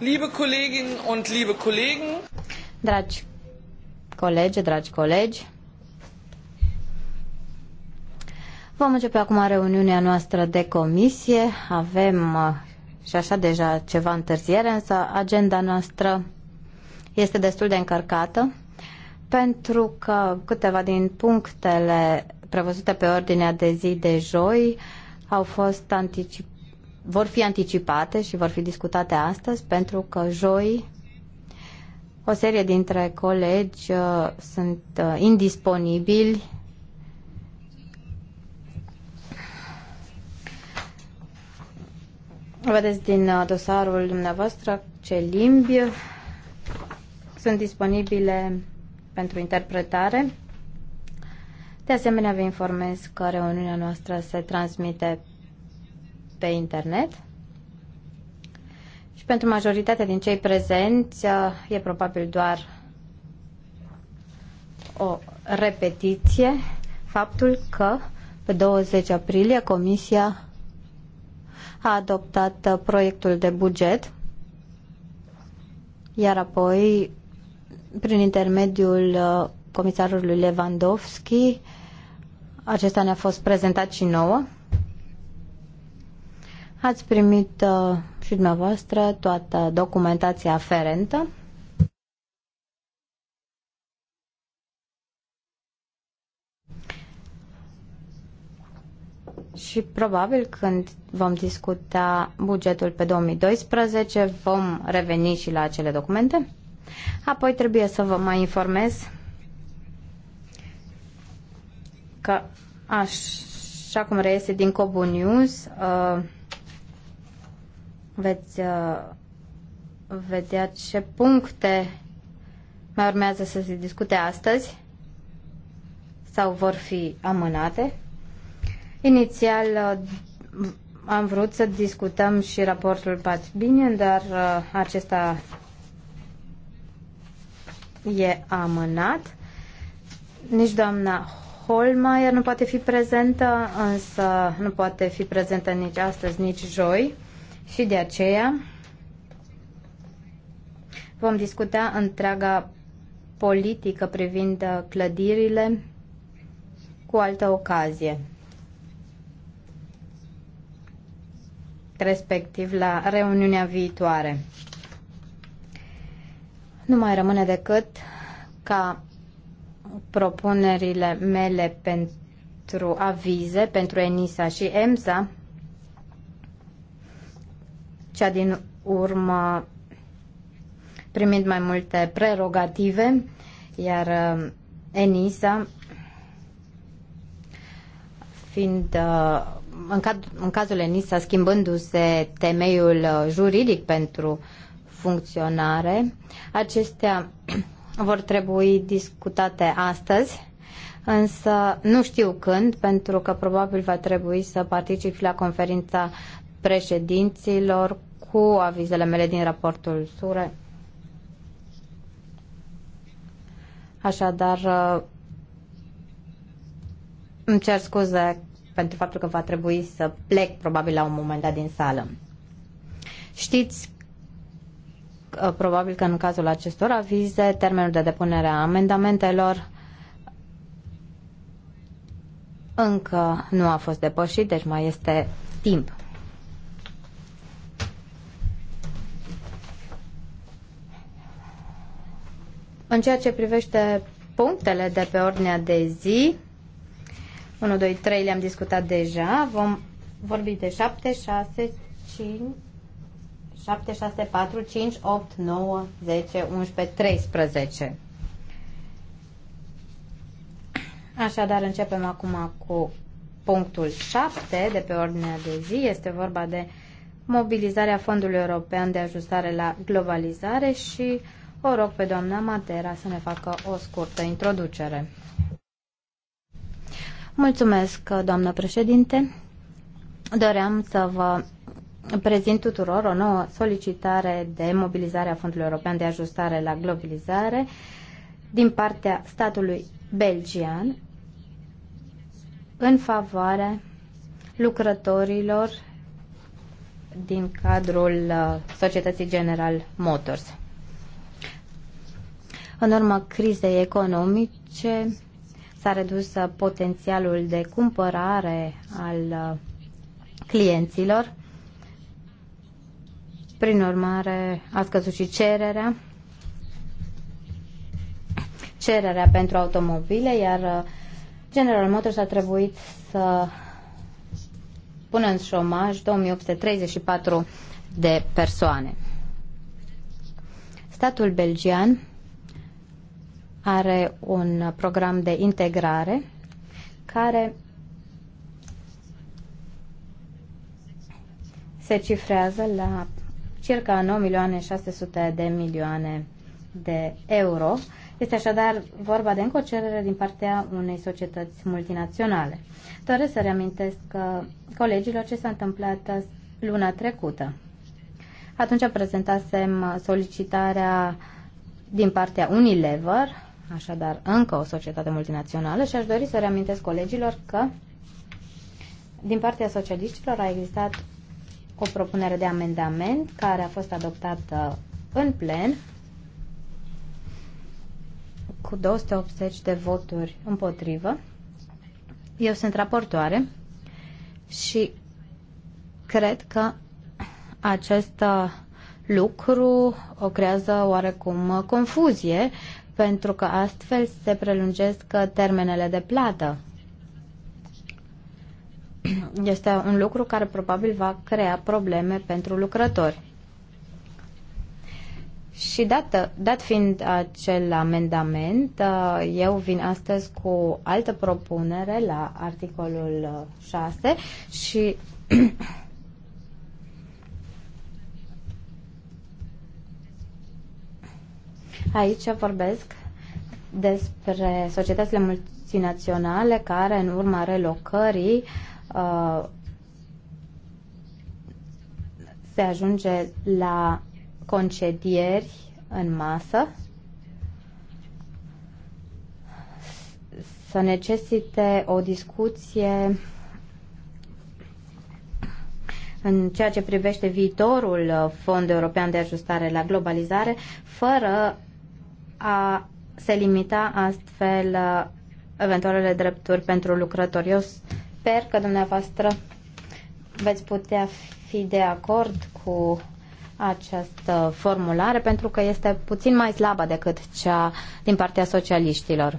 Liebe Kolleginnen und liebe Kollegen. Dragi colegi, dragi colegi. Vom începe acum reuniunea noastră de comisie. Avem uh, și așa deja ceva întârziere, însă agenda noastră este destul de încărcată pentru că câteva din punctele prevăzute pe ordinea de zi de joi au fost anticipate vor fi anticipate și vor fi discutate astăzi, pentru că joi o serie dintre colegi uh, sunt uh, indisponibili. Vedeți din uh, dosarul dumneavoastră ce limbi sunt disponibile pentru interpretare. De asemenea, vă informez că reuniunea noastră se transmite pe internet. Și pentru majoritatea din cei prezenți uh, e probabil doar o repetiție faptul că pe 20 aprilie Comisia a adoptat uh, proiectul de buget, iar apoi, prin intermediul uh, comisarului Lewandowski, acesta ne-a fost prezentat și nouă. Ați primit uh, și dumneavoastră toată documentația aferentă. Și probabil când vom discuta bugetul pe 2012, vom reveni și la acele documente. Apoi trebuie să vă mai informez că așa cum reiese din Cobu News, uh, veți uh, vedea ce puncte mai urmează să se discute astăzi sau vor fi amânate. Inițial uh, am vrut să discutăm și raportul Pat Binion, dar uh, acesta e amânat. Nici doamna Holmeier nu poate fi prezentă, însă nu poate fi prezentă nici astăzi, nici joi și de aceea vom discuta întreaga politică privind uh, clădirile cu altă ocazie, respectiv la reuniunea viitoare. Nu mai rămâne decât ca propunerile mele pentru avize, pentru ENISA și EMSA, cea din urmă primind mai multe prerogative, iar uh, ENISA fiind uh, în, caz, în cazul ENISA schimbându-se temeiul uh, juridic pentru funcționare, acestea vor trebui discutate astăzi, însă nu știu când, pentru că probabil va trebui să particip la conferința președinților cu avizele mele din raportul SURE. Așadar, uh, îmi cer scuze pentru faptul că va trebui să plec probabil la un moment dat din sală. Știți uh, probabil că în cazul acestor avize, termenul de depunere a amendamentelor încă nu a fost depășit, deci mai este timp. În ceea ce privește punctele de pe ordinea de zi, 1, 2, 3 le-am discutat deja, vom vorbi de 7, 6, 5, 7, 6, 4, 5, 8, 9, 10, 11, 13. Așadar, începem acum cu punctul 7 de pe ordinea de zi. Este vorba de mobilizarea Fondului European de Ajustare la Globalizare și uh, o rog pe doamna Matera să ne facă o scurtă introducere. Mulțumesc, doamnă președinte. Doream să vă prezint tuturor o nouă solicitare de mobilizare a Fondului European de Ajustare la Globalizare din partea statului belgian în favoare lucrătorilor din cadrul uh, societății General Motors. În urma crizei economice s-a redus potențialul de cumpărare al uh, clienților. Prin urmare, a scăzut și cererea. Cererea pentru automobile, iar uh, General Motors a trebuit să pună în șomaj 2834 de persoane. Statul belgian are un program de integrare care se cifrează la circa milioane 600 de milioane de euro. Este așadar vorba de încă o cerere din partea unei societăți multinaționale. Doresc să reamintesc că colegilor ce s-a întâmplat luna trecută. Atunci prezentasem solicitarea din partea Unilever așadar încă o societate multinațională și aș dori să reamintesc colegilor că din partea socialiștilor a existat o propunere de amendament care a fost adoptată în plen cu 280 de voturi împotrivă. Eu sunt raportoare și cred că acest lucru o creează oarecum confuzie pentru că astfel se prelungesc termenele de plată. Este un lucru care probabil va crea probleme pentru lucrători. Și dat, dat fiind acel amendament, uh, eu vin astăzi cu altă propunere la articolul 6 și Aici vorbesc despre societățile multinaționale care, în urma relocării, uh, se ajunge la concedieri în masă, să necesite o discuție în ceea ce privește viitorul Fondului European de Ajustare la Globalizare, fără a se limita astfel uh, eventualele drepturi pentru lucrători. Eu sper că dumneavoastră veți putea fi de acord cu această formulare pentru că este puțin mai slabă decât cea din partea socialiștilor.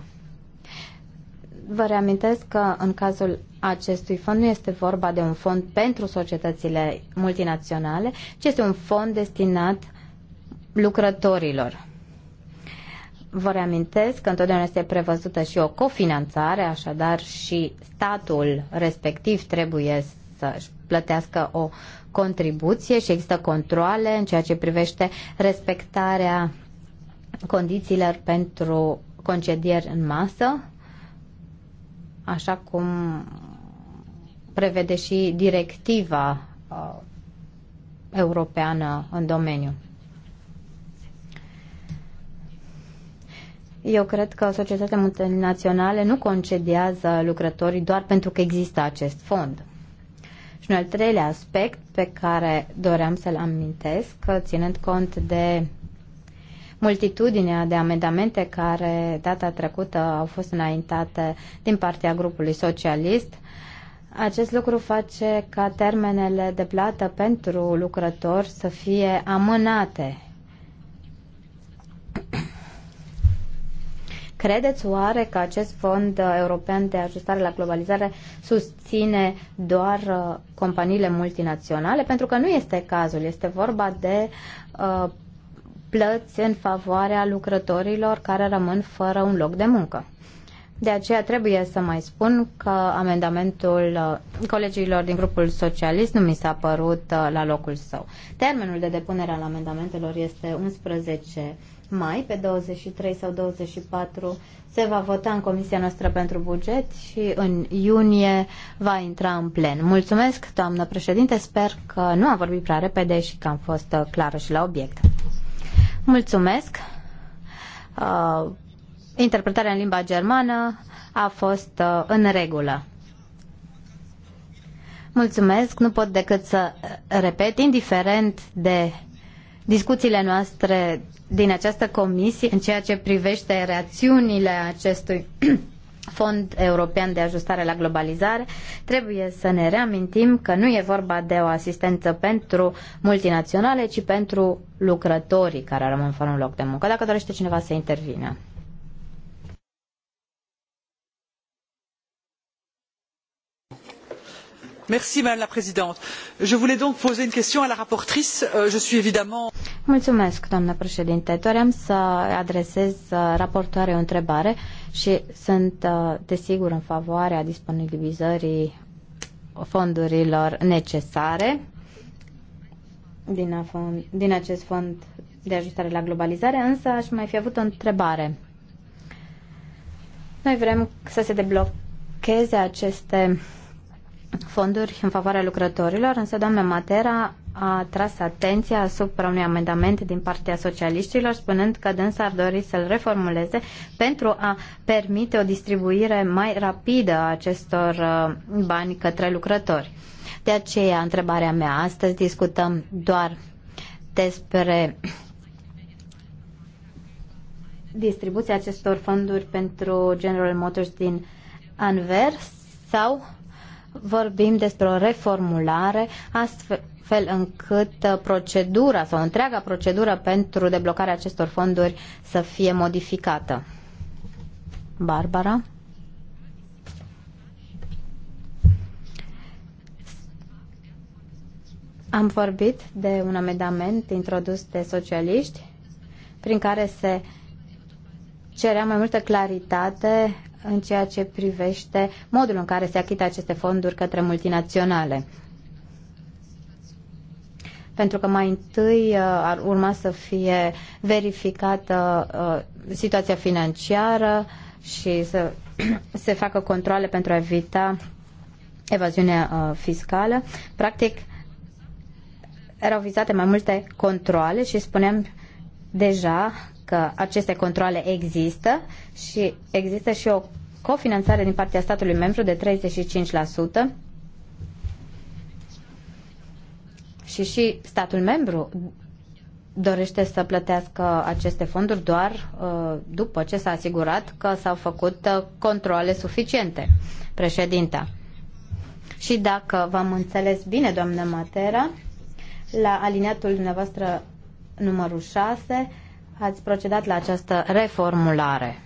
Vă reamintesc că în cazul acestui fond nu este vorba de un fond pentru societățile multinaționale, ci este un fond destinat lucrătorilor. Vă reamintesc că întotdeauna este prevăzută și o cofinanțare, așadar și statul respectiv trebuie să-și plătească o contribuție și există controle în ceea ce privește respectarea condițiilor pentru concedieri în masă, așa cum prevede și directiva uh, europeană în domeniu. Eu cred că societatea multinaționale nu concediază lucrătorii doar pentru că există acest fond. Și un al treilea aspect pe care doream să-l amintesc, ținând cont de multitudinea de amendamente care data trecută au fost înaintate din partea grupului socialist, acest lucru face ca termenele de plată pentru lucrători să fie amânate Credeți oare că acest fond uh, european de ajustare la globalizare susține doar uh, companiile multinaționale? Pentru că nu este cazul, este vorba de uh, plăți în favoarea lucrătorilor care rămân fără un loc de muncă. De aceea trebuie să mai spun că amendamentul colegilor din grupul socialist nu mi s-a părut la locul său. Termenul de depunere al amendamentelor este 11 mai, pe 23 sau 24, se va vota în Comisia noastră pentru buget și în iunie va intra în plen. Mulțumesc, doamnă președinte, sper că nu am vorbit prea repede și că am fost uh, clară și la obiect. Mulțumesc. Uh, interpretarea în limba germană a fost uh, în regulă. Mulțumesc, nu pot decât să uh, repet, indiferent de discuțiile noastre din această comisie în ceea ce privește reacțiunile acestui Fond European de Ajustare la Globalizare, trebuie să ne reamintim că nu e vorba de o asistență pentru multinaționale, ci pentru lucrătorii care rămân fără un loc de muncă. Dacă dorește cineva să intervină. madame la présidente je voulais donc poser une question à la rapporteure. je suis évidemment. Mulțumesc, doamnă președinte. Doream să adresez uh, raportoare o întrebare și sunt uh, desigur în favoarea disponibilizării fondurilor necesare din, fond, din acest fond de ajustare la globalizare, însă aș mai fi avut o întrebare. Noi vrem să se deblocheze aceste fonduri în favoarea lucrătorilor, însă doamna Matera a tras atenția asupra unui amendament din partea socialiștilor, spunând că dânsa ar dori să-l reformuleze pentru a permite o distribuire mai rapidă a acestor uh, bani către lucrători. De aceea, întrebarea mea, astăzi discutăm doar despre distribuția acestor fonduri pentru General Motors din Anvers sau vorbim despre o reformulare astfel încât procedura sau întreaga procedură pentru deblocarea acestor fonduri să fie modificată. Barbara? Am vorbit de un amendament introdus de socialiști prin care se cerea mai multă claritate în ceea ce privește modul în care se achită aceste fonduri către multinaționale. Pentru că mai întâi uh, ar urma să fie verificată uh, situația financiară și să se facă controle pentru a evita evaziunea uh, fiscală. Practic, erau vizate mai multe controle și spuneam deja că aceste controle există și există și o cofinanțare din partea statului membru de 35% și și statul membru dorește să plătească aceste fonduri doar uh, după ce s-a asigurat că s-au făcut uh, controle suficiente, președinta. Și dacă v-am înțeles bine, doamnă Matera, la aliniatul dumneavoastră numărul 6, ați procedat la această reformulare?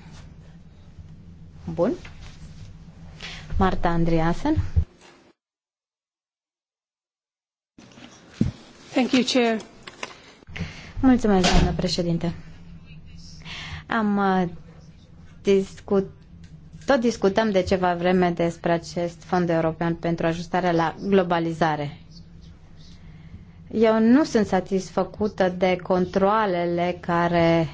Bun. Marta Andreasen. Thank you, Chair. Mulțumesc, doamnă președinte. Am uh, discut, tot discutăm de ceva vreme despre acest fond european pentru ajustare la globalizare. Eu nu sunt satisfăcută de controlele care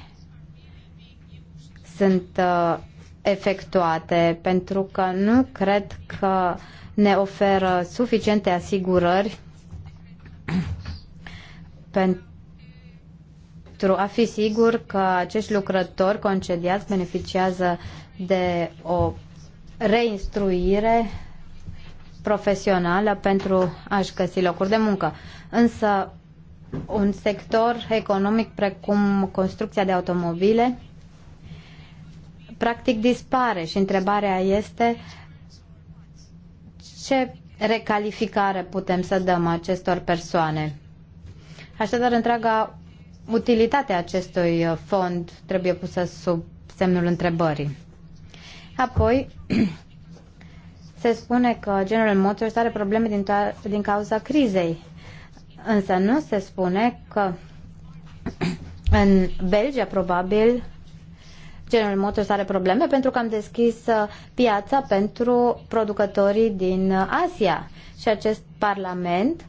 sunt uh, efectuate, pentru că nu cred că ne oferă suficiente asigurări pentru a fi sigur că acești lucrători concediați beneficiază de o reinstruire profesională pentru a-și găsi locuri de muncă. Însă, un sector economic precum construcția de automobile practic dispare și întrebarea este ce recalificare putem să dăm acestor persoane. Așadar, întreaga utilitate a acestui fond trebuie pusă sub semnul întrebării. Apoi, se spune că General Motors are probleme din, din cauza crizei. Însă nu se spune că în Belgia, probabil, General Motors are probleme pentru că am deschis uh, piața pentru producătorii din Asia. Și acest parlament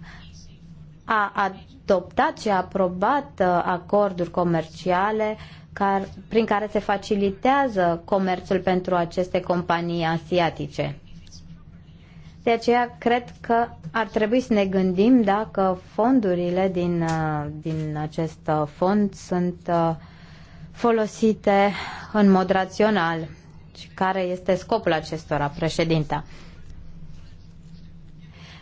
a adoptat și a aprobat uh, acorduri comerciale care, prin care se facilitează comerțul pentru aceste companii asiatice. De aceea cred că ar trebui să ne gândim dacă fondurile din, uh, din acest uh, fond sunt uh, folosite în mod rațional și care este scopul acestora, președinta.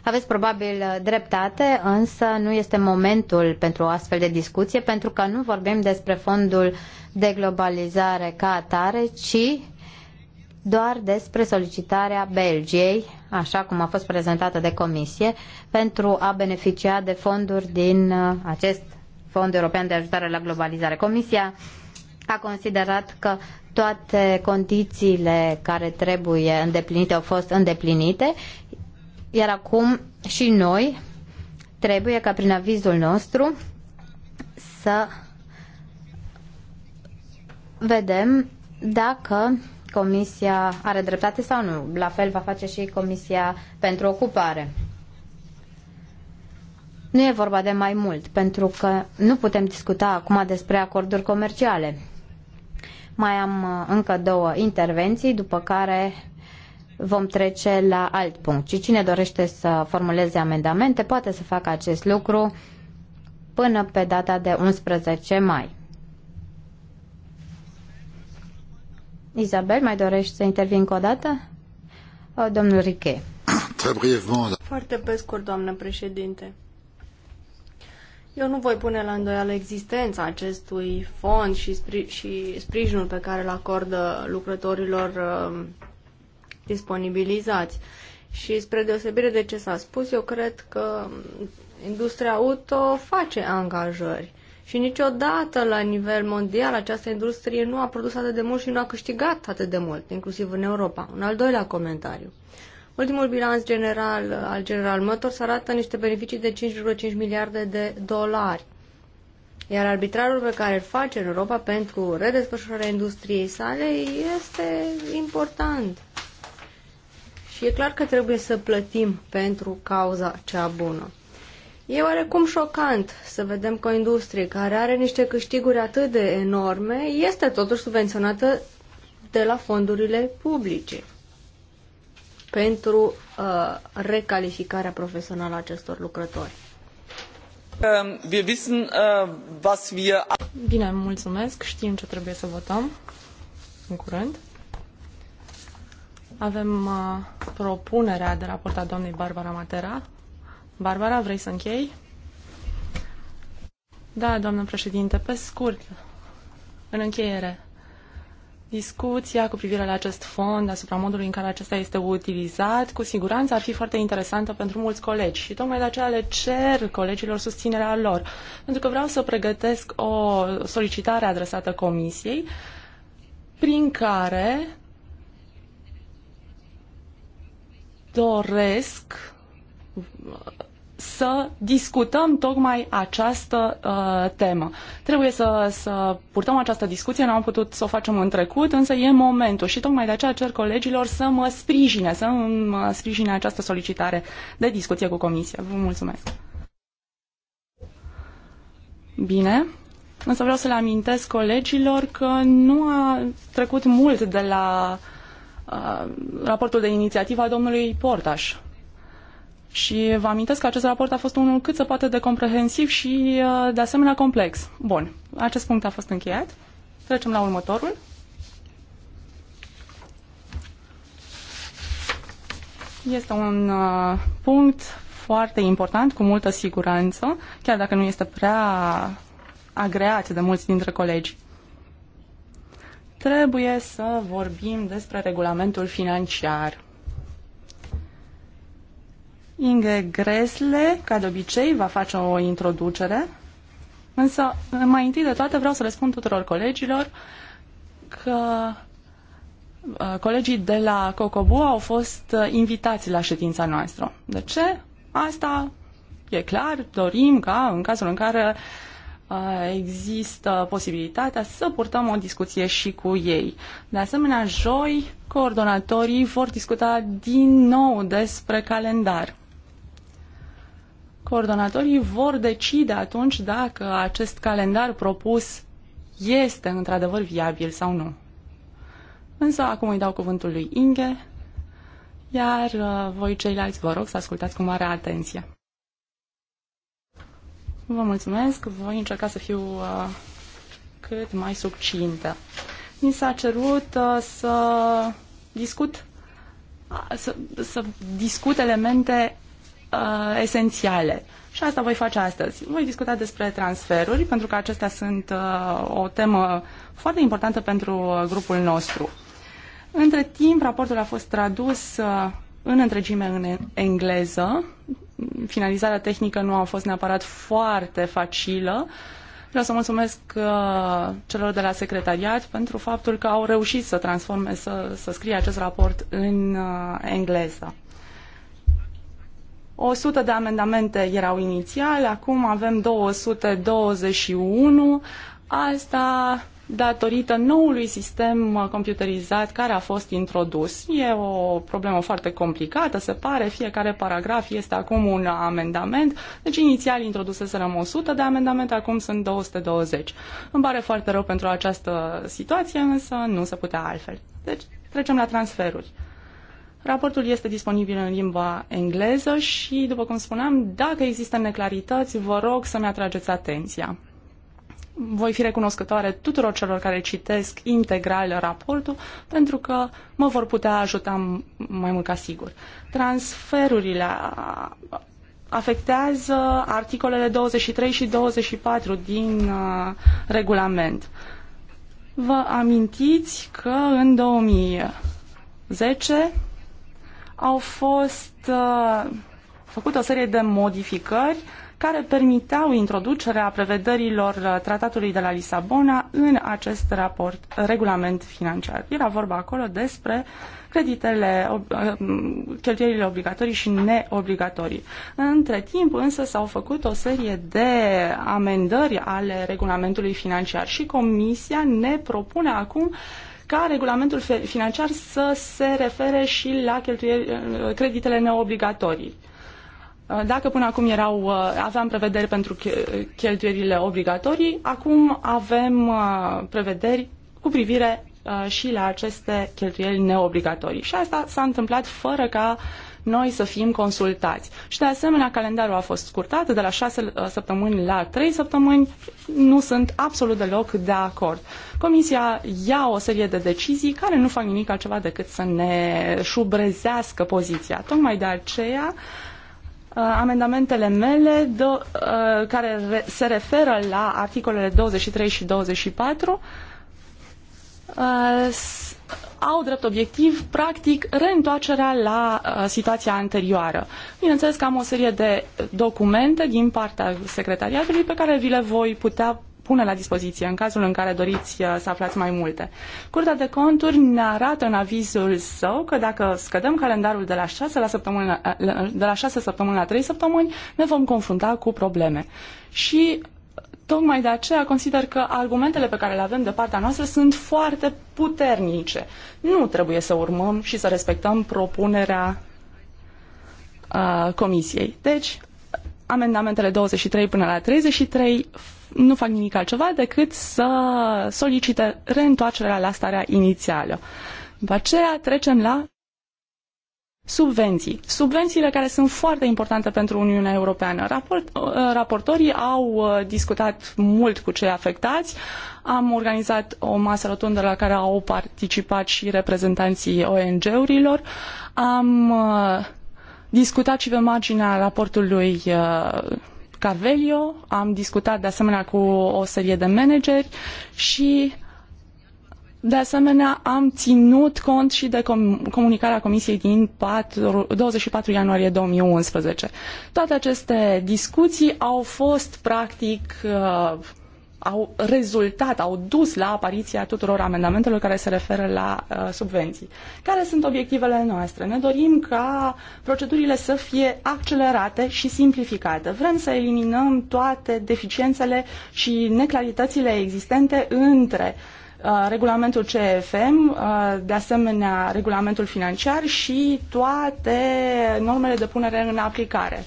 Aveți probabil dreptate, însă nu este momentul pentru o astfel de discuție, pentru că nu vorbim despre fondul de globalizare ca atare, ci doar despre solicitarea Belgiei, așa cum a fost prezentată de comisie, pentru a beneficia de fonduri din uh, acest Fond European de Ajutare la Globalizare. Comisia a considerat că toate condițiile care trebuie îndeplinite au fost îndeplinite, iar acum și noi trebuie ca prin avizul nostru să vedem dacă Comisia are dreptate sau nu. La fel va face și Comisia pentru Ocupare. Nu e vorba de mai mult, pentru că nu putem discuta acum despre acorduri comerciale. Mai am uh, încă două intervenții, după care vom trece la alt punct. Și cine dorește să formuleze amendamente poate să facă acest lucru până pe data de 11 mai. Isabel, mai dorești să intervii încă o dată? o Domnul Riche. Da. Foarte pe scurt, doamnă președinte. Eu nu voi pune la îndoială existența acestui fond și, spri- și sprijinul pe care îl acordă lucrătorilor uh, disponibilizați. Și spre deosebire de ce s-a spus, eu cred că industria auto face angajări. Și niciodată la nivel mondial această industrie nu a produs atât de mult și nu a câștigat atât de mult, inclusiv în Europa. Un al doilea comentariu. Ultimul bilanț general al General Motors arată niște beneficii de 5,5 miliarde de dolari. Iar arbitrarul pe care îl face în Europa pentru redesfășurarea industriei sale este important. Și e clar că trebuie să plătim pentru cauza cea bună. E oarecum șocant să vedem că o industrie care are niște câștiguri atât de enorme este totuși subvenționată de la fondurile publice pentru uh, recalificarea profesională a acestor lucrători. Um, wir wissen, uh, was wir... Bine, mulțumesc. Știm ce trebuie să votăm în curând. Avem uh, propunerea de raport a doamnei Barbara Matera Barbara, vrei să închei? Da, doamnă președinte, pe scurt, în încheiere, discuția cu privire la acest fond, asupra modului în care acesta este utilizat, cu siguranță ar fi foarte interesantă pentru mulți colegi și tocmai de aceea le cer colegilor susținerea lor, pentru că vreau să pregătesc o solicitare adresată comisiei prin care doresc să discutăm tocmai această uh, temă. Trebuie să, să purtăm această discuție, n-am putut să o facem în trecut, însă e momentul și tocmai de aceea cer colegilor să mă sprijine, să mă sprijine această solicitare de discuție cu Comisia. Vă mulțumesc! Bine, însă vreau să le amintesc colegilor că nu a trecut mult de la uh, raportul de inițiativă a domnului Portaș. Și vă amintesc că acest raport a fost unul cât se poate de comprehensiv și uh, de asemenea complex. Bun, acest punct a fost încheiat. Trecem la următorul. Este un uh, punct foarte important, cu multă siguranță, chiar dacă nu este prea agreat de mulți dintre colegi. Trebuie să vorbim despre regulamentul financiar. Inge Gresle, ca de obicei, va face o introducere, însă mai întâi de toate vreau să răspund tuturor colegilor că uh, colegii de la Cocobu au fost uh, invitați la ședința noastră. De ce? Asta e clar, dorim ca în cazul în care uh, există posibilitatea să purtăm o discuție și cu ei. De asemenea, joi, coordonatorii vor discuta din nou despre calendar coordonatorii vor decide atunci dacă acest calendar propus este într-adevăr viabil sau nu. Însă acum îi dau cuvântul lui Inge, iar uh, voi ceilalți vă rog să ascultați cu mare atenție. Vă mulțumesc, voi încerca să fiu uh, cât mai succintă. Mi s-a cerut uh, să discut să, să discut elemente uh, esențiale. Și asta voi face astăzi. Voi discuta despre transferuri, pentru că acestea sunt uh, o temă foarte importantă pentru uh, grupul nostru. Între timp, raportul a fost tradus uh, în întregime în engleză. Finalizarea tehnică nu a fost neapărat foarte facilă. Vreau să mulțumesc uh, celor de la secretariat pentru faptul că au reușit să transforme, să, să scrie acest raport în uh, engleză. 100 de amendamente erau inițial, acum avem 221. Asta datorită noului sistem computerizat care a fost introdus. E o problemă foarte complicată, se pare, fiecare paragraf este acum un amendament, deci inițial introduseserăm 100 de amendamente, acum sunt 220. Îmi pare foarte rău pentru această situație, însă nu se putea altfel. Deci trecem la transferuri. Raportul este disponibil în limba engleză și, după cum spuneam, dacă există neclarități, vă rog să-mi atrageți atenția. Voi fi recunoscătoare tuturor celor care citesc integral raportul, pentru că mă vor putea ajuta mai mult ca sigur. Transferurile afectează articolele 23 și 24 din uh, regulament. Vă amintiți că în 2010 au fost uh, făcute o serie de modificări care permiteau introducerea prevederilor uh, tratatului de la Lisabona în acest raport, uh, regulament financiar. Era vorba acolo despre creditele, uh, cheltuielile obligatorii și neobligatorii. Între timp însă s-au făcut o serie de amendări ale regulamentului financiar și Comisia ne propune acum ca regulamentul financiar să se refere și la uh, creditele neobligatorii. Uh, dacă până acum erau, uh, aveam prevederi pentru cheltuierile obligatorii, acum avem prevederi cu privire și la aceste cheltuieli neobligatorii. Și asta s-a întâmplat fără ca uh, noi să fim consultați. Și de asemenea, calendarul a fost scurtat de la 6 uh, săptămâni la 3 săptămâni. Nu sunt absolut deloc de acord. Comisia ia o serie de decizii care nu fac nimic altceva decât să ne șubrezească poziția. Tocmai de aceea uh, amendamentele mele do, uh, care se referă la articolele 23 și 24 au drept obiectiv, practic, reîntoarcerea la uh, situația anterioară. Bineînțeles că am o serie de documente din partea secretariatului pe care vi le voi putea pune la dispoziție în cazul în care doriți uh, să aflați mai multe. Curtea de conturi ne arată în avizul său că dacă scădem calendarul de la 6, la săptămâni, uh, de la 6 săptămâni la 3 săptămâni, ne vom confrunta cu probleme. Și Tocmai de aceea consider că argumentele pe care le avem de partea noastră sunt foarte puternice. Nu trebuie să urmăm și să respectăm propunerea uh, Comisiei. Deci, amendamentele 23 până la 33 nu fac nimic altceva decât să solicite reîntoarcerea la starea inițială. După aceea trecem la Subvenții. Subvențiile care sunt foarte importante pentru Uniunea Europeană. Raport, uh, raportorii au uh, discutat mult cu cei afectați. Am organizat o masă rotundă la care au participat și reprezentanții ONG-urilor. Am uh, discutat și pe marginea raportului Carvelio, am discutat de asemenea cu o serie de manageri și de asemenea, am ținut cont și de com- comunicarea Comisiei din 4, 24 ianuarie 2011. Toate aceste discuții au fost, practic, uh, au rezultat, au dus la apariția tuturor amendamentelor care se referă la uh, subvenții. Care sunt obiectivele noastre? Ne dorim ca procedurile să fie accelerate și simplificate. Vrem să eliminăm toate deficiențele și neclaritățile existente între Uh, regulamentul CFM, uh, de asemenea regulamentul financiar și toate normele de punere în aplicare.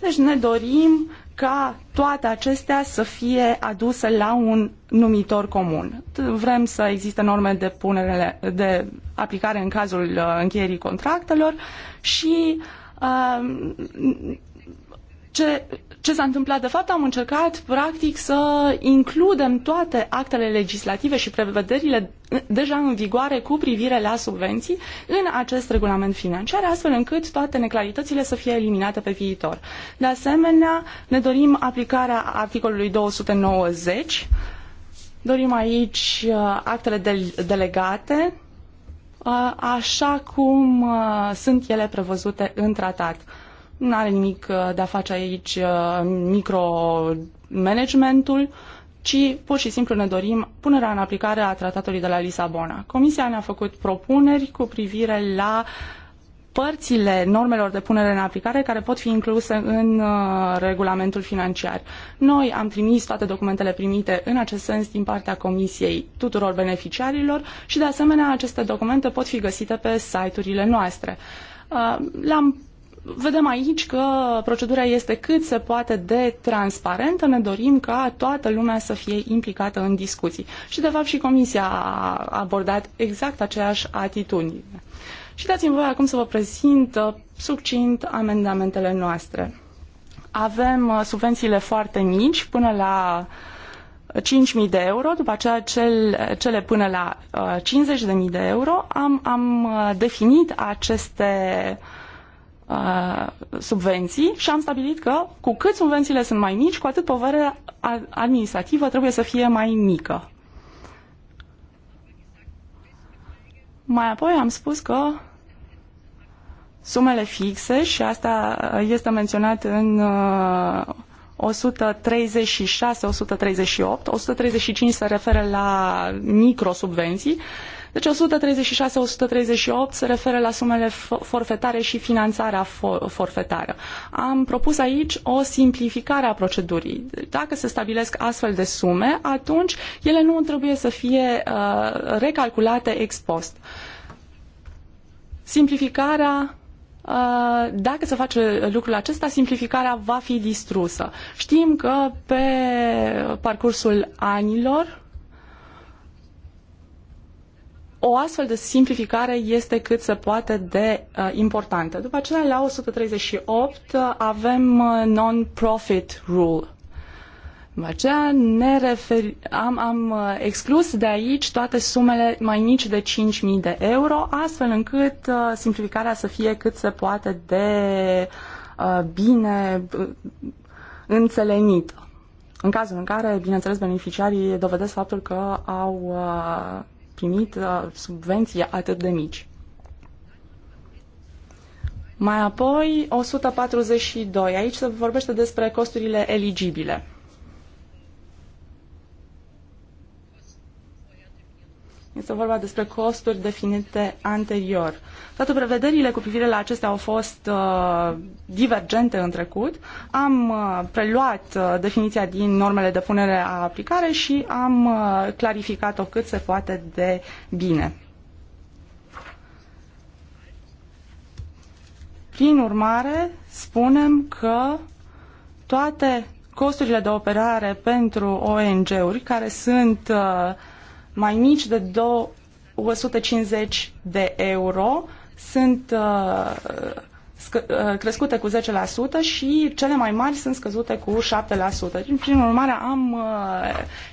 Deci ne dorim ca toate acestea să fie aduse la un numitor comun. Vrem să existe norme de punere de aplicare în cazul uh, încheierii contractelor și ce, ce s-a întâmplat de fapt, am încercat practic să includem toate actele legislative și prevederile deja în vigoare cu privire la subvenții în acest regulament financiar, astfel încât toate neclaritățile să fie eliminate pe viitor. De asemenea, ne dorim aplicarea articolului 290. Dorim aici uh, actele de delegate, uh, așa cum uh, sunt ele prevăzute în tratat. Nu are nimic uh, de a face aici uh, micromanagementul, ci pur și simplu ne dorim punerea în aplicare a tratatului de la Lisabona. Comisia ne-a făcut propuneri cu privire la părțile normelor de punere în aplicare care pot fi incluse în uh, regulamentul financiar. Noi am trimis toate documentele primite în acest sens din partea Comisiei tuturor beneficiarilor și, de asemenea, aceste documente pot fi găsite pe site-urile noastre. Le-am vedem aici că procedura este cât se poate de transparentă. Ne dorim ca toată lumea să fie implicată în discuții. Și, de fapt, și Comisia a abordat exact aceeași atitudine. Și dați-mi voi acum să vă prezint uh, succint amendamentele noastre. Avem uh, subvențiile foarte mici, până la 5.000 uh, de euro, după aceea cel, cele până la 50.000 de euro. Am, am definit aceste uh, Uh, subvenții și am stabilit că cu cât subvențiile sunt mai mici, cu atât poverea administrativă trebuie să fie mai mică. Mai apoi am spus că sumele fixe, și asta este menționat în 136, 138, 135 se referă la microsubvenții, deci 136-138 se referă la sumele forfetare și finanțarea forfetară. Am propus aici o simplificare a procedurii. Dacă se stabilesc astfel de sume, atunci ele nu trebuie să fie uh, recalculate ex post. Simplificarea uh, dacă se face lucrul acesta, simplificarea va fi distrusă. Știm că pe parcursul anilor o astfel de simplificare este cât se poate de uh, importantă. După aceea, la 138, uh, avem uh, non-profit rule. După aceea, ne refer, am, am uh, exclus de aici toate sumele mai mici de 5.000 de euro, astfel încât uh, simplificarea să fie cât se poate de uh, bine uh, înțelenită. În cazul în care, bineînțeles, beneficiarii dovedesc faptul că au uh, primit uh, subvenții atât de mici. Mai apoi, 142. Aici se vorbește despre costurile eligibile. Este vorba despre costuri definite anterior. Toate prevederile cu privire la acestea au fost uh, divergente în trecut. Am uh, preluat uh, definiția din normele de punere a aplicare și am uh, clarificat-o cât se poate de bine. Prin urmare, spunem că toate costurile de operare pentru ONG-uri care sunt uh, mai mici de 250 de euro sunt uh, uh crescute cu 10% și cele mai mari sunt scăzute cu 7%. Prin urmare, am uh,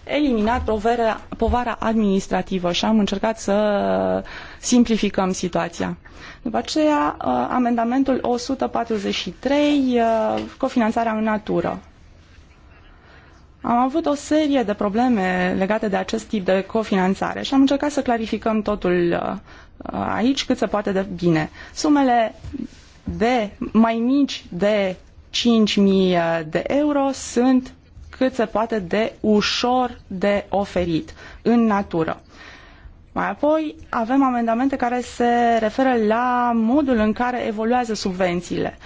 eliminat povera, povara administrativă și am încercat să simplificăm situația. După aceea, uh, amendamentul 143, cofinanțarea în natură. Am avut o serie de probleme legate de acest tip de cofinanțare și am încercat să clarificăm totul uh, uh, aici cât se poate de bine. Sumele de mai mici de 5.000 uh, de euro sunt cât se poate de ușor de oferit în natură. Mai apoi avem amendamente care se referă la modul în care evoluează subvențiile.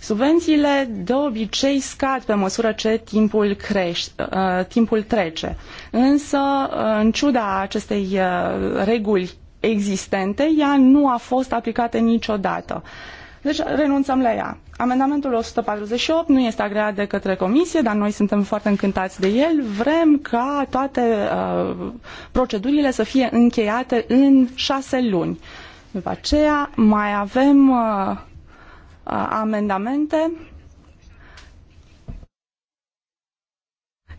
Subvențiile de obicei scad pe măsură ce timpul, crește, uh, timpul trece, însă uh, în ciuda acestei uh, reguli existente, ea nu a fost aplicată niciodată. Deci renunțăm la ea. Amendamentul 148 nu este agreat de către comisie, dar noi suntem foarte încântați de el. Vrem ca toate uh, procedurile să fie încheiate în șase luni. După aceea mai avem uh, amendamente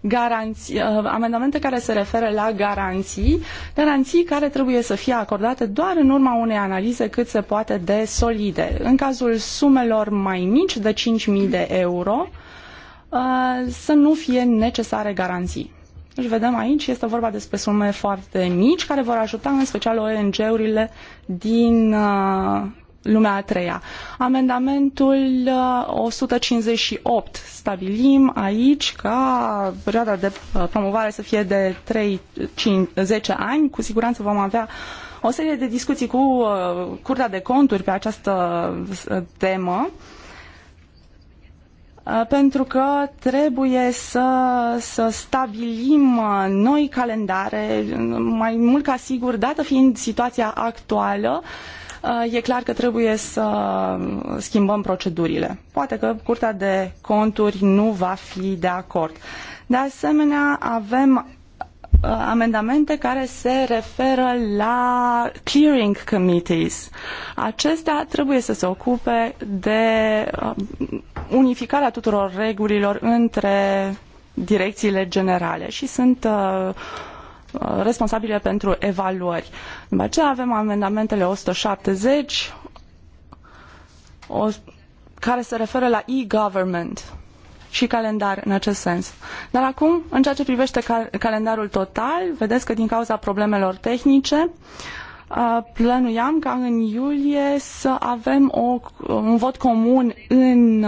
garanții, amendamente care se referă la garanții, garanții care trebuie să fie acordate doar în urma unei analize cât se poate de solide. În cazul sumelor mai mici de 5.000 de euro, să nu fie necesare garanții. Deci vedem aici, este vorba despre sume foarte mici care vor ajuta în special ONG-urile din lumea a treia. Amendamentul 158 uh, stabilim aici ca perioada de uh, promovare să fie de 3 5, 10 ani. Cu siguranță vom avea o serie de discuții cu uh, Curtea de Conturi pe această temă pentru că trebuie să, să stabilim noi calendare, mai mult ca sigur, dată fiind situația actuală, uh, Uh, e clar că trebuie să schimbăm procedurile. Poate că Curtea de Conturi nu va fi de acord. De asemenea, avem uh, amendamente care se referă la clearing committees. Acestea trebuie să se ocupe de uh, unificarea tuturor regulilor între direcțiile generale și sunt uh, responsabile pentru evaluări. După aceea avem amendamentele 170 o, care se referă la e-government și calendar în acest sens. Dar acum, în ceea ce privește cal calendarul total, vedeți că din cauza problemelor tehnice, uh, plănuiam ca în iulie să avem o, un vot comun în,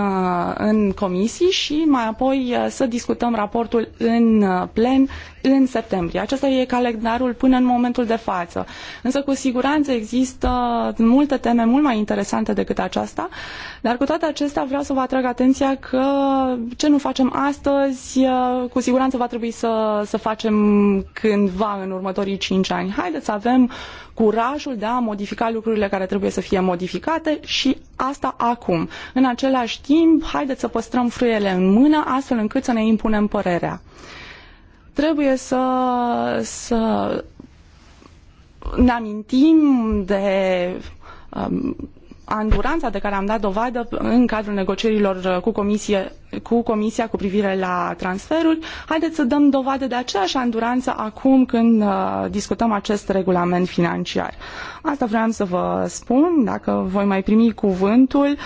în comisii și mai apoi să discutăm raportul în plen în septembrie. Acesta e calendarul până în momentul de față. Însă cu siguranță există multe teme mult mai interesante decât aceasta, dar cu toate acestea vreau să vă atrag atenția că ce nu facem astăzi, cu siguranță va trebui să, să facem cândva în următorii cinci ani. Haideți să avem curajul de a modifica lucrurile care trebuie să fie modificate și asta acum. În același timp, haideți să păstrăm frâiele în mână astfel încât să ne impunem părerea. Trebuie să, să ne amintim de um, anduranța de care am dat dovadă în cadrul negocierilor uh, cu, comisie, cu Comisia cu privire la transferuri, haideți să dăm dovadă de aceeași anduranță acum când uh, discutăm acest regulament financiar. Asta vreau să vă spun, dacă voi mai primi cuvântul,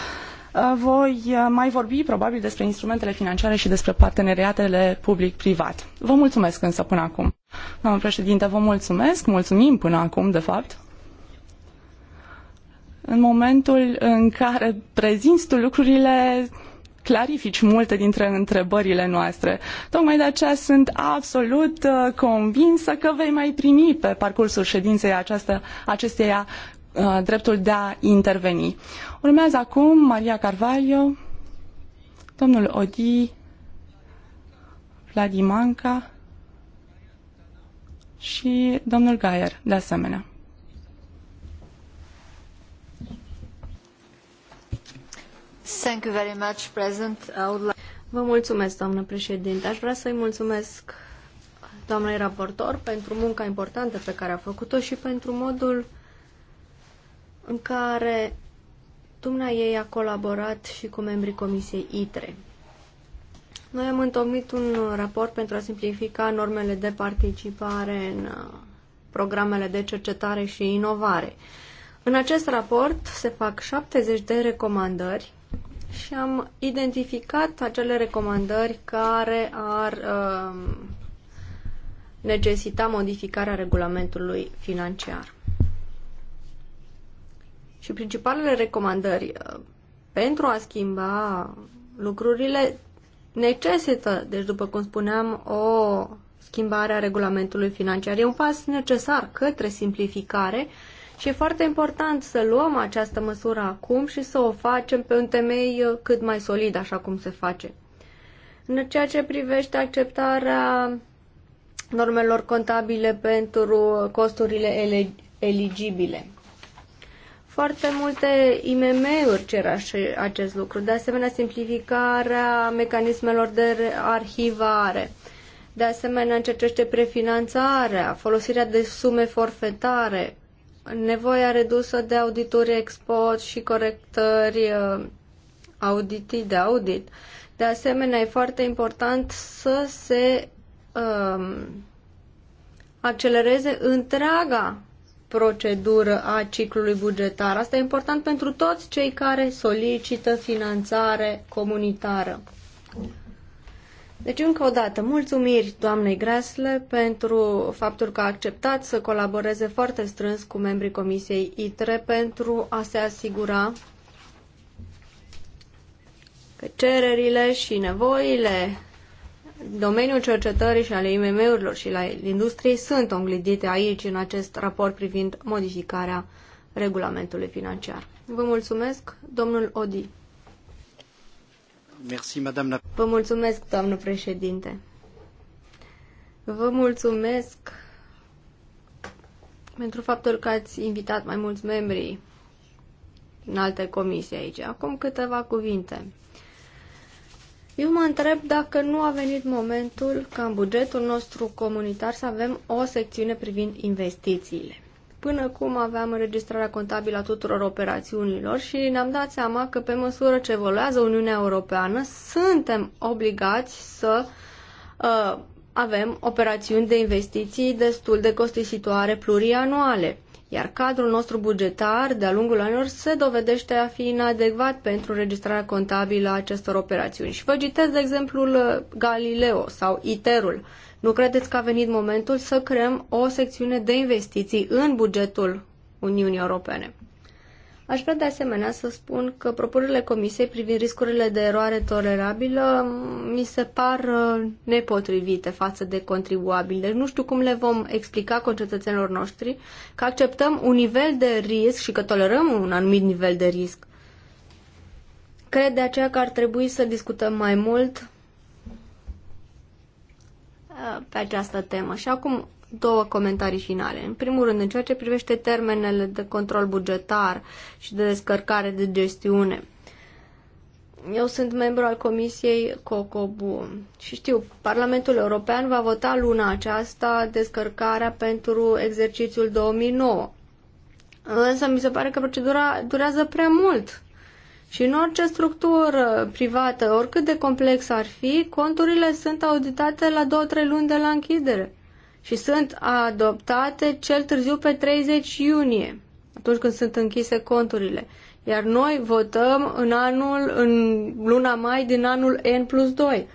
uh, voi mai vorbi probabil despre instrumentele financiare și despre parteneriatele public-privat. Vă mulțumesc însă până acum. Doamnă președinte, vă mulțumesc, mulțumim până acum, de fapt. În momentul în care prezinți tu lucrurile, clarifici multe dintre întrebările noastre. Tocmai de aceea sunt absolut uh, convinsă că vei mai primi pe parcursul ședinței aceasta, acesteia uh, dreptul de a interveni. Urmează acum Maria Carvalho, domnul Odi, Vladimanca și domnul Gaier, de asemenea. Vă mulțumesc, doamnă președinte. Aș vrea să-i mulțumesc doamnei raportor pentru munca importantă pe care a făcut-o și pentru modul în care Dumna ei a colaborat și cu membrii Comisiei ITRE. Noi am întocmit un raport pentru a simplifica normele de participare în uh, programele de cercetare și inovare. În acest raport se fac 70 de recomandări și am identificat acele recomandări care ar uh, necesita modificarea regulamentului financiar. Și principalele recomandări uh, pentru a schimba lucrurile necesită, deci după cum spuneam, o schimbare a regulamentului financiar. E un pas necesar către simplificare uh, și e foarte important să luăm această măsură acum și să o facem pe un temei uh, cât mai solid, așa cum se face. În ceea ce privește acceptarea normelor contabile pentru costurile eligibile. Foarte multe IMM-uri cer acest lucru, de asemenea simplificarea mecanismelor de arhivare, de asemenea încercește prefinanțarea, folosirea de sume forfetare, nevoia redusă de audituri export și corectări uh, auditii de audit. De asemenea, e foarte important să se um, accelereze întreaga procedură a ciclului bugetar. Asta e important pentru toți cei care solicită finanțare comunitară. Deci, încă o dată, mulțumiri doamnei Grasle pentru faptul că a acceptat să colaboreze foarte strâns cu membrii Comisiei ITRE pentru a se asigura că cererile și nevoile domeniul cercetării și ale IMM-urilor și la industriei sunt înglidite aici în acest raport privind modificarea regulamentului financiar. Vă mulțumesc, domnul Odi. Merci, madame la... Vă mulțumesc, doamnă președinte. Vă mulțumesc pentru faptul că ați invitat mai mulți membri în alte comisii aici. Acum câteva cuvinte. Eu mă întreb dacă nu a venit momentul ca în bugetul nostru comunitar să avem o secțiune privind investițiile. Până acum aveam înregistrarea contabilă a tuturor operațiunilor și ne-am dat seama că pe măsură ce evoluează Uniunea Europeană, suntem obligați să uh, avem operațiuni de investiții destul de costisitoare plurianuale, iar cadrul nostru bugetar de-a lungul anilor se dovedește a fi inadecvat pentru registrarea contabilă a acestor operațiuni. Și vă citesc de exemplul Galileo sau ITER-ul. Nu credeți că a venit momentul să creăm o secțiune de investiții în bugetul Uniunii Europene? Aș vrea de asemenea să spun că propunerile Comisiei privind riscurile de eroare tolerabilă mm, mi se par uh, nepotrivite față de contribuabili. Deci nu știu cum le vom explica concetățenilor noștri că acceptăm un nivel de risc și că tolerăm un anumit nivel de risc. Cred de aceea că ar trebui să discutăm mai mult Uh, pe această temă. Și acum două comentarii finale. În primul rând, în ceea ce privește termenele de control bugetar și de descărcare de gestiune. Eu sunt membru al Comisiei COCOBU și știu, Parlamentul European va vota luna aceasta descărcarea pentru exercițiul 2009. Însă mi se pare că procedura durează prea mult și în orice structură privată, oricât de complex ar fi, conturile sunt auditate la 2-3 luni de la închidere și sunt adoptate cel târziu pe 30 iunie, atunci când sunt închise conturile. Iar noi votăm în anul, în luna mai din anul N plus 2.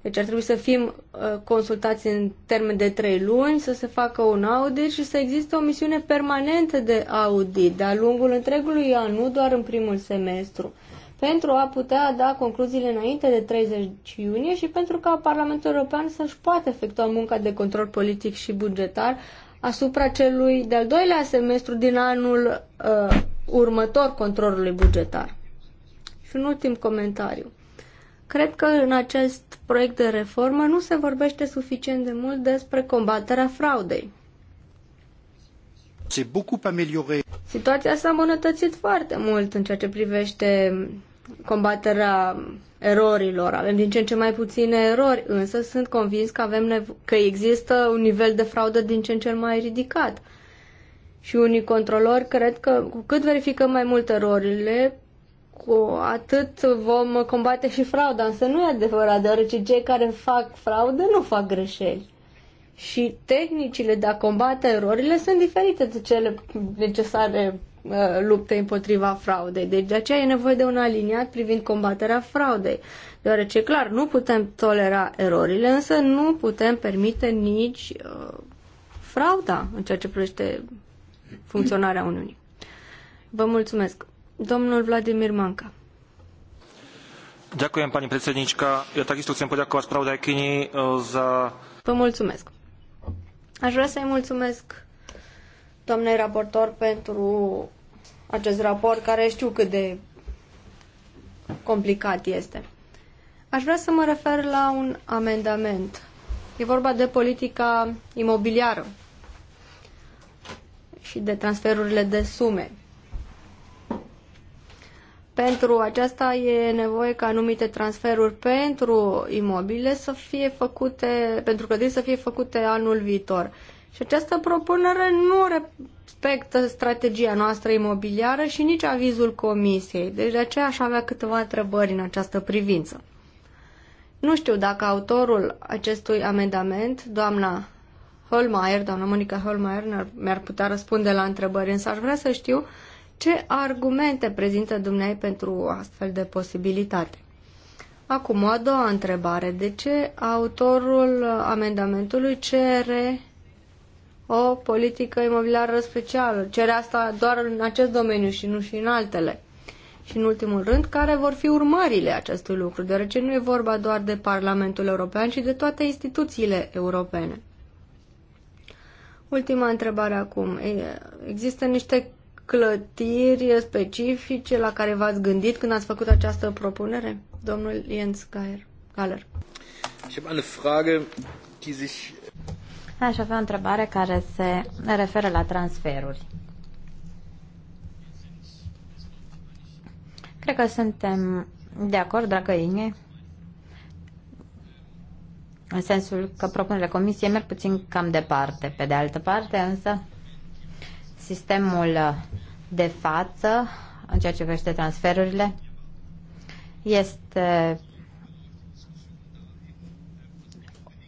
Deci ar trebui să fim uh, consultați în termen de trei luni, să se facă un audit și să existe o misiune permanentă de audit de-a lungul întregului an, nu doar în primul semestru, pentru a putea da concluziile înainte de 30 iunie și pentru ca Parlamentul European să-și poată efectua munca de control politic și bugetar asupra celui de-al doilea semestru din anul uh, următor controlului bugetar. Și un ultim comentariu. Cred că în acest proiect de reformă nu se vorbește suficient de mult despre combaterea fraudei. Situația s-a îmbunătățit foarte mult în ceea ce privește combaterea erorilor. Avem din ce în ce mai puține erori, însă sunt convins că, avem că există un nivel de fraudă din ce în ce mai ridicat. Și unii controlori cred că cu cât verificăm mai mult erorile, cu atât vom combate și frauda, însă nu e adevărat, deoarece cei care fac fraude nu fac greșeli. Și tehnicile de a combate erorile sunt diferite de cele necesare uh, lupte luptei împotriva fraudei. Deci de aceea e nevoie de un aliniat privind combaterea fraudei. Deoarece, clar, nu putem tolera erorile, însă nu putem permite nici uh, frauda în ceea ce privește funcționarea Uniunii. Vă mulțumesc. Domnul Vladimir Manca. Ďakujem, pani predsednička. Ja takisto chcem poďakovať spravodajkyni za... Vă mulțumesc. Aș vrea să-i mulțumesc doamnei raportor pentru acest raport, care știu cât de complicat este. Aș vrea să mă refer la un amendament. E vorba de politica imobiliară și de transferurile de sume. Pentru aceasta e nevoie ca anumite transferuri pentru imobile să fie făcute, pentru clădiri să fie făcute anul viitor. Și această propunere nu respectă strategia noastră imobiliară și nici avizul comisiei. Deci de aceea aș avea câteva întrebări în această privință. Nu știu dacă autorul acestui amendament, doamna Holmeier, doamna Monica Holmeier, mi-ar putea răspunde la întrebări, însă aș vrea să știu uh, ce argumente prezintă dumneai pentru o astfel de posibilitate? Acum, o a doua întrebare. De ce autorul amendamentului cere o politică imobiliară specială? Cere asta doar în acest domeniu și nu și în altele? Și în ultimul rând, care vor fi urmările acestui lucru, deoarece nu e vorba doar de Parlamentul European, ci de toate instituțiile europene. Ultima întrebare acum. Există niște clătiri specifice la care v-ați gândit când ați făcut această propunere, domnul Jens Galler? Aș avea o întrebare care se referă la transferuri. Cred că suntem de acord, dragă Inge, în sensul că propunerile comisiei merg puțin cam departe. Pe de altă parte, însă, sistemul uh, de față, în ceea ce privește transferurile, este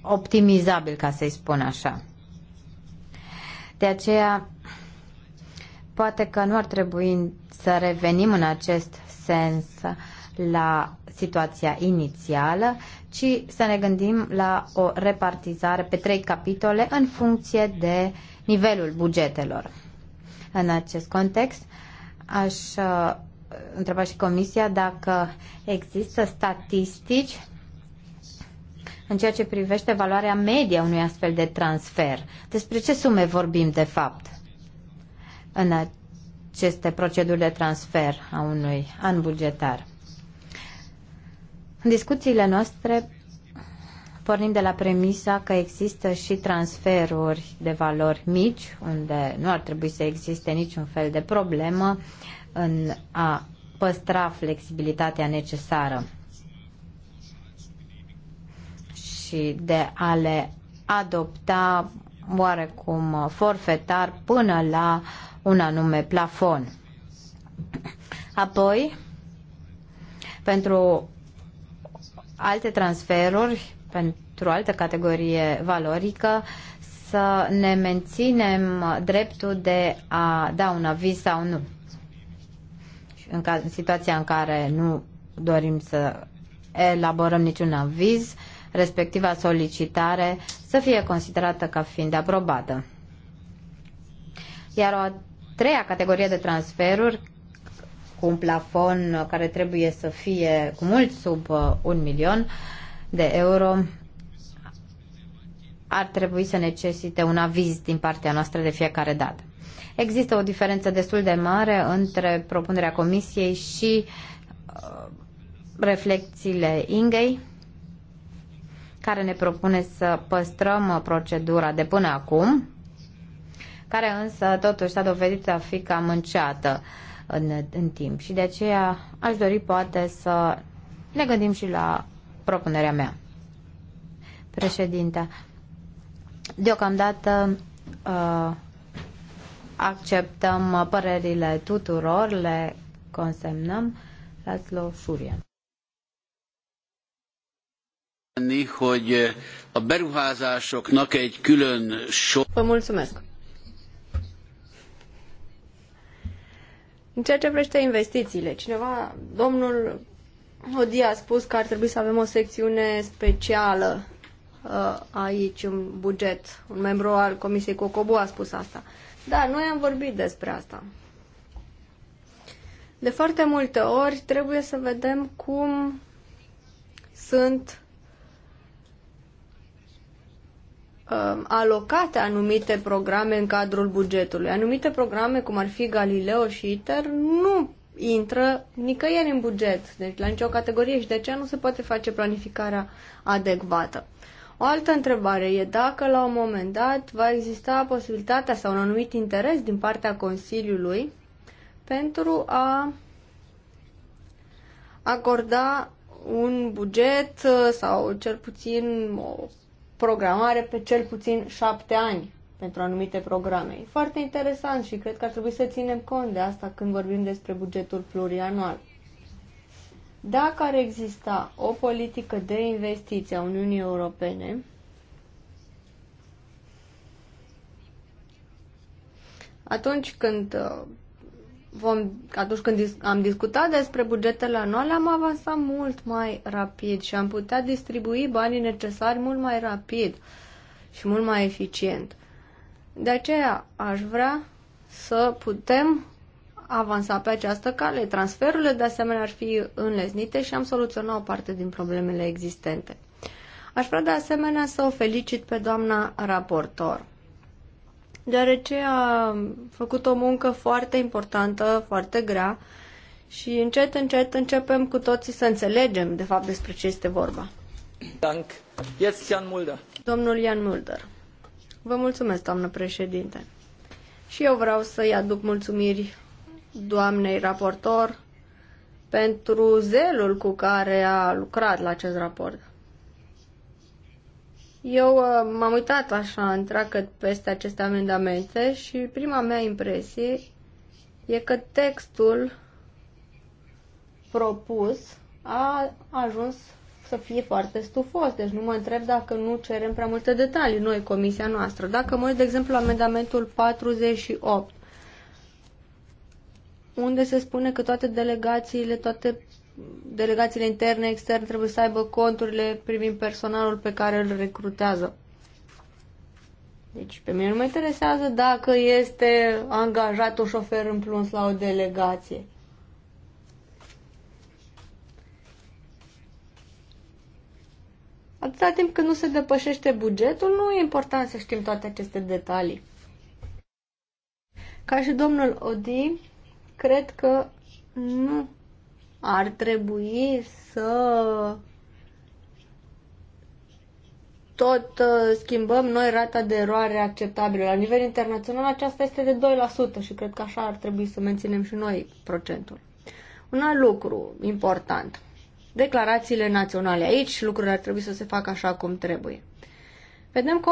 optimizabil, ca să-i spun așa. De aceea, poate că nu ar trebui să revenim în acest sens la situația inițială, ci să ne gândim la o repartizare pe trei capitole în funcție de nivelul bugetelor. În acest context, aș uh, întreba și Comisia dacă există statistici în ceea ce privește valoarea medie a unui astfel de transfer. Despre ce sume vorbim de fapt în aceste proceduri de transfer a unui an bugetar? În discuțiile noastre pornind de la premisa că există și transferuri de valori mici, unde nu ar trebui să existe niciun fel de problemă în a păstra flexibilitatea necesară și de a le adopta oarecum forfetar până la un anume plafon. Apoi, pentru alte transferuri pentru o altă categorie valorică, să ne menținem dreptul de a da un aviz sau nu. În, caz, în situația în care nu dorim să elaborăm niciun aviz, respectiva solicitare să fie considerată ca fiind aprobată. Iar o treia categorie de transferuri cu un plafon care trebuie să fie cu mult sub uh, un milion, de euro ar trebui să necesite un aviz din partea noastră de fiecare dată. Există o diferență destul de mare între propunerea Comisiei și uh, reflexiile Ingei, care ne propune să păstrăm uh, procedura de până acum, care însă totuși s-a dovedit a fi cam înceată uh, în, în timp. Și de aceea aș dori poate să ne gândim și la propunerea mea. Președinte, deocamdată uh, acceptăm părerile tuturor, le consemnăm. László Fúria. Eh, Vă mulțumesc. În ceea ce privește investițiile, cineva, domnul Odia a spus că ar trebui să avem o secțiune specială uh, aici în buget. Un membru al Comisiei Cocobu a spus asta. Da, noi am vorbit despre asta. De foarte multe ori trebuie să vedem cum sunt uh, alocate anumite programe în cadrul bugetului. Anumite programe, cum ar fi Galileo și ITER, nu intră nicăieri în buget, deci la nicio categorie și de aceea nu se poate face planificarea adecvată. O altă întrebare e dacă la un moment dat va exista posibilitatea sau un anumit interes din partea Consiliului pentru a acorda un buget sau cel puțin o programare pe cel puțin șapte ani pentru anumite programe. E foarte interesant și cred că ar trebui să ținem cont de asta când vorbim despre bugetul plurianual. Dacă ar exista o politică de investiție a Uniunii Europene, atunci când uh, vom, atunci când am discutat despre bugetele anuale, am avansat mult mai rapid și am putea distribui banii necesari mult mai rapid și mult mai eficient. De aceea aș vrea să putem avansa pe această cale. Transferurile de asemenea ar fi înlesnite și am soluționat o parte din problemele existente. Aș vrea de asemenea să o felicit pe doamna raportor, deoarece a făcut o muncă foarte importantă, foarte grea și încet, încet începem cu toții să înțelegem de fapt despre ce este vorba. Dank. Jetzt Jan Mulder. Domnul Jan Mulder. Vă mulțumesc, doamnă președinte. Și eu vreau să-i aduc mulțumiri doamnei raportor pentru zelul cu care a lucrat la acest raport. Eu uh, m-am uitat așa întreagăt peste aceste amendamente și prima mea impresie e că textul propus a ajuns să fie foarte stufos, deci nu mă întreb dacă nu cerem prea multe detalii noi, comisia noastră. Dacă mă uit, de exemplu, amendamentul 48, unde se spune că toate delegațiile, toate delegațiile interne, externe trebuie să aibă conturile privind personalul pe care îl recrutează. Deci pe mine nu mă interesează dacă este angajat un șofer în plus la o delegație. Atâta timp când nu se depășește bugetul, nu e important să știm toate aceste detalii. Ca și domnul Odi, cred că nu ar trebui să tot uh, schimbăm noi rata de eroare acceptabilă. La nivel internațional aceasta este de 2% și cred că așa ar trebui să menținem și noi procentul. Un alt lucru important declarațiile naționale. Aici lucrurile ar trebui să se facă așa cum trebuie. Vedem că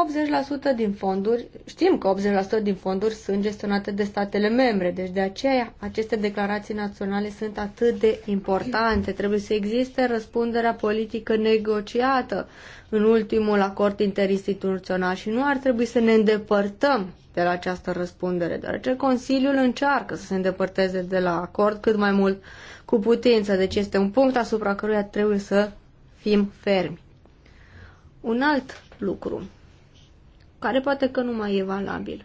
80% din fonduri, știm că 80% din fonduri sunt gestionate de statele membre, deci de aceea aceste declarații naționale sunt atât de importante. Trebuie să existe răspunderea politică negociată în ultimul acord interinstituțional și nu ar trebui să ne îndepărtăm de la această răspundere, deoarece Consiliul încearcă să se îndepărteze de la acord cât mai mult cu putință, deci este un punct asupra căruia trebuie să fim fermi. Un alt lucru, care poate că nu mai e valabil.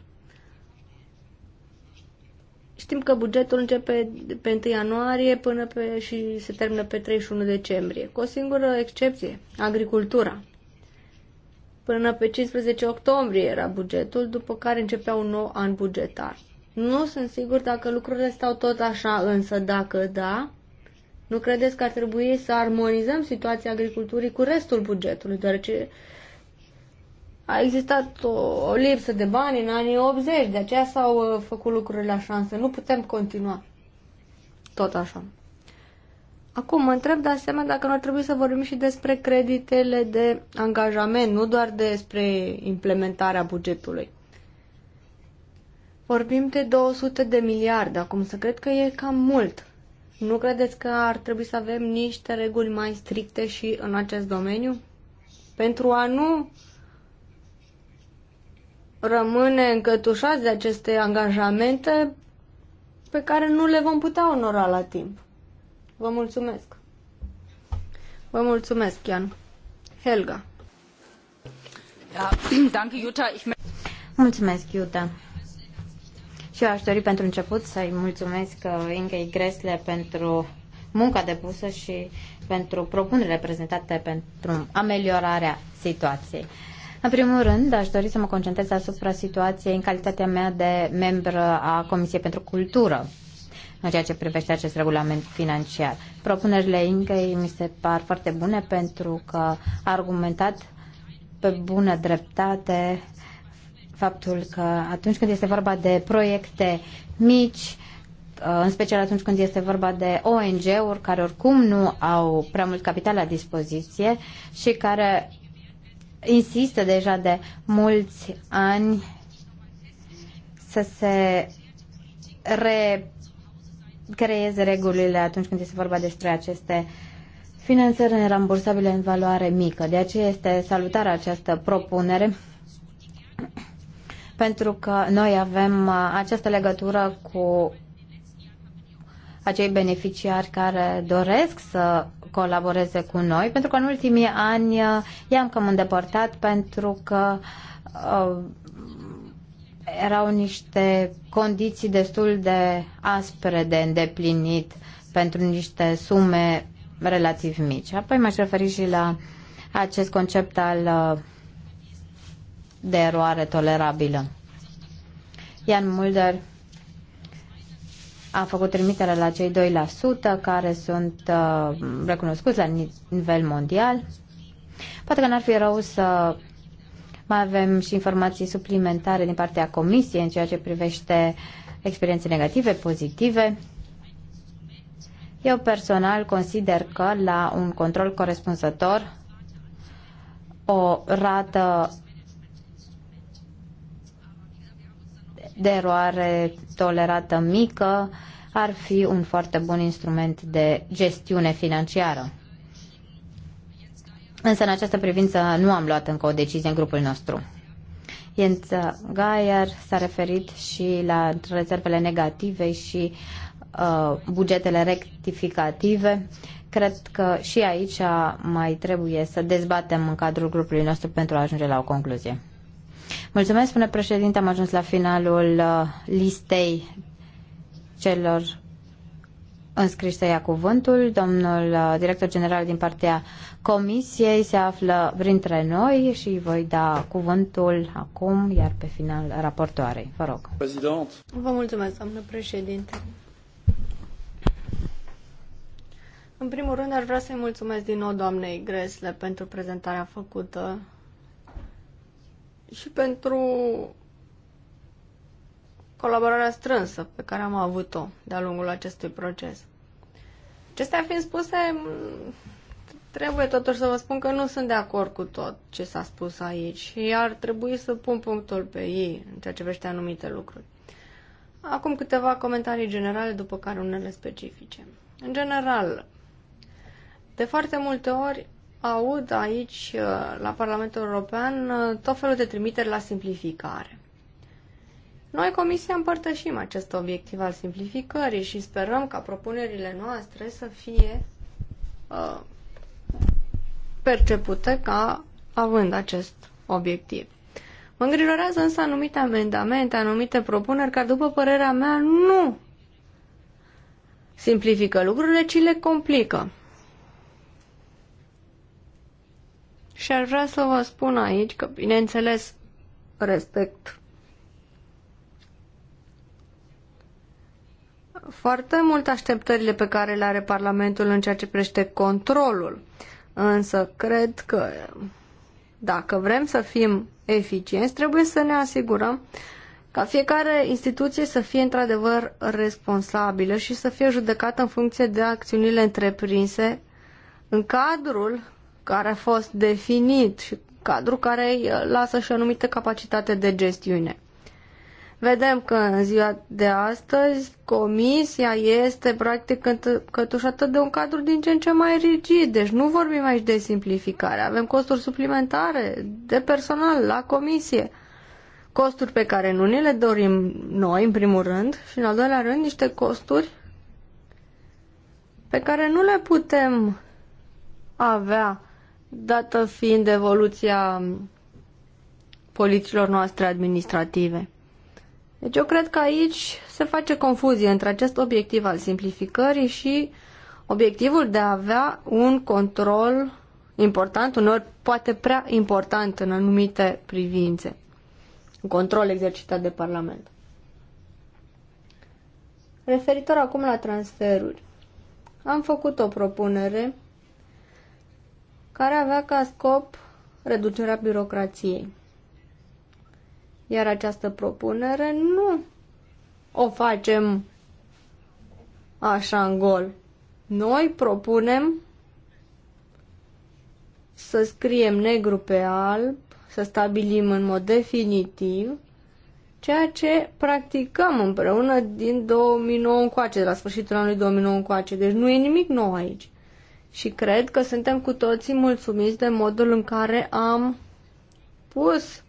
Știm că bugetul începe pe 1 ianuarie până pe, și se termină pe 31 decembrie, cu o singură excepție, agricultura. Până pe 15 octombrie era bugetul, după care începea un nou an bugetar. Nu sunt sigur dacă lucrurile stau tot așa, însă dacă da, nu credeți că ar trebui să armonizăm situația agriculturii cu restul bugetului, deoarece a existat o, o lipsă de bani în anii 80, de aceea s-au uh, făcut lucrurile așa, însă nu putem continua tot așa. Acum, mă întreb de asemenea dacă nu ar trebui să vorbim și despre creditele de angajament, nu doar despre implementarea bugetului. Vorbim de 200 de miliarde acum, să cred că e cam mult. Nu credeți că ar trebui să avem niște reguli mai stricte și în acest domeniu? Pentru a nu rămâne încătușați de aceste angajamente pe care nu le vom putea onora la timp. Vă mulțumesc. Vă mulțumesc, Ian. Helga. Mulțumesc, Iuta. Și eu aș dori pentru început să-i mulțumesc uh, Ingei Gresle pentru munca depusă și pentru propunerile prezentate pentru ameliorarea situației. În primul rând, aș dori să mă concentrez asupra situației în calitatea mea de membră a Comisiei pentru Cultură în ceea ce privește acest regulament financiar. Propunerile Ingei mi se par foarte bune pentru că a argumentat pe bună dreptate faptul că atunci când este vorba de proiecte mici, în special atunci când este vorba de ONG-uri care oricum nu au prea mult capital la dispoziție și care insistă deja de mulți ani să se re creez regulile atunci când este vorba despre aceste finanțări nerambursabile în valoare mică. De aceea este salutară această propunere pentru că noi avem uh, această legătură cu acei beneficiari care doresc să colaboreze cu noi, pentru că în ultimii ani uh, i-am cam îndepărtat pentru că uh, erau niște condiții destul de aspre de îndeplinit pentru niște sume relativ mici. Apoi m-aș referi și la acest concept al uh, de eroare tolerabilă. Ian Mulder a făcut trimitere la cei 2% care sunt uh, recunoscuți la nivel mondial. Poate că n-ar fi rău să mai avem și informații suplimentare din partea Comisiei în ceea ce privește experiențe negative, pozitive. Eu personal consider că la un control corespunzător o rată de eroare tolerată mică ar fi un foarte bun instrument de gestiune financiară. Însă, în această privință, nu am luat încă o decizie în grupul nostru. Jens Gaier s-a referit și la rezervele negative și uh, bugetele rectificative. Cred că și aici mai trebuie să dezbatem în cadrul grupului nostru pentru a ajunge la o concluzie. Mulțumesc, spune președinte, am ajuns la finalul uh, listei celor înscriși să ia cuvântul. Domnul uh, director general din partea Comisiei se află printre noi și voi da cuvântul acum, iar pe final raportoarei. Vă rog. President. Vă mulțumesc, doamnă președinte. În primul rând, ar vrea să-i mulțumesc din nou doamnei Gresle pentru prezentarea făcută și pentru colaborarea strânsă pe care am avut-o de-a lungul acestui proces. Acestea fiind spuse, Trebuie totuși să vă spun că nu sunt de acord cu tot ce s-a spus aici și ar trebui să pun punctul pe ei în ceea ce vește anumite lucruri. Acum câteva comentarii generale, după care unele specifice. În general, de foarte multe ori aud aici, uh, la Parlamentul European, uh, tot felul de trimiteri la simplificare. Noi, Comisia, împărtășim acest obiectiv al simplificării și sperăm ca propunerile noastre să fie uh, percepute ca având acest obiectiv. Mă îngrijorează însă anumite amendamente, anumite propuneri care, după părerea mea, nu simplifică lucrurile, ci le complică. Și aș vrea să vă spun aici că, bineînțeles, respect foarte mult așteptările pe care le are Parlamentul în ceea ce prește controlul. Însă cred că dacă vrem să fim eficienți, trebuie să ne asigurăm ca fiecare instituție să fie într-adevăr responsabilă și să fie judecată în funcție de acțiunile întreprinse în cadrul care a fost definit și cadrul care îi lasă și o anumită capacitate de gestiune. Vedem că în ziua de astăzi comisia este practic cătușată de un cadru din ce în ce mai rigid, deci nu vorbim aici de simplificare. Avem costuri suplimentare de personal la comisie, costuri pe care nu ni le dorim noi, în primul rând, și în al doilea rând niște costuri pe care nu le putem avea, dată fiind evoluția politicilor noastre administrative. Deci eu cred că aici se face confuzie între acest obiectiv al simplificării și obiectivul de a avea un control important, uneori poate prea important în anumite privințe. Un control exercitat de Parlament. Referitor acum la transferuri, am făcut o propunere care avea ca scop reducerea birocrației. Iar această propunere nu o facem așa în gol. Noi propunem să scriem negru pe alb, să stabilim în mod definitiv ceea ce practicăm împreună din 2009 încoace, de la sfârșitul anului 2009 încoace. Deci nu e nimic nou aici. Și cred că suntem cu toții mulțumiți de modul în care am pus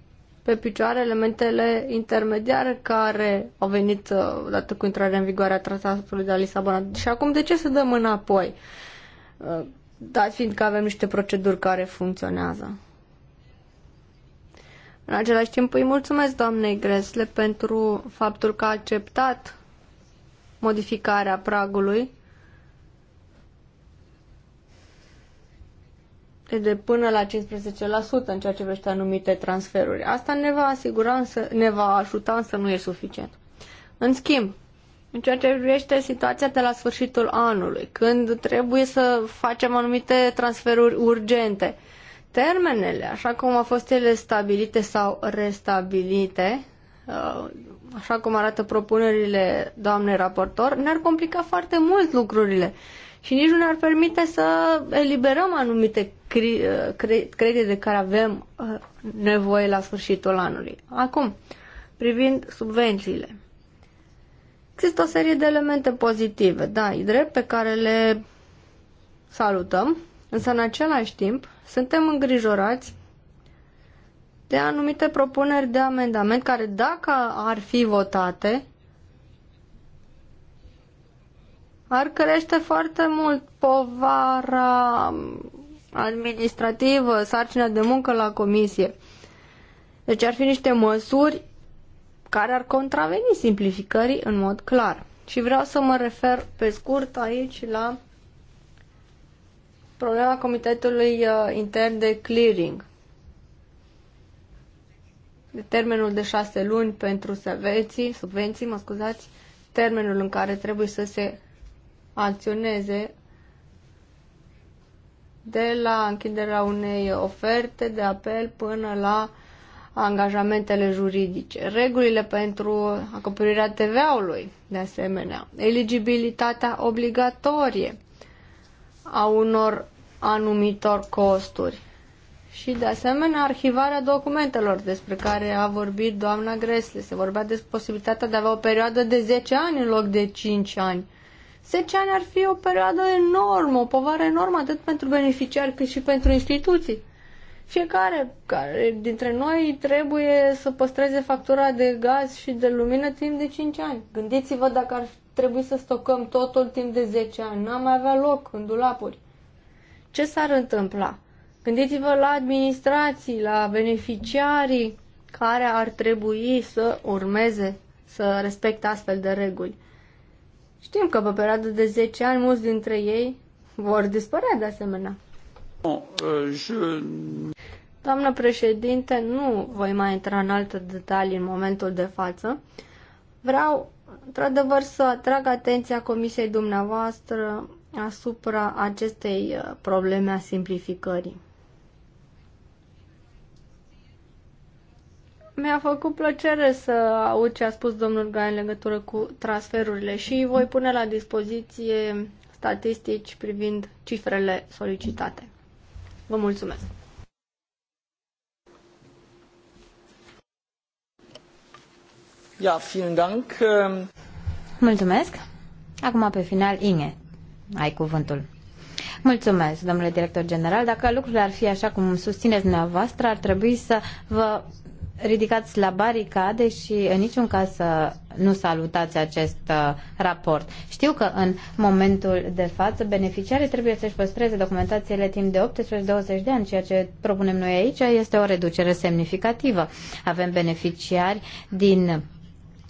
pe picioare elementele intermediare care au venit uh, odată cu intrarea în vigoare a tratatului de la Lisabona. Și acum de ce să dăm înapoi? Uh, Dar fiind că avem niște proceduri care funcționează. În același timp îi mulțumesc doamnei Gresle pentru faptul că a acceptat modificarea pragului de până la 15% în ceea ce vește anumite transferuri. Asta ne va asigura, însă, ne va ajuta, însă nu e suficient. În schimb, în ceea ce privește situația de la sfârșitul anului, când trebuie să facem anumite transferuri urgente, termenele, așa cum au fost ele stabilite sau restabilite, uh, așa cum arată propunerile doamnei raportor, ne-ar complica foarte mult lucrurile și nici nu ne-ar permite să eliberăm anumite uh, credite de care avem uh, nevoie la sfârșitul anului. Acum, privind subvențiile. Există o serie de elemente pozitive, da, e drept, pe care le salutăm, însă în același timp suntem îngrijorați de anumite propuneri de amendament care, dacă ar fi votate, ar crește foarte mult povara administrativă, sarcina de muncă la comisie. Deci ar fi niște măsuri care ar contraveni simplificării în mod clar. Și vreau să mă refer pe scurt aici la problema Comitetului uh, Intern de Clearing. De termenul de șase luni pentru subvenții, subvenții, mă scuzați, termenul în care trebuie să se acționeze de la închiderea unei oferte de apel până la angajamentele juridice, regulile pentru acoperirea TVA-ului, de asemenea, eligibilitatea obligatorie a unor anumitor costuri și, de asemenea, arhivarea documentelor despre care a vorbit doamna Gresle. Se vorbea despre posibilitatea de a avea o perioadă de 10 ani în loc de 5 ani 10 ani ar fi o perioadă enormă, o povară enormă, atât pentru beneficiari cât și pentru instituții. Fiecare care dintre noi trebuie să păstreze factura de gaz și de lumină timp de 5 ani. Gândiți-vă dacă ar trebui să stocăm totul timp de 10 ani. N-am mai avea loc în dulapuri. Ce s-ar întâmpla? Gândiți-vă la administrații, la beneficiarii care ar trebui să urmeze, să respecte astfel de reguli. Știm că pe perioadă de 10 ani mulți dintre ei vor dispărea de asemenea. No, euh, je... Doamnă președinte, nu voi mai intra în alte detalii în momentul de față. Vreau, într-adevăr, să atrag atenția Comisiei dumneavoastră asupra acestei uh, probleme a simplificării. Mi-a făcut plăcere să aud ce a spus domnul Gai în legătură cu transferurile și voi pune la dispoziție statistici privind cifrele solicitate. Vă mulțumesc! Ja, vielen Dank. Ähm, mulțumesc! Acum pe final, Inge, ai cuvântul. Mulțumesc, domnule director general. Dacă lucrurile ar fi așa cum susțineți dumneavoastră, ar trebui să vă ridicați la baricade și în niciun caz să nu salutați acest uh, raport. Știu că în momentul de față beneficiarii trebuie să-și păstreze documentațiile timp de 18-20 de ani, ceea ce propunem noi aici este o reducere semnificativă. Avem beneficiari din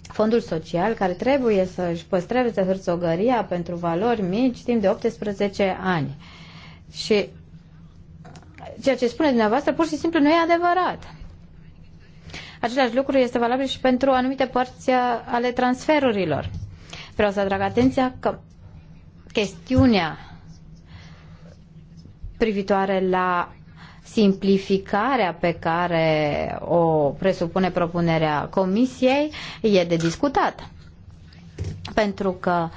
fondul social care trebuie să-și păstreze hârțogăria pentru valori mici timp de 18 ani. Și ceea ce spune dumneavoastră pur și simplu nu e adevărat. Același lucru este valabil și pentru anumite părți ale transferurilor. Vreau să atrag atenția că chestiunea privitoare la simplificarea pe care o presupune propunerea comisiei e de discutat. Pentru că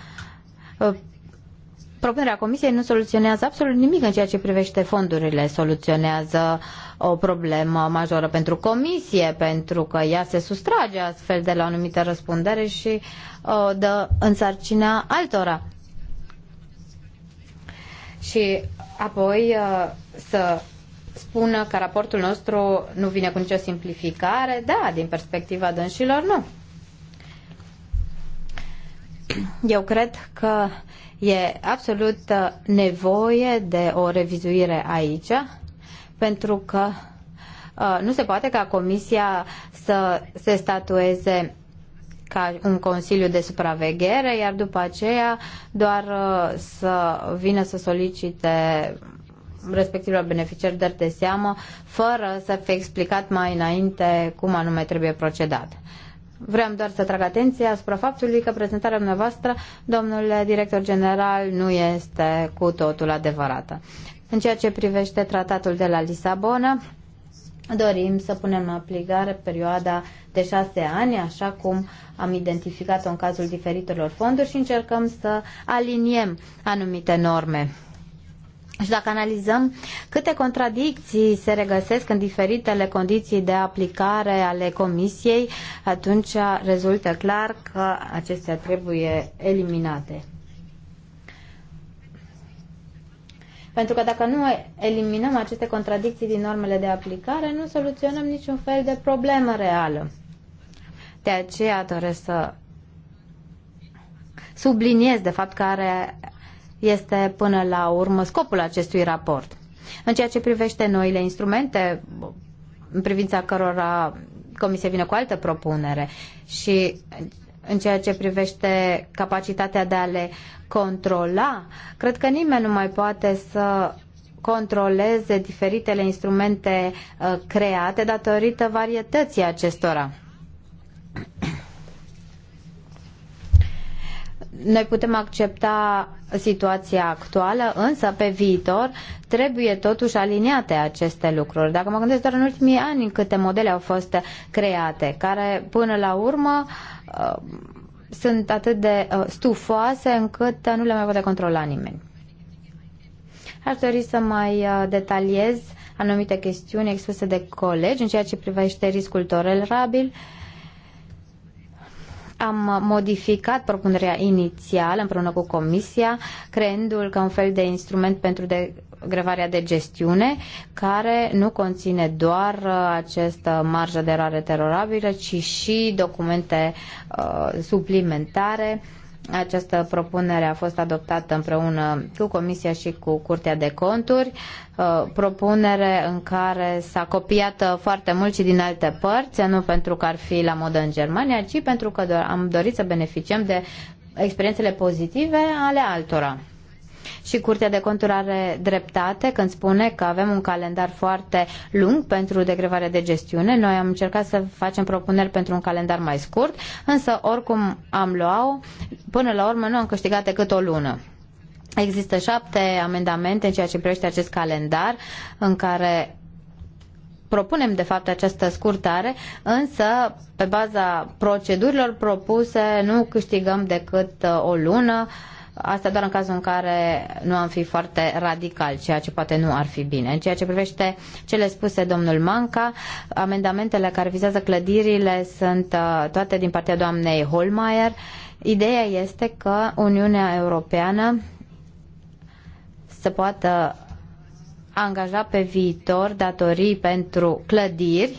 propunerea Comisiei nu soluționează absolut nimic în ceea ce privește fondurile. Soluționează o problemă majoră pentru Comisie, pentru că ea se sustrage astfel de la o anumită răspundere și uh, dă însarcina altora. Și apoi uh, să spună că raportul nostru nu vine cu nicio simplificare, da, din perspectiva dânșilor, nu. Eu cred că e absolut uh, nevoie de o revizuire aici, pentru că uh, nu se poate ca Comisia să se statueze ca un consiliu de supraveghere, iar după aceea doar uh, să vină să solicite respectivilor beneficiari de seamă, fără să fie explicat mai înainte cum anume trebuie procedat. Vreau doar să trag atenția asupra faptului că prezentarea dumneavoastră, domnule director general, nu este cu totul adevărată. În ceea ce privește tratatul de la Lisabona, dorim să punem în aplicare perioada de șase ani, așa cum am identificat-o în cazul diferitelor fonduri și încercăm să aliniem anumite norme. Și dacă analizăm câte contradicții se regăsesc în diferitele condiții de aplicare ale comisiei, atunci rezultă clar că acestea trebuie eliminate. Pentru că dacă nu eliminăm aceste contradicții din normele de aplicare, nu soluționăm niciun fel de problemă reală. De aceea doresc să subliniez, de fapt, care este până la urmă scopul acestui raport. În ceea ce privește noile instrumente, în privința cărora Comisia vine cu altă propunere și în ceea ce privește capacitatea de a le controla, cred că nimeni nu mai poate să controleze diferitele instrumente uh, create datorită varietății acestora. Noi putem accepta situația actuală, însă pe viitor trebuie totuși aliniate aceste lucruri. Dacă mă gândesc doar în ultimii ani câte modele au fost create, care până la urmă uh, sunt atât de uh, stufoase încât nu le mai poate controla nimeni. Aș dori să mai uh, detaliez anumite chestiuni expuse de colegi în ceea ce privește riscul tolerabil, rabil. Am modificat propunerea inițială împreună cu Comisia, creându-l ca un fel de instrument pentru de grevarea de gestiune, care nu conține doar uh, această marjă de eroare terorabilă, ci și documente uh, suplimentare această propunere a fost adoptată împreună cu Comisia și cu Curtea de Conturi, uh, propunere în care s-a copiat uh, foarte mult și din alte părți, nu pentru că ar fi la modă în Germania, ci pentru că am dorit să beneficiem de experiențele pozitive ale altora și Curtea de Conturi are dreptate când spune că avem un calendar foarte lung pentru degrevarea de gestiune. Noi am încercat să facem propuneri pentru un calendar mai scurt, însă oricum am luat-o, până la urmă nu am câștigat decât o lună. Există șapte amendamente în ceea ce privește acest calendar în care propunem de fapt această scurtare, însă pe baza procedurilor propuse nu câștigăm decât uh, o lună Asta doar în cazul în care nu am fi foarte radical, ceea ce poate nu ar fi bine. În ceea ce privește cele spuse domnul Manca, amendamentele care vizează clădirile sunt uh, toate din partea doamnei Holmeier. Ideea este că Uniunea Europeană să poată angaja pe viitor datorii pentru clădiri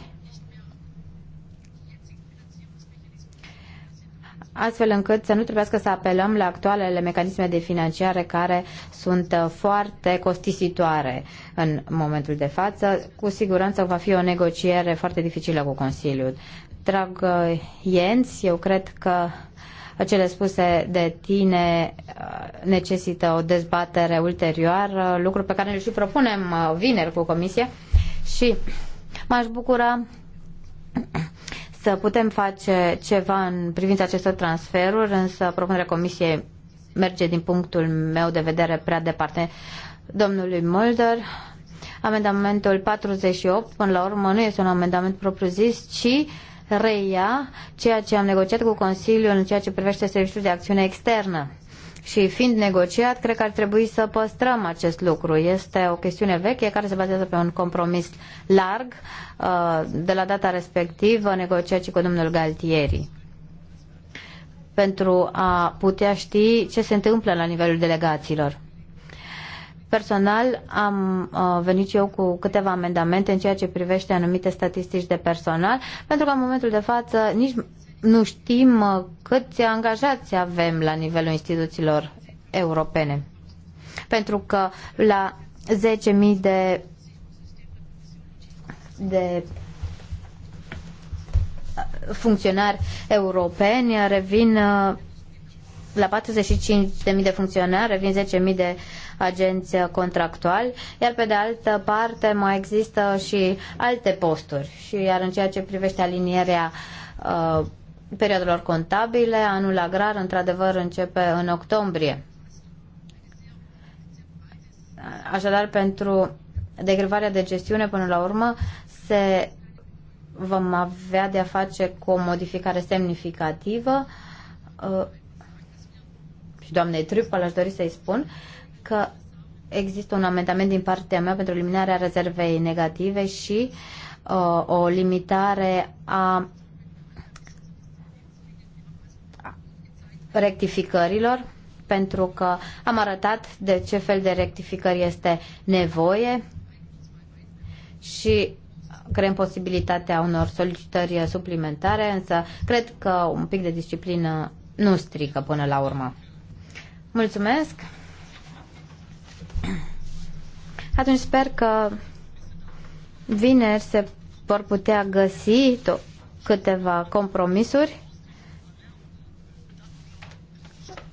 astfel încât să nu trebuiască să apelăm la actualele mecanisme de finanțare care sunt uh, foarte costisitoare în momentul de față. Cu siguranță va fi o negociere foarte dificilă cu Consiliul. Drag Jens, uh, eu cred că cele spuse de tine uh, necesită o dezbatere ulterioară, lucru pe care îl și propunem vineri cu Comisia și m-aș bucura să putem face ceva în privința acestor transferuri, însă propunerea Comisiei merge din punctul meu de vedere prea departe. Domnului Mulder, amendamentul 48, până la urmă, nu este un amendament propriu-zis, ci reia ceea ce am negociat cu Consiliul în ceea ce privește serviciul de acțiune externă. Și fiind negociat, cred că ar trebui să păstrăm acest lucru. Este o chestiune veche care se bazează pe un compromis larg uh, de la data respectivă negociat și cu domnul Galtieri pentru a putea ști ce se întâmplă la nivelul delegațiilor. Personal am uh, venit eu cu câteva amendamente în ceea ce privește anumite statistici de personal, pentru că în momentul de față nici nu știm uh, câți angajați avem la nivelul instituțiilor europene. Pentru că la 10.000 de, de uh, funcționari europeni uh, revin la 45.000 de funcționari revin 10.000 de agenți contractuali, iar pe de altă parte mai există și alte posturi. Și iar în ceea ce privește alinierea uh, perioadelor contabile. Anul agrar, într-adevăr, începe în octombrie. Așadar, pentru degrevarea de gestiune, până la urmă, se vom avea de-a face cu o modificare semnificativă uh, și doamnei Trupel aș dori să-i spun că există un amendament din partea mea pentru eliminarea rezervei negative și uh, o limitare a rectificărilor, pentru că am arătat de ce fel de rectificări este nevoie și creăm posibilitatea unor solicitări suplimentare, însă cred că un pic de disciplină nu strică până la urmă. Mulțumesc! Atunci sper că vineri se vor putea găsi câteva compromisuri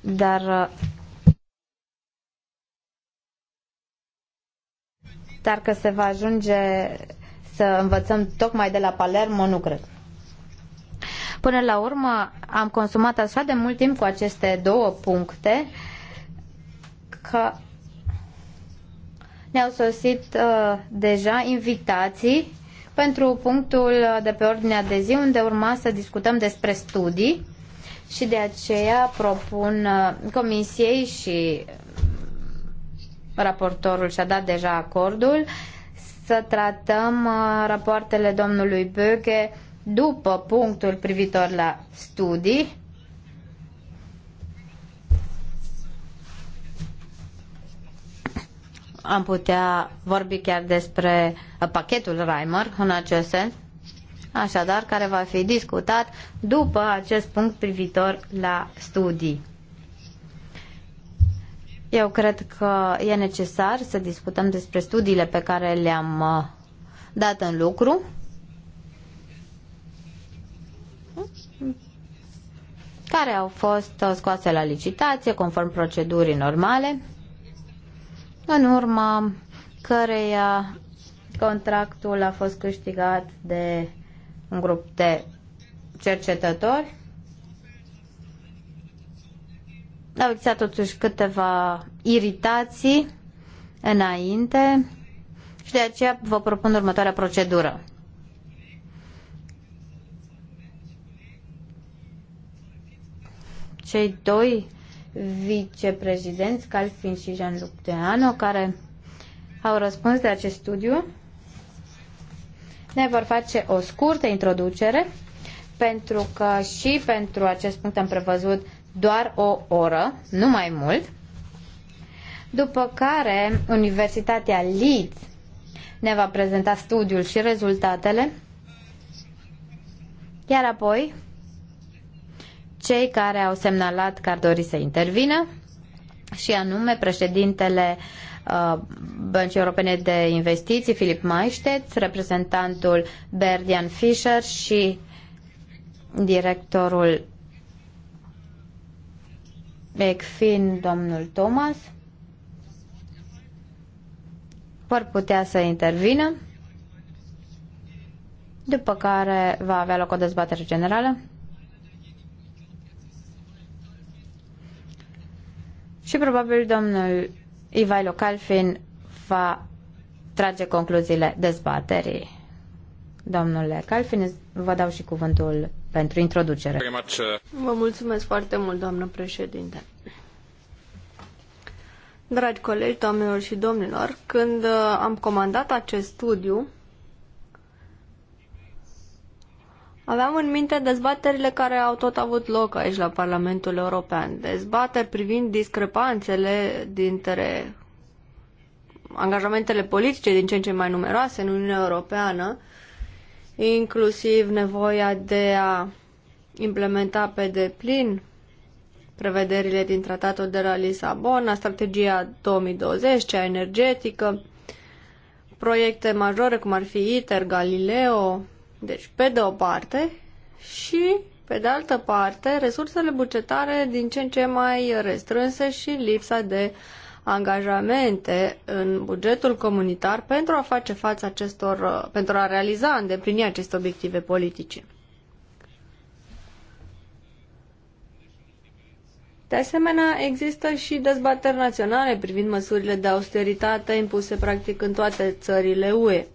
Dar dar că se va ajunge să învățăm tocmai de la Palermo, nu cred. Până la urmă, am consumat așa de mult timp cu aceste două puncte că ne-au sosit uh, deja invitații pentru punctul de pe ordinea de zi unde urma să discutăm despre studii și de aceea propun uh, Comisiei și um, raportorul și-a dat deja acordul să tratăm uh, rapoartele domnului Böge după punctul privitor la studii. Am putea vorbi chiar despre uh, pachetul Reimer în acest sens așadar care va fi discutat după acest punct privitor la studii. Eu cred că e necesar să discutăm despre studiile pe care le-am uh, dat în lucru. care au fost uh, scoase la licitație conform procedurii normale, în urma căreia contractul a fost câștigat de un grup de cercetători. Au existat totuși câteva iritații înainte și de aceea vă propun următoarea procedură. Cei doi vicepreședinți, Calfin și Jean-Luc Deano, care au răspuns de acest studiu, ne vor face o scurtă introducere, pentru că și pentru acest punct am prevăzut doar o oră, nu mai mult. După care, Universitatea Leeds ne va prezenta studiul și rezultatele, iar apoi cei care au semnalat că ar dori să intervină, și anume președintele uh, Uh, băncii Europene de Investiții, Filip Maișteț, reprezentantul Berdian Fischer și directorul ECFIN, domnul Thomas, vor putea să intervină, după care va avea loc o dezbatere generală. Și probabil domnul Ivailo Calfin va trage concluziile dezbaterii. Domnule Calfin, vă dau și cuvântul pentru introducere. Uh, vă mulțumesc foarte mult, doamnă președinte. Dragi colegi, doamnelor și domnilor, când uh, am comandat acest studiu, Aveam în minte dezbaterile care au tot avut loc aici la Parlamentul European, dezbateri privind discrepanțele dintre angajamentele politice din ce în ce mai numeroase în Uniunea Europeană, inclusiv nevoia de a implementa pe deplin prevederile din tratatul de la Lisabona, strategia 2020, cea energetică, proiecte majore cum ar fi ITER, Galileo, deci, pe de o parte și, pe de altă parte, resursele bugetare din ce în ce mai restrânse și lipsa de angajamente în bugetul comunitar pentru a face față acestor, uh, pentru a realiza, îndeplini aceste obiective politice. De asemenea, există și dezbateri naționale privind măsurile de austeritate impuse practic în toate țările UE.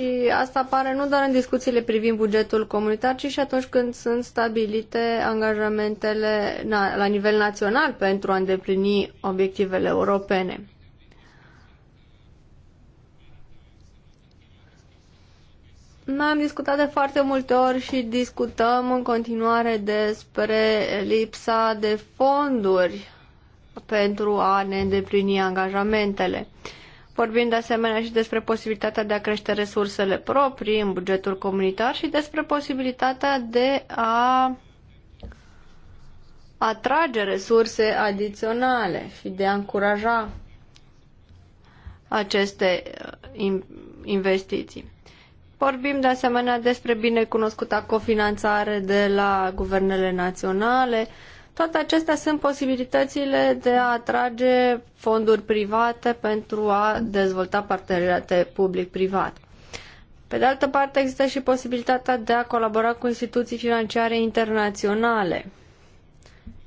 și asta apare nu doar în discuțiile privind bugetul comunitar, ci și atunci când sunt stabilite angajamentele la nivel național pentru a îndeplini obiectivele europene. Noi am discutat de foarte multe ori și discutăm în continuare despre lipsa de fonduri pentru a ne îndeplini angajamentele. Uh, Vorbim de asemenea și despre posibilitatea de a crește resursele proprii în bugetul comunitar și despre posibilitatea de a atrage resurse adiționale și de a încuraja aceste uh, investiții. Vorbim de asemenea despre binecunoscuta cofinanțare de la guvernele naționale, toate acestea sunt posibilitățile de a atrage fonduri private pentru a dezvolta parteneriate public-privat. Pe de altă parte, există și posibilitatea de a colabora cu instituții financiare internaționale,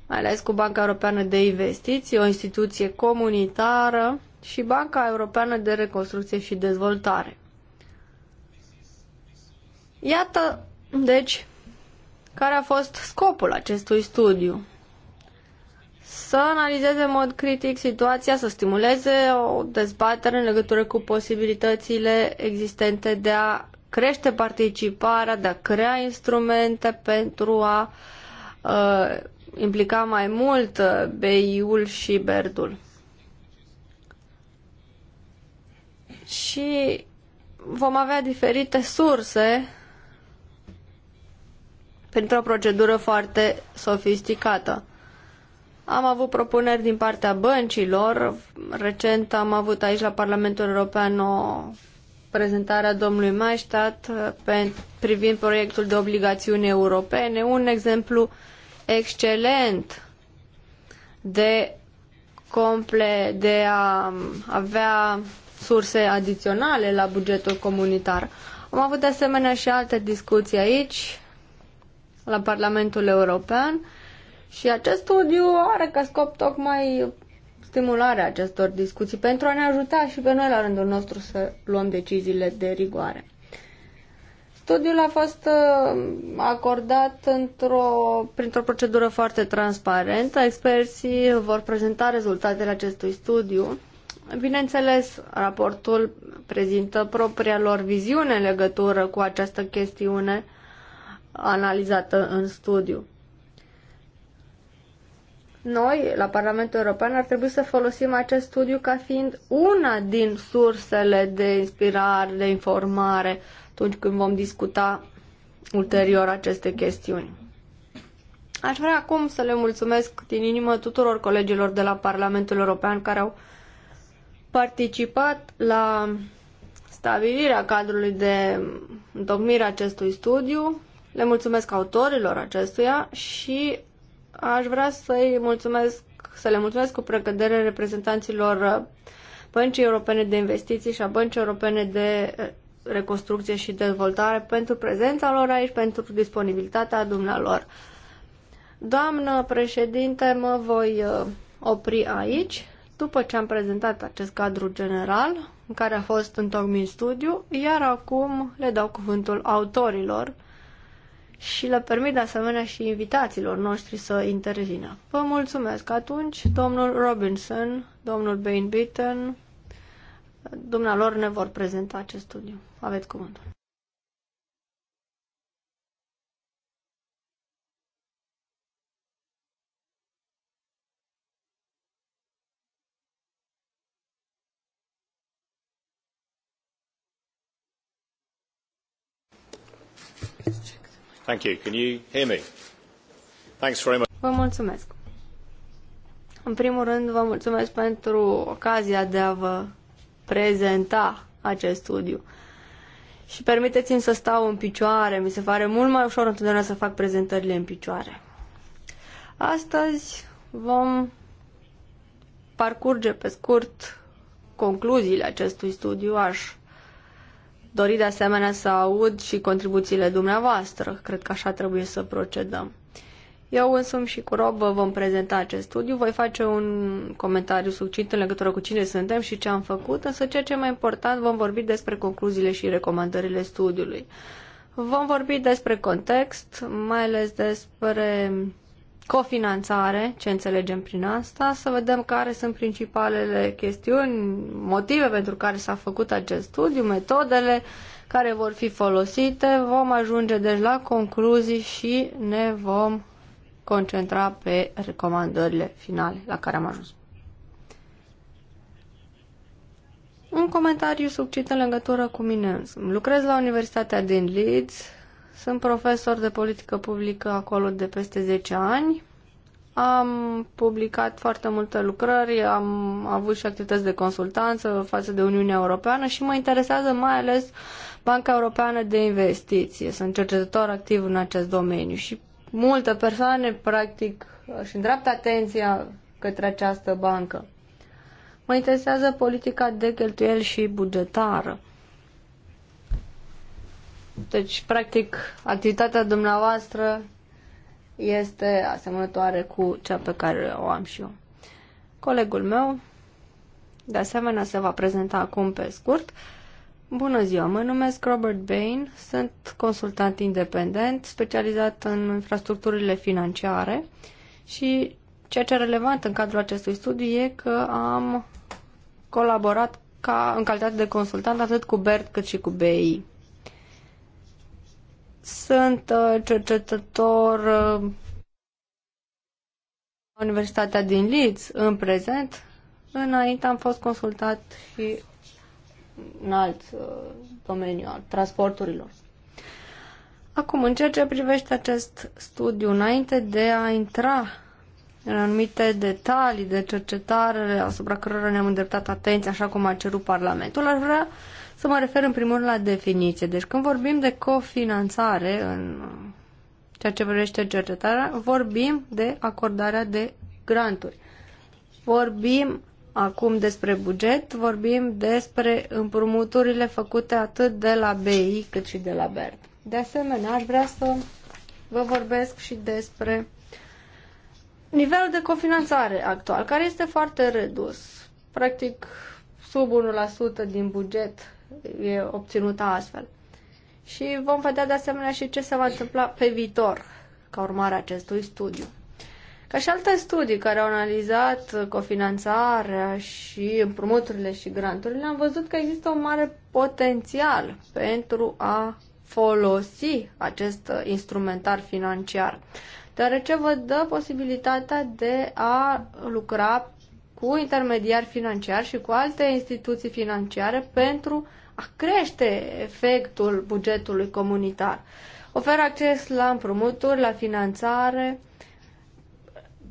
mai ales cu Banca Europeană de Investiții, o instituție comunitară și Banca Europeană de Reconstrucție și Dezvoltare. Iată, deci, care a fost scopul acestui studiu să analizeze în mod critic situația, să stimuleze o dezbatere în legătură cu posibilitățile existente de a crește participarea, de a crea instrumente pentru a uh, implica mai mult uh, BI-ul și BERD-ul. Și vom avea diferite surse pentru o procedură foarte sofisticată. Am avut propuneri din partea băncilor. Recent am avut aici la Parlamentul European o prezentare a domnului Maestat privind proiectul de obligațiuni europene, un exemplu excelent de comple de a avea surse adiționale la bugetul comunitar. Am avut de asemenea și alte discuții aici la Parlamentul European și acest studiu are ca scop tocmai stimularea acestor discuții pentru a ne ajuta și pe noi la rândul nostru să luăm deciziile de rigoare. Studiul a fost uh, acordat într-o, printr-o procedură foarte transparentă. Experții vor prezenta rezultatele acestui studiu. Bineînțeles, raportul prezintă propria lor viziune în legătură cu această chestiune analizată în studiu. Noi, la Parlamentul European, ar trebui să folosim acest studiu ca fiind una din sursele de inspirare, de informare, atunci când vom discuta ulterior aceste chestiuni. Aș vrea acum să le mulțumesc din inimă tuturor colegilor de la Parlamentul European care au participat la stabilirea cadrului de întocmire acestui studiu. Le mulțumesc autorilor acestuia și Aș vrea să-i mulțumesc, să le mulțumesc cu precădere reprezentanților Băncii Europene de Investiții și a Băncii Europene de eh, Reconstrucție și Dezvoltare pentru prezența lor aici, pentru disponibilitatea dumnealor. Doamnă președinte, mă voi eh, opri aici. După ce am prezentat acest cadru general, în care a fost întocmit studiu, iar acum le dau cuvântul autorilor și le permit de asemenea și invitațiilor noștri să intervină. Vă mulțumesc. Atunci, domnul Robinson, domnul Bainbitten, dumnealor ne vor prezenta acest studiu. Aveți cuvântul. mulțumesc. În primul rând, vă mulțumesc pentru ocazia de a vă prezenta acest studiu. Și permiteți-mi să stau în picioare, mi se pare mult mai ușor întotdeauna să fac prezentările în picioare. Astăzi vom parcurge pe scurt concluziile acestui studiu, aș dori de asemenea să aud și contribuțiile dumneavoastră. Cred că așa trebuie să procedăm. Eu însumi și cu Rob vom prezenta acest studiu, voi face un comentariu succint în legătură cu cine suntem și ce am făcut, însă ceea ce e mai important vom vorbi despre concluziile și recomandările studiului. Vom vorbi despre context, mai ales despre cofinanțare, ce înțelegem prin asta, să vedem care sunt principalele chestiuni, motive pentru care s-a făcut acest studiu, metodele care vor fi folosite, vom ajunge deci la concluzii și ne vom concentra pe recomandările finale la care am ajuns. Un comentariu subțit în legătură cu mine însumi. Lucrez la Universitatea din Leeds, sunt profesor de politică publică acolo de peste 10 ani. Am publicat foarte multe lucrări, am avut și activități de consultanță față de Uniunea Europeană și mă interesează mai ales Banca Europeană de Investiție. Sunt cercetător activ în acest domeniu și multe persoane, practic, își îndreaptă atenția către această bancă. Mă interesează politica de cheltuieli și bugetară. Deci, practic, activitatea dumneavoastră este asemănătoare cu cea pe care o am și eu. Colegul meu, de asemenea, se va prezenta acum pe scurt. Bună ziua, mă numesc Robert Bain, sunt consultant independent specializat în infrastructurile financiare și ceea ce e relevant în cadrul acestui studiu e că am colaborat ca, în calitate de consultant atât cu BERT cât și cu BI. Sunt uh, cercetător uh, la Universitatea din Leeds în prezent. Înainte am fost consultat și în alt uh, domeniu al transporturilor. Acum, în ceea ce privește acest studiu, înainte de a intra în anumite detalii de cercetare asupra cărora ne-am îndreptat atenția, așa cum a cerut Parlamentul, aș vrea să mă refer în primul rând la definiție. Deci când vorbim de cofinanțare în ceea ce vorbește cercetarea, vorbim de acordarea de granturi. Vorbim acum despre buget, vorbim despre împrumuturile făcute atât de la BI cât și de la BERT. De asemenea, aș vrea să vă vorbesc și despre nivelul de cofinanțare actual, care este foarte redus, practic sub 1% din buget e obținută astfel. Și vom vedea de asemenea și ce se va întâmpla pe viitor ca urmare a acestui studiu. Ca și alte studii care au analizat cofinanțarea și împrumuturile și granturile, am văzut că există un mare potențial pentru a folosi acest instrumentar financiar, deoarece vă dă posibilitatea de a lucra cu intermediari financiari și cu alte instituții financiare pentru a crește efectul bugetului comunitar. Oferă acces la împrumuturi, la finanțare,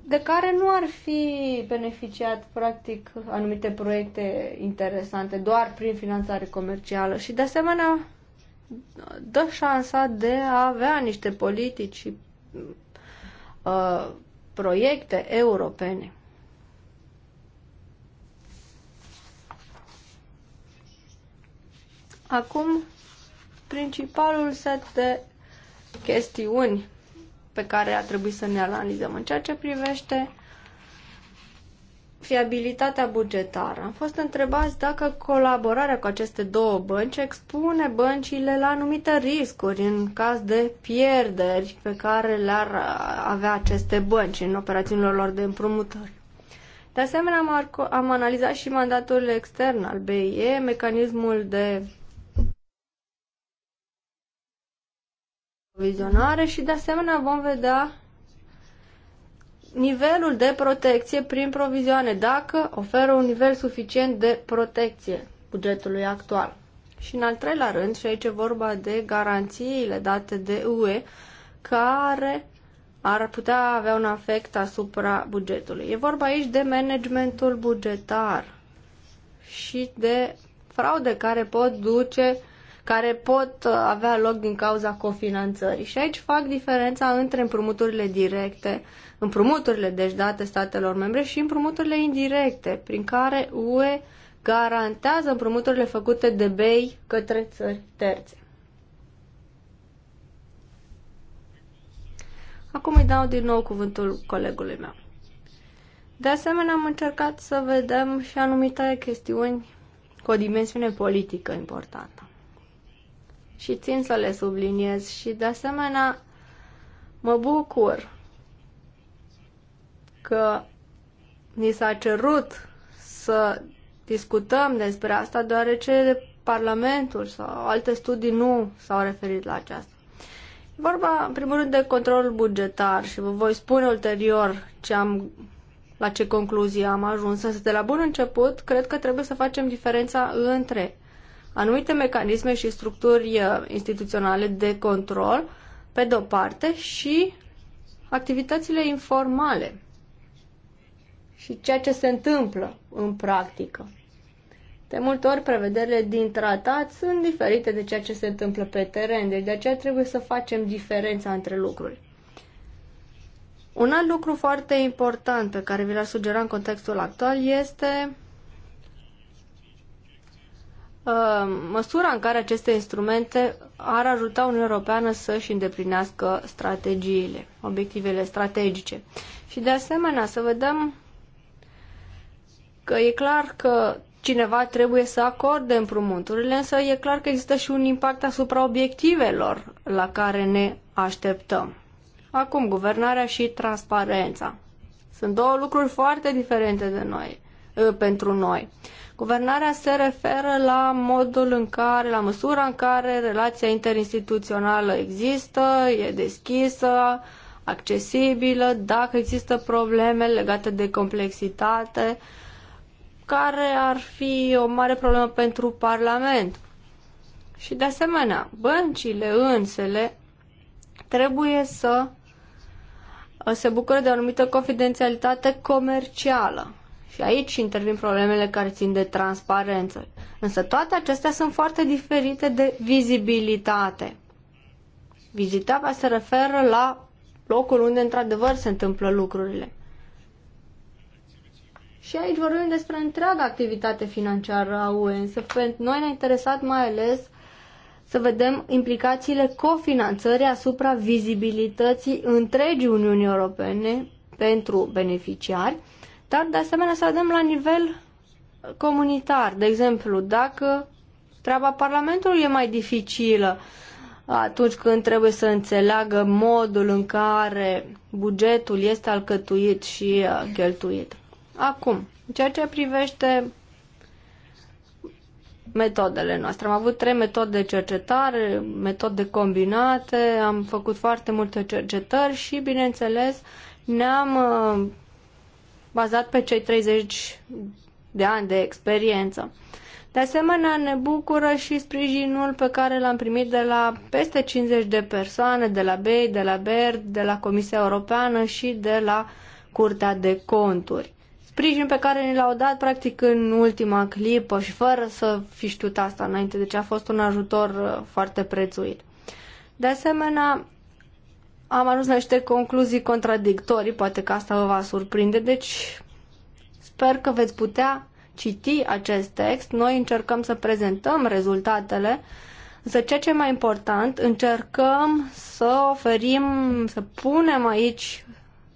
de care nu ar fi beneficiat practic anumite proiecte interesante doar prin finanțare comercială și de asemenea dă șansa de a avea niște politici și uh, proiecte europene. Acum, principalul set de chestiuni pe care ar trebui să ne analizăm în ceea ce privește fiabilitatea bugetară. Am fost întrebați dacă colaborarea cu aceste două bănci expune băncile la anumite riscuri în caz de pierderi pe care le-ar avea aceste bănci în operațiunile lor de împrumutări. De asemenea, am, am analizat și mandatul extern al BIE, mecanismul de aprovizionare și de asemenea vom vedea nivelul de protecție prin provizioane, dacă oferă un nivel suficient de protecție bugetului actual. Și în al treilea rând, și aici e vorba de garanțiile date de UE, care ar putea avea un efect asupra bugetului. E vorba aici de managementul bugetar și de fraude care pot duce care pot uh, avea loc din cauza cofinanțării. Și aici fac diferența între împrumuturile directe, împrumuturile deci date statelor membre și împrumuturile indirecte, prin care UE garantează împrumuturile făcute de BEI către țări terțe. Acum îi dau din nou cuvântul colegului meu. De asemenea, am încercat să vedem și anumite chestiuni cu o dimensiune politică importantă și țin să le subliniez și de asemenea mă bucur că ni s-a cerut să discutăm despre asta deoarece Parlamentul sau alte studii nu s-au referit la aceasta. E vorba, în primul rând, de controlul bugetar și vă voi spune ulterior ce am, la ce concluzie am ajuns. Însă, de la bun început, cred că trebuie să facem diferența între anumite mecanisme și structuri uh, instituționale de control, pe de-o parte, și activitățile informale și ceea ce se întâmplă în practică. De multe ori, prevederile din tratat sunt diferite de ceea ce se întâmplă pe teren, deci de aceea trebuie să facem diferența între lucruri. Un alt lucru foarte important pe care vi l-aș sugera în contextul actual este Uh, măsura în care aceste instrumente ar ajuta Uniunea Europeană să își îndeplinească strategiile, obiectivele strategice. Și de asemenea să vedem că e clar că cineva trebuie să acorde împrumuturile, însă e clar că există și un impact asupra obiectivelor la care ne așteptăm. Acum, guvernarea și transparența. Sunt două lucruri foarte diferente de noi, uh, pentru noi. Guvernarea se referă la modul în care, la măsura în care relația interinstituțională există, e deschisă, accesibilă, dacă există probleme legate de complexitate, care ar fi o mare problemă pentru Parlament. Și de asemenea, băncile însele trebuie să se bucure de o anumită confidențialitate comercială. Și aici intervin problemele care țin de transparență. Însă toate acestea sunt foarte diferite de vizibilitate. Vizitarea se referă la locul unde într-adevăr se întâmplă lucrurile. Și aici vorbim despre întreaga activitate financiară a UE, însă pentru noi ne-a interesat mai ales să vedem implicațiile cofinanțării asupra vizibilității întregii Uniunii Europene pentru beneficiari dar, de asemenea, să vedem la nivel comunitar. De exemplu, dacă treaba Parlamentului e mai dificilă atunci când trebuie să înțeleagă modul în care bugetul este alcătuit și uh, cheltuit. Acum, în ceea ce privește metodele noastre. Am avut trei metode de cercetare, metode combinate, am făcut foarte multe cercetări și, bineînțeles, ne-am uh, bazat pe cei 30 de ani de experiență. De asemenea, ne bucură și sprijinul pe care l-am primit de la peste 50 de persoane, de la BEI, de la BERD, de la Comisia Europeană și de la Curtea de Conturi. Sprijin pe care ni l-au dat practic în ultima clipă și fără să fi știut asta înainte, deci a fost un ajutor uh, foarte prețuit. De asemenea, am ajuns la niște concluzii contradictorii, poate că asta vă va surprinde, deci sper că veți putea citi acest text. Noi încercăm să prezentăm rezultatele, însă ceea ce e mai important, încercăm să oferim, să punem aici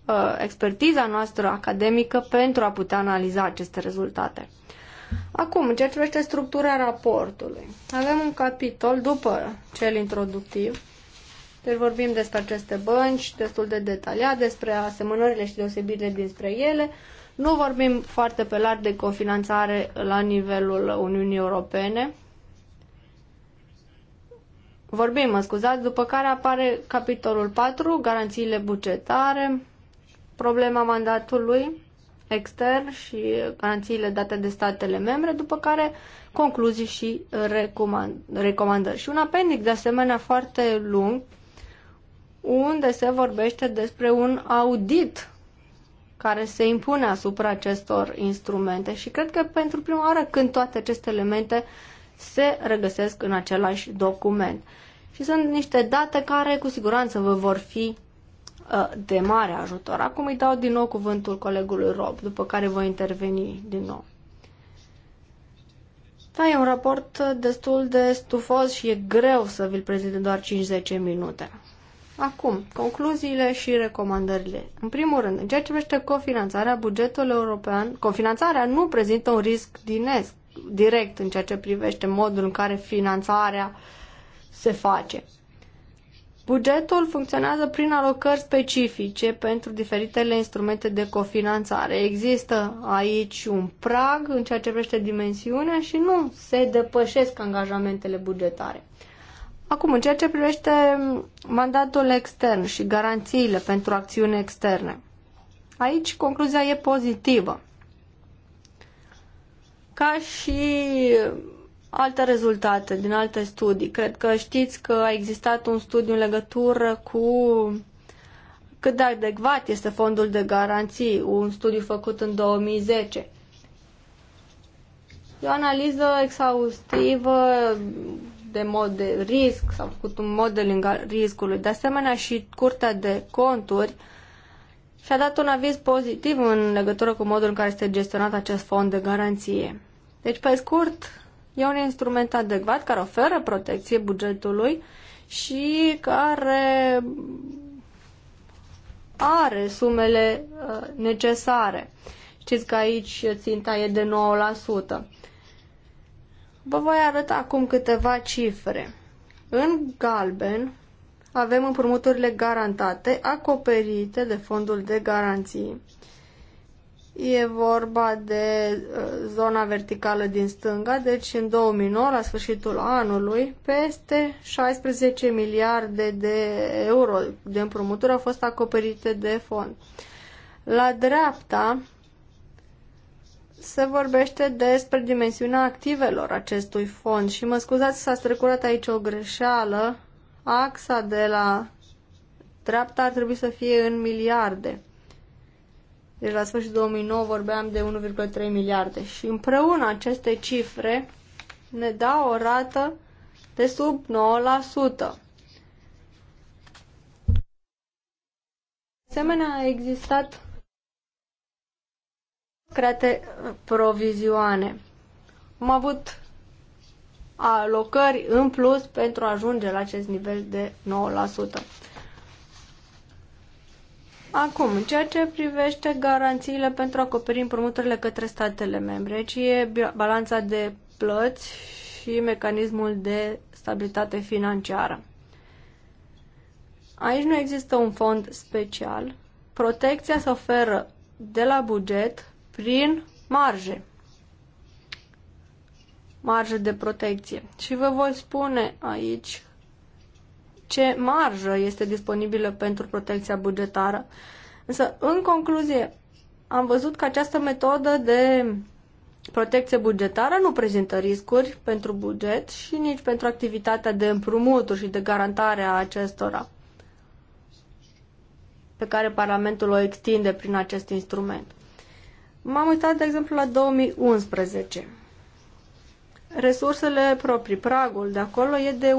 uh, expertiza noastră academică pentru a putea analiza aceste rezultate. Acum, în ceea ce privește structura raportului, avem un capitol după cel introductiv deci vorbim despre aceste bănci destul de detaliat, despre asemănările și deosebirile dinspre ele. Nu vorbim foarte pe larg de cofinanțare la nivelul Uniunii Europene. Vorbim, mă scuzați, după care apare capitolul 4, garanțiile bugetare, problema mandatului extern și garanțiile date de statele membre, după care concluzii și recomandări. Și un apendic de asemenea foarte lung unde se vorbește despre un audit care se impune asupra acestor instrumente și cred că pentru prima oară când toate aceste elemente se regăsesc în același document. Și sunt niște date care cu siguranță vă vor fi uh, de mare ajutor. Acum îi dau din nou cuvântul colegului Rob, după care voi interveni din nou. Da, e un raport uh, destul de stufos și e greu să vi-l prezint în doar 5-10 minute. Acum, concluziile și recomandările. În primul rând, în ceea ce privește cofinanțarea, bugetul european, cofinanțarea nu prezintă un risc dinesc, direct în ceea ce privește modul în care finanțarea se face. Bugetul funcționează prin alocări specifice pentru diferitele instrumente de cofinanțare. Există aici un prag în ceea ce privește dimensiunea și nu se depășesc angajamentele bugetare. Acum, în ceea ce privește mandatul extern și garanțiile pentru acțiuni externe, aici concluzia e pozitivă. Ca și alte rezultate din alte studii, cred că știți că a existat un studiu în legătură cu cât de adecvat este fondul de garanții, un studiu făcut în 2010. E o analiză exhaustivă de mod de risc, s-a făcut un modeling al riscului. De asemenea, și Curtea de Conturi și-a dat un aviz pozitiv în legătură cu modul în care este gestionat acest fond de garanție. Deci, pe scurt, e un instrument adecvat care oferă protecție bugetului și care are sumele uh, necesare. Știți că aici ținta e de 9%. Vă voi arăta acum câteva cifre. În galben avem împrumuturile garantate acoperite de fondul de garanții. E vorba de uh, zona verticală din stânga, deci în 2009, la sfârșitul anului, peste 16 miliarde de euro de împrumuturi au fost acoperite de fond. La dreapta se vorbește despre dimensiunea activelor acestui fond și mă scuzați s-a strecurat aici o greșeală. Axa de la dreapta ar trebui să fie în miliarde. Deci la sfârșitul 2009 vorbeam de 1,3 miliarde și împreună aceste cifre ne dau o rată de sub 9%. De asemenea, a existat create provizioane. Am avut alocări în plus pentru a ajunge la acest nivel de 9%. Acum, în ceea ce privește garanțiile pentru a acoperi împrumuturile către statele membre, aici e balanța de plăți și mecanismul de stabilitate financiară. Aici nu există un fond special. Protecția se oferă de la buget prin marje. Marjă de protecție. Și vă voi spune aici ce marjă este disponibilă pentru protecția bugetară. Însă, în concluzie, am văzut că această metodă de protecție bugetară nu prezintă riscuri pentru buget și nici pentru activitatea de împrumuturi și de garantare a acestora pe care Parlamentul o extinde prin acest instrument. M-am uitat, de exemplu, la 2011. Resursele proprii, pragul de acolo e de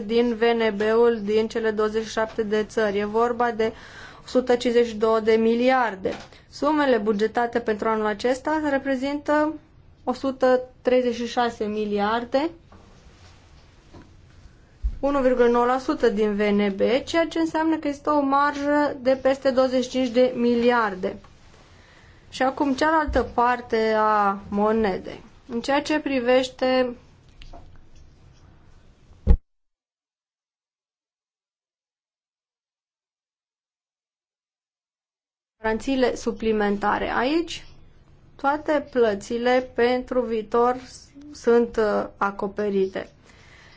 1,3% din VNB-ul din cele 27 de țări. E vorba de 152 de miliarde. Sumele bugetate pentru anul acesta reprezintă 136 miliarde, 1,9% din VNB, ceea ce înseamnă că este o marjă de peste 25 de miliarde. Și acum cealaltă parte a monedei. În ceea ce privește garanțiile suplimentare. Aici toate plățile pentru viitor sunt uh, acoperite.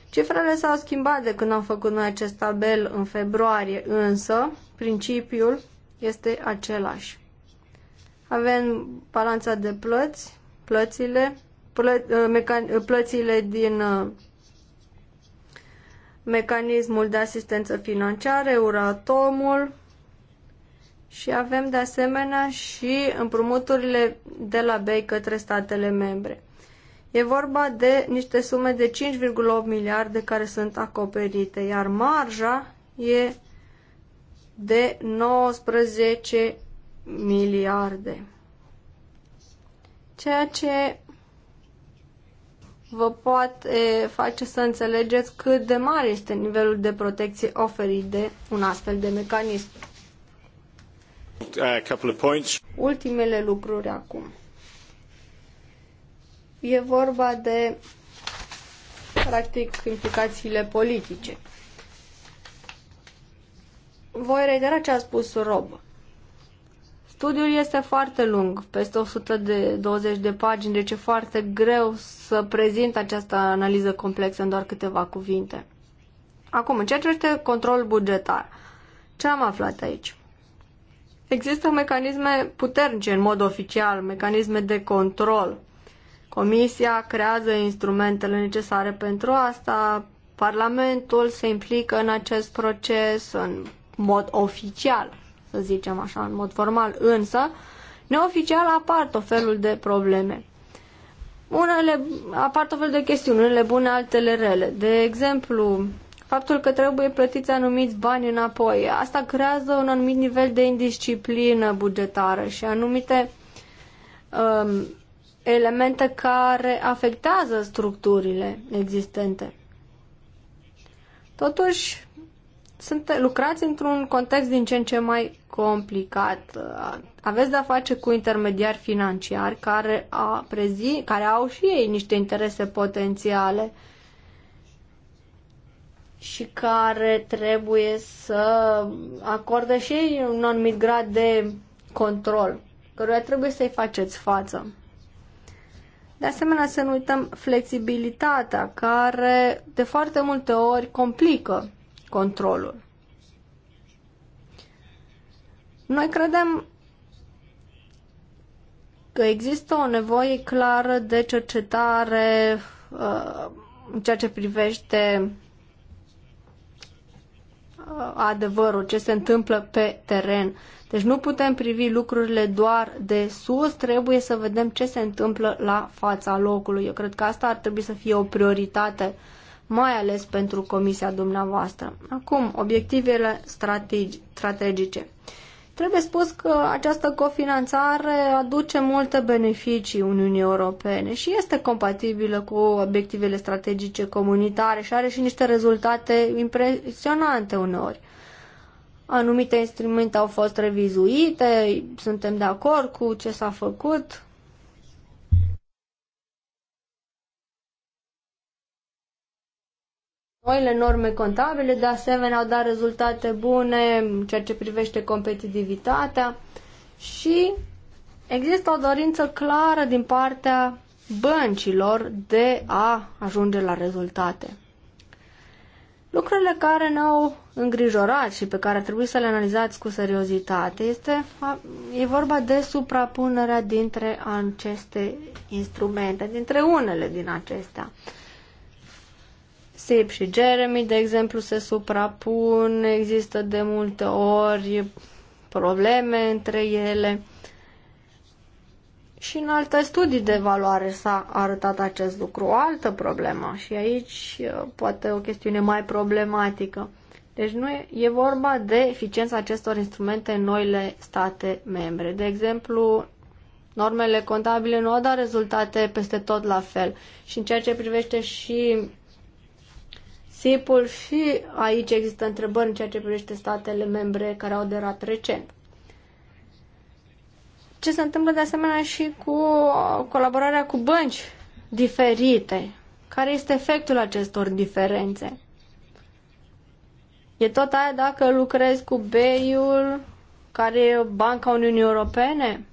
Cifrele s-au schimbat de când am făcut noi acest tabel în februarie, însă principiul este același. Avem balanța de plăți, plățile, plă, uh, uh, plățile din uh, mecanismul de asistență financiară, Euratomul și avem de asemenea și împrumuturile de la BEI către statele membre. E vorba de niște sume de 5,8 miliarde care sunt acoperite, iar marja e de 19 miliarde. Ceea ce vă poate face să înțelegeți cât de mare este nivelul de protecție oferit de un astfel de mecanism. Ultimele lucruri acum. E vorba de, practic, implicațiile politice. Voi reitera ce a spus Rob. Studiul este foarte lung, peste 120 de pagini, deci e foarte greu să prezint această analiză complexă în doar câteva cuvinte. Acum, în ceea ce este control bugetar, ce am aflat aici? Există mecanisme puternice în mod oficial, mecanisme de control. Comisia creează instrumentele necesare pentru asta, Parlamentul se implică în acest proces în mod oficial să zicem așa, în mod formal, însă, neoficial apar tot felul de probleme. Unele, apar tot felul de chestiuni, unele bune, altele rele. De exemplu, faptul că trebuie plătiți anumiți bani înapoi. Asta creează un anumit nivel de indisciplină bugetară și anumite um, elemente care afectează structurile existente. Totuși, sunt, lucrați într-un context din ce în ce mai complicat. Aveți de-a face cu intermediari financiari care, a prezi, care au și ei niște interese potențiale și care trebuie să acorde și ei un anumit grad de control, căruia trebuie să-i faceți față. De asemenea, să nu uităm flexibilitatea, care de foarte multe ori complică controlul. Noi credem că există o nevoie clară de cercetare uh, în ceea ce privește uh, adevărul, ce se întâmplă pe teren. Deci nu putem privi lucrurile doar de sus, trebuie să vedem ce se întâmplă la fața locului. Eu cred că asta ar trebui să fie o prioritate uh, mai ales pentru comisia dumneavoastră. Acum, obiectivele strategice. Trebuie spus că această cofinanțare aduce multe beneficii Uniunii Europene și este compatibilă cu obiectivele strategice comunitare și are și niște rezultate impresionante uneori. Anumite instrumente au fost revizuite, suntem de acord cu ce s-a făcut, Noile norme contabile, de asemenea, au dat rezultate bune în ceea ce privește competitivitatea și există o dorință clară din partea băncilor de a ajunge la rezultate. Lucrurile care ne-au îngrijorat și pe care trebuie să le analizați cu seriozitate este e vorba de suprapunerea dintre aceste instrumente, dintre unele din acestea. SIP și Jeremy, de exemplu, se suprapun, există de multe ori probleme între ele. Și în alte studii de valoare s-a arătat acest lucru, o altă problemă și aici poate o chestiune mai problematică. Deci nu e, e vorba de eficiența acestor instrumente în noile state membre. De exemplu, normele contabile nu au dat rezultate peste tot la fel. Și în ceea ce privește și SIP-ul și aici există întrebări în ceea ce privește statele membre care au derat recent. Ce se întâmplă de asemenea și cu uh, colaborarea cu bănci diferite? Care este efectul acestor diferențe? E tot aia dacă lucrezi cu BEI-ul, care e Banca Uniunii Europene?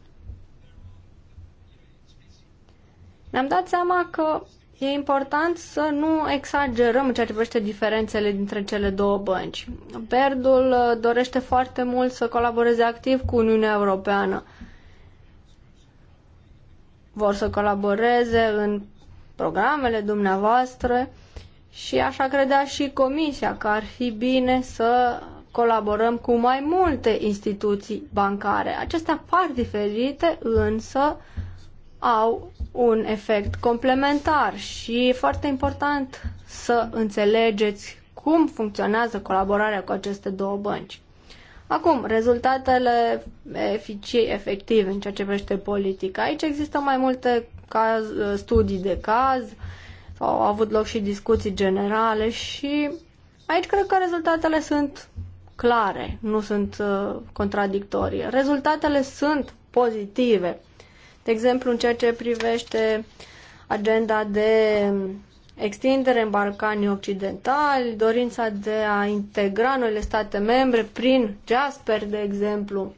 Ne-am dat seama că E important să nu exagerăm în ceea ce privește diferențele dintre cele două bănci. Berdul uh, dorește foarte mult să colaboreze activ cu Uniunea Europeană. Vor să colaboreze în programele dumneavoastră și așa credea și Comisia că ar fi bine să colaborăm cu mai multe instituții bancare. Acestea par diferite, însă au un efect complementar și e foarte important să înțelegeți cum funcționează colaborarea cu aceste două bănci. Acum, rezultatele eficiei efective în ceea ce privește politica. Aici există mai multe caz, studii de caz, au avut loc și discuții generale și aici cred că rezultatele sunt clare, nu sunt uh, contradictorii. Rezultatele sunt pozitive de exemplu, în ceea ce privește agenda de extindere în Balcanii Occidentali, dorința de a integra noile state membre prin Jasper, de exemplu.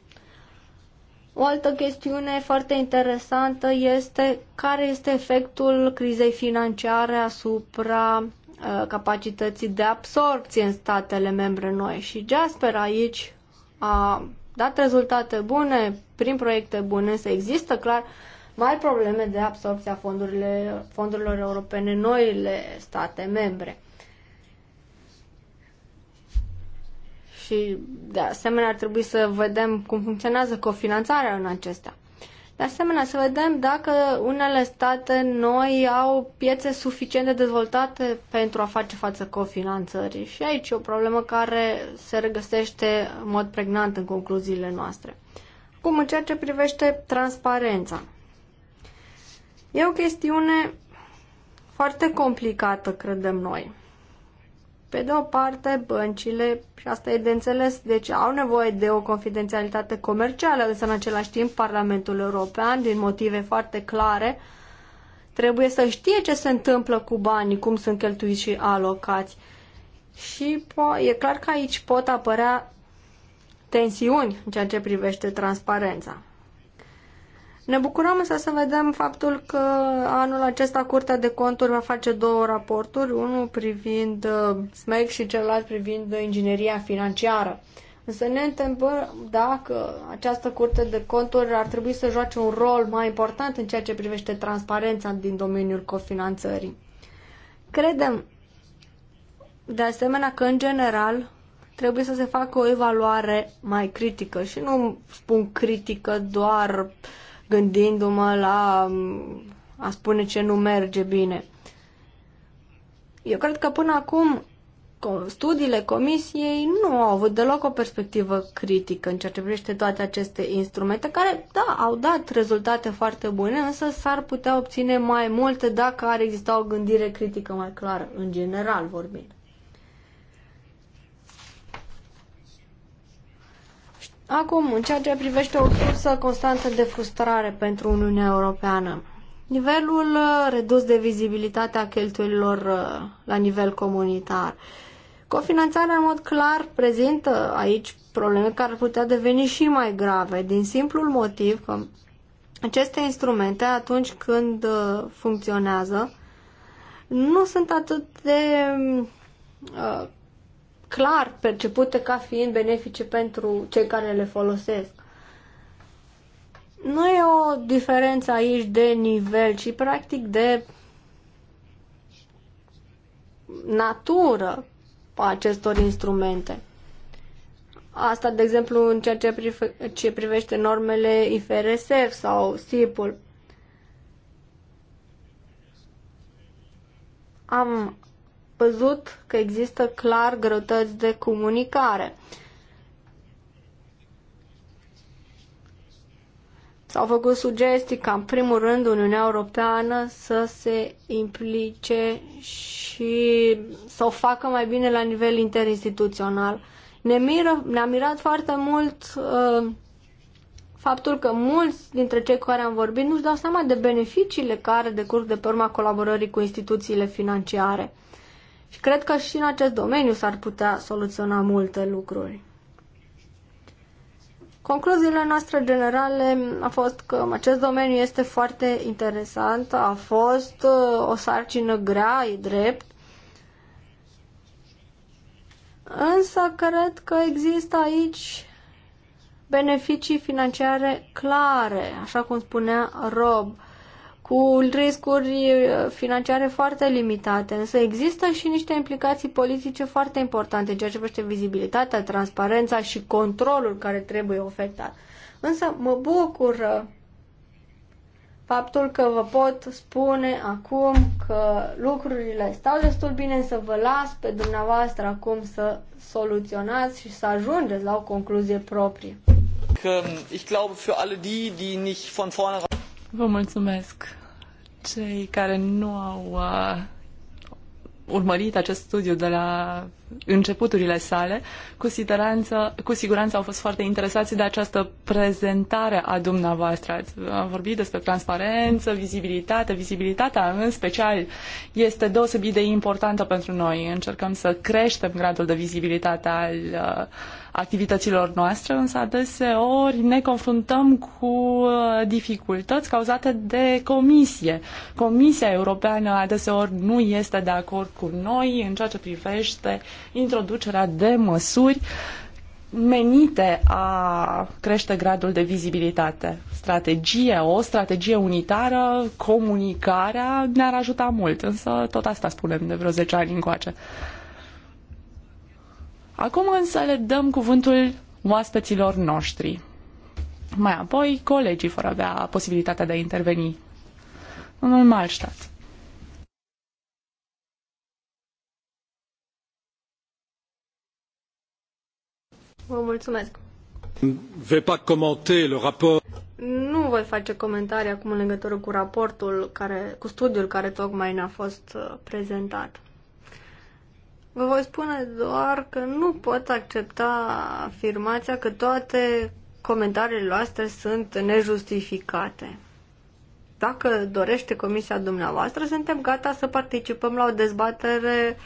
O altă chestiune foarte interesantă este care este efectul crizei financiare asupra uh, capacității de absorpție în statele membre noi. Și Jasper aici a dat rezultate bune, prin proiecte bune, să există clar mai probleme de absorpție a fondurilor europene noile state membre. Și, de asemenea, ar trebui să vedem cum funcționează cofinanțarea în acestea. De asemenea, să vedem dacă unele state noi au piețe suficient de dezvoltate pentru a face față cofinanțării. Și aici e o problemă care se regăsește în mod pregnant în concluziile noastre. Cum în ceea ce privește transparența. E o chestiune foarte complicată, credem noi. Pe de o parte, băncile, și asta e de înțeles, deci au nevoie de o confidențialitate comercială, însă în același timp Parlamentul European, din motive foarte clare, trebuie să știe ce se întâmplă cu banii, cum sunt cheltuiți și alocați. Și e clar că aici pot apărea tensiuni în ceea ce privește transparența. Ne bucurăm însă să vedem faptul că anul acesta Curtea de Conturi va face două raporturi, unul privind uh, SMEC și celălalt privind ingineria financiară. Însă ne întrebăm dacă această Curte de Conturi ar trebui să joace un rol mai important în ceea ce privește transparența din domeniul cofinanțării. Credem, de asemenea, că în general trebuie să se facă o evaluare mai critică și nu spun critică doar uh, gândindu-mă la mm, a spune ce nu merge bine. Eu cred că până acum studiile comisiei nu au avut deloc o perspectivă critică în ceea ce privește toate aceste instrumente, care, da, au dat rezultate foarte bune, însă s-ar putea obține mai multe dacă ar exista o gândire critică mai clară, în general vorbind. Acum, în ceea ce privește o sursă constantă de frustrare pentru Uniunea Europeană, nivelul uh, redus de vizibilitate a cheltuielilor uh, la nivel comunitar. Cofinanțarea, în mod clar, prezintă aici probleme care ar putea deveni și mai grave, din simplul motiv că aceste instrumente, atunci când uh, funcționează, nu sunt atât de clar percepute ca fiind benefice pentru cei care le folosesc. Nu e o diferență aici de nivel, ci practic de natură a acestor instrumente. Asta, de exemplu, în ceea ce, priv- ce privește normele IFRSF sau SIP-ul. Am văzut că există clar greutăți de comunicare. S-au făcut sugestii ca, în primul rând, Uniunea Europeană să se implice și să o facă mai bine la nivel interinstituțional. Ne miră, ne mirat foarte mult uh, faptul că mulți dintre cei cu care am vorbit nu-și dau seama de beneficiile care decurg de pe urma colaborării cu instituțiile financiare. Și cred că și în acest domeniu s-ar putea soluționa multe lucruri. Concluziile noastre generale a fost că acest domeniu este foarte interesant, a fost uh, o sarcină grea, e drept, însă cred că există aici beneficii financiare clare, așa cum spunea Rob cu riscuri uh, financiare foarte limitate, însă există și niște implicații politice foarte importante în ceea ce privește vizibilitatea, transparența și controlul care trebuie ofertat. Însă mă bucur uh, faptul că vă pot spune acum că lucrurile stau destul bine, să vă las pe dumneavoastră acum să soluționați și să ajungeți la o concluzie proprie. Um, ich glaube, für alle die, die nicht von vornherein Vă mulțumesc. Cei care nu au uh, urmărit acest studiu de la începuturile sale, cu siguranță, cu siguranță au fost foarte interesați de această prezentare a dumneavoastră. Ați vorbit despre transparență, vizibilitate. Vizibilitatea, în special, este deosebit de importantă pentru noi. Încercăm să creștem gradul de vizibilitate al uh, activităților noastre, însă adeseori ne confruntăm cu uh, dificultăți cauzate de comisie. Comisia Europeană adeseori nu este de acord cu noi în ceea ce privește introducerea de măsuri menite a crește gradul de vizibilitate. Strategie, o strategie unitară, comunicarea ne-ar ajuta mult, însă tot asta spunem de vreo 10 ani încoace. Acum însă le dăm cuvântul oaspeților noștri. Mai apoi, colegii vor avea posibilitatea de a interveni. Domnul Malstadt. Vă mulțumesc. Vei pas le Nu voi face comentarii acum în legătură cu raportul, care, cu studiul care tocmai ne-a fost uh, prezentat. Vă voi spune doar că nu pot accepta afirmația că toate comentariile noastre sunt nejustificate. Dacă dorește comisia dumneavoastră, suntem gata să participăm la o dezbatere uh,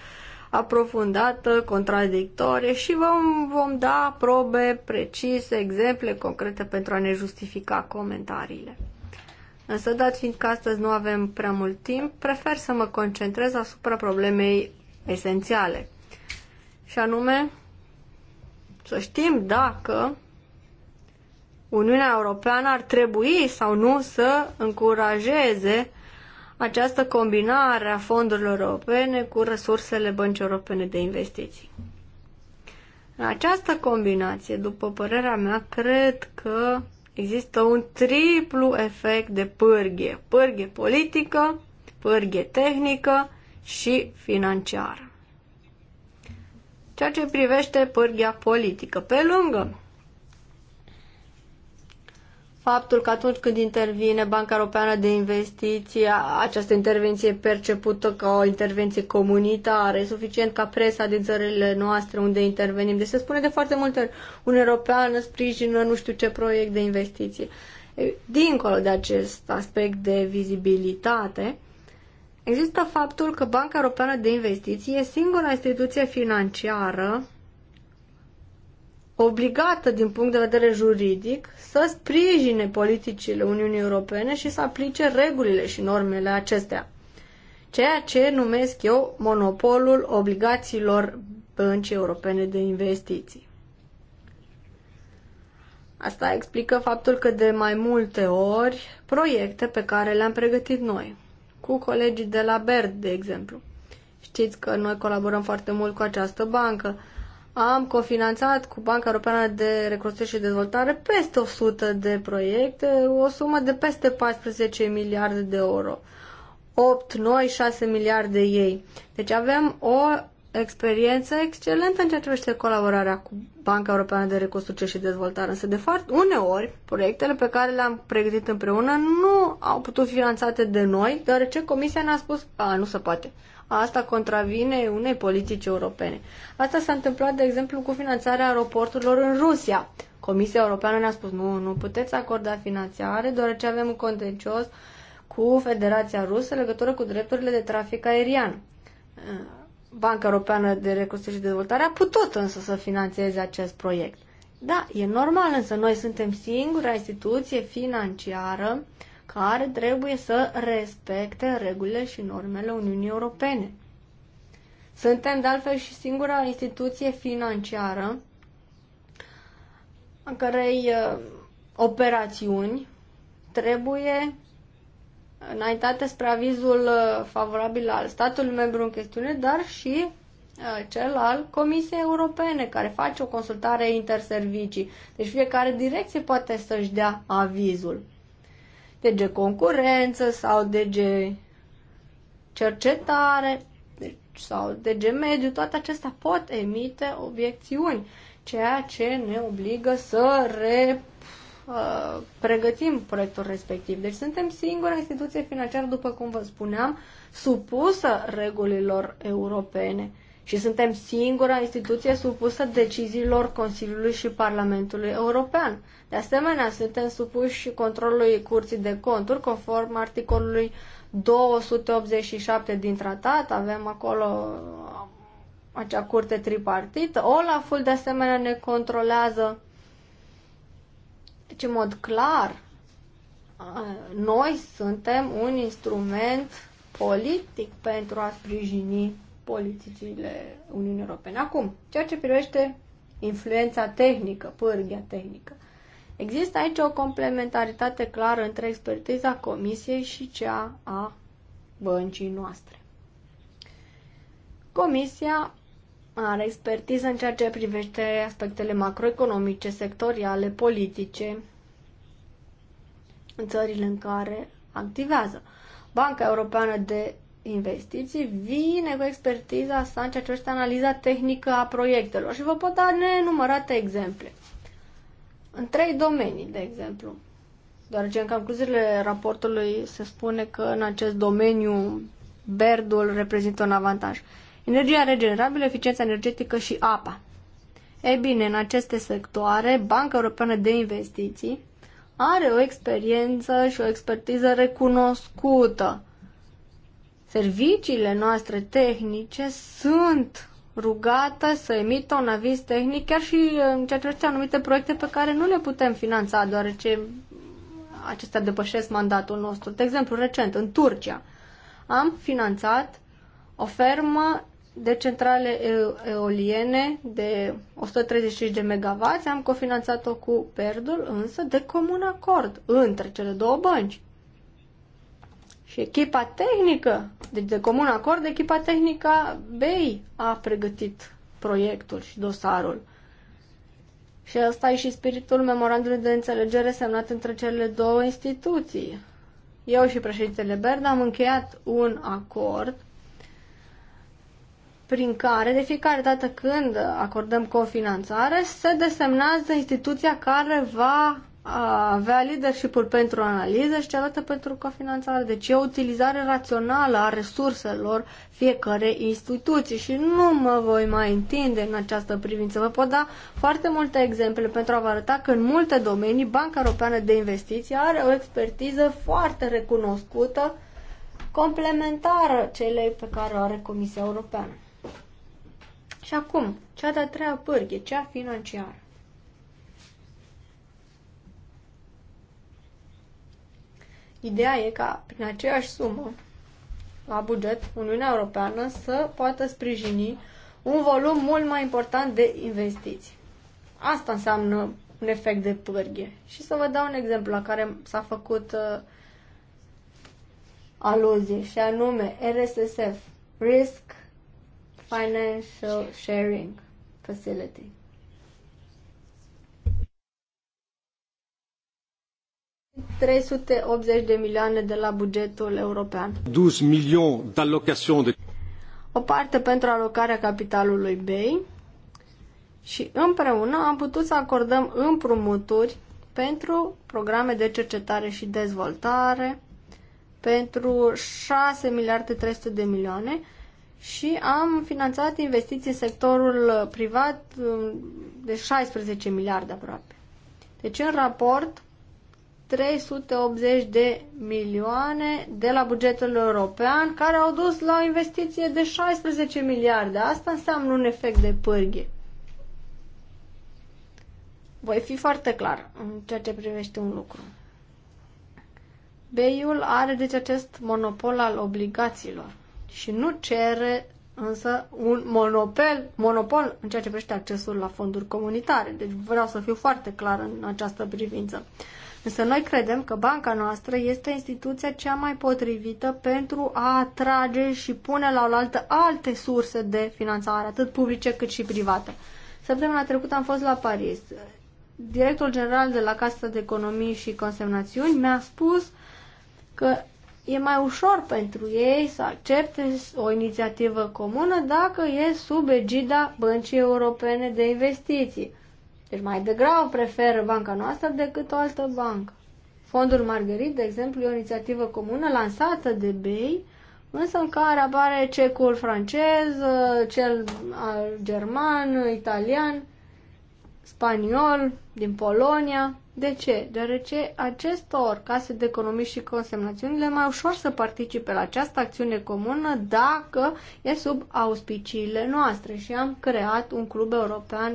aprofundată, contradictorie și vom, vom da probe precise, exemple concrete pentru a ne justifica comentariile. Însă, dat fiind că astăzi nu avem prea mult timp, prefer să mă concentrez asupra problemei esențiale. Și anume, să știm dacă Uniunea Europeană ar trebui sau nu să încurajeze această combinare a fondurilor europene cu resursele băncii europene de investiții. Această combinație, după părerea mea, cred că există un triplu efect de pârghie. Pârghie politică, pârghie tehnică și financiară. Ceea ce privește pârghia politică, pe lângă faptul că atunci când intervine Banca Europeană de Investiții, această intervenție percepută ca o intervenție comunitară, e suficient ca presa din țările noastre unde intervenim. Deci se spune de foarte multe ori, un european sprijină nu știu ce proiect de investiție. Dincolo de acest aspect de vizibilitate, există faptul că Banca Europeană de Investiții e singura instituție financiară obligată din punct de vedere juridic să sprijine politicile Uniunii Europene și să aplice regulile și normele acestea. Ceea ce numesc eu monopolul obligațiilor băncii europene de investiții. Asta explică faptul că de mai multe ori proiecte pe care le-am pregătit noi, cu colegii de la BERD, de exemplu. Știți că noi colaborăm foarte mult cu această bancă, am cofinanțat cu Banca Europeană de Reconstrucție și Dezvoltare peste 100 de proiecte, o sumă de peste 14 miliarde de euro. 8, 9, 6 miliarde ei. Deci avem o experiență excelentă în ceea ce privește colaborarea cu Banca Europeană de Reconstrucție și Dezvoltare. Însă, de fapt, uneori, proiectele pe care le-am pregătit împreună nu au putut fi finanțate de noi, deoarece Comisia ne-a spus, a, nu se poate. Asta contravine unei politici europene. Asta s-a întâmplat, de exemplu, cu finanțarea aeroporturilor în Rusia. Comisia Europeană ne-a spus, nu, nu puteți acorda finanțare, deoarece avem un contencios cu Federația Rusă legătură cu drepturile de trafic aerian. Banca Europeană de Reconstrucție și Dezvoltare a putut însă să financeze acest proiect. Da, e normal, însă noi suntem singura instituție financiară uh, care trebuie să respecte regulile și normele Uniunii Europene. Suntem de altfel și singura instituție financiară a cărei uh, operațiuni trebuie înaintate spre avizul uh, favorabil al statului membru în chestiune, dar și uh, cel al Comisiei Europene, care face o consultare interservicii. Deci fiecare direcție poate să-și dea avizul. DG Concurență sau DG Cercetare deci, sau DG Mediu, toate acestea pot emite obiecțiuni, ceea ce ne obligă să re, uh, pregătim proiectul respectiv. Deci suntem singura instituție financiară, după cum vă spuneam, supusă regulilor europene și suntem singura instituție supusă deciziilor Consiliului și Parlamentului European. De asemenea, suntem supuși controlului Curții de Conturi, conform articolului 287 din tratat. Avem acolo um, acea curte tripartită. Olaful, de asemenea, ne controlează deci, în mod clar, noi suntem un instrument politic pentru a sprijini politicile Uniunii Europene. Acum, ceea ce privește influența tehnică, pârghia tehnică. Există aici o complementaritate clară între expertiza Comisiei și cea a băncii noastre. Comisia are expertiză în ceea ce privește aspectele macroeconomice, sectoriale, politice în țările în care activează. Banca Europeană de Investiții vine cu expertiza sa în ceea ce privește analiza tehnică a proiectelor și vă pot da nenumărate exemple în trei domenii, de exemplu. Deoarece în concluziile raportului se spune că în acest domeniu berdul reprezintă un avantaj. Energia regenerabilă, eficiența energetică și apa. Ei bine, în aceste sectoare, Banca Europeană de Investiții are o experiență și o expertiză recunoscută. Serviciile noastre tehnice sunt rugată să emită un aviz tehnic chiar și în ceea ce privește anumite proiecte pe care nu le putem finanța, deoarece acestea depășesc mandatul nostru. De exemplu, recent, în Turcia, am finanțat o fermă de centrale eoliene de 135 de MW, am cofinanțat-o cu Perdul, însă de comun acord între cele două bănci. Și echipa tehnică, deci de comun acord, echipa tehnică BEI a pregătit proiectul și dosarul. Și asta e și spiritul memorandului de înțelegere semnat între cele două instituții. Eu și președintele Berda am încheiat un acord prin care de fiecare dată când acordăm cofinanțare se desemnează instituția care va a avea leadership-ul pentru analiză și cealaltă pentru cofinanțare. Deci e o utilizare rațională a resurselor fiecare instituții și nu mă voi mai întinde în această privință. Vă pot da foarte multe exemple pentru a vă arăta că în multe domenii Banca Europeană de Investiții are o expertiză foarte recunoscută complementară celei pe care o are Comisia Europeană. Și acum, cea de-a treia pârghie, cea financiară. Ideea e ca, prin aceeași sumă la buget, Uniunea Europeană să poată sprijini un volum mult mai important de investiții. Asta înseamnă un efect de pârghie. Și să vă dau un exemplu la care s-a făcut uh, aluzie, și anume RSSF, Risk Financial Sharing Facility. 380 de milioane de la bugetul european. 12 milioane de alocații. de... O parte pentru alocarea capitalului BEI și împreună am putut să acordăm împrumuturi pentru programe de cercetare și dezvoltare pentru 6 miliarde 300 de milioane și am finanțat investiții în sectorul privat um, de 16 miliarde aproape. Deci în raport 380 de milioane de la bugetul european, care au dus la o investiție de 16 miliarde. Asta înseamnă un efect de pârghie. Voi fi foarte clar în ceea ce privește un lucru. BEI-ul are deci acest monopol al obligațiilor și nu cere însă un monopol, monopol în ceea ce privește accesul la fonduri comunitare. Deci vreau să fiu foarte clar în această privință. Însă noi credem că banca noastră este instituția cea mai potrivită pentru a atrage și pune la oaltă alte surse de finanțare, atât publice cât și private. Săptămâna trecută am fost la Paris. Directorul general de la Casa de Economii și Consemnațiuni mi-a spus că e mai ușor pentru ei să accepte o inițiativă comună dacă e sub egida Băncii Europene de Investiții. Deci mai degrabă preferă banca noastră decât o altă bancă. Fondul Margherit, de exemplu, e o inițiativă comună lansată de BEI, însă în care apare cecul francez, cel german, italian, spaniol, din Polonia. De ce? Deoarece acestor case de economii și consemnațiuni le mai ușor să participe la această acțiune comună dacă e sub auspiciile noastre și am creat un club european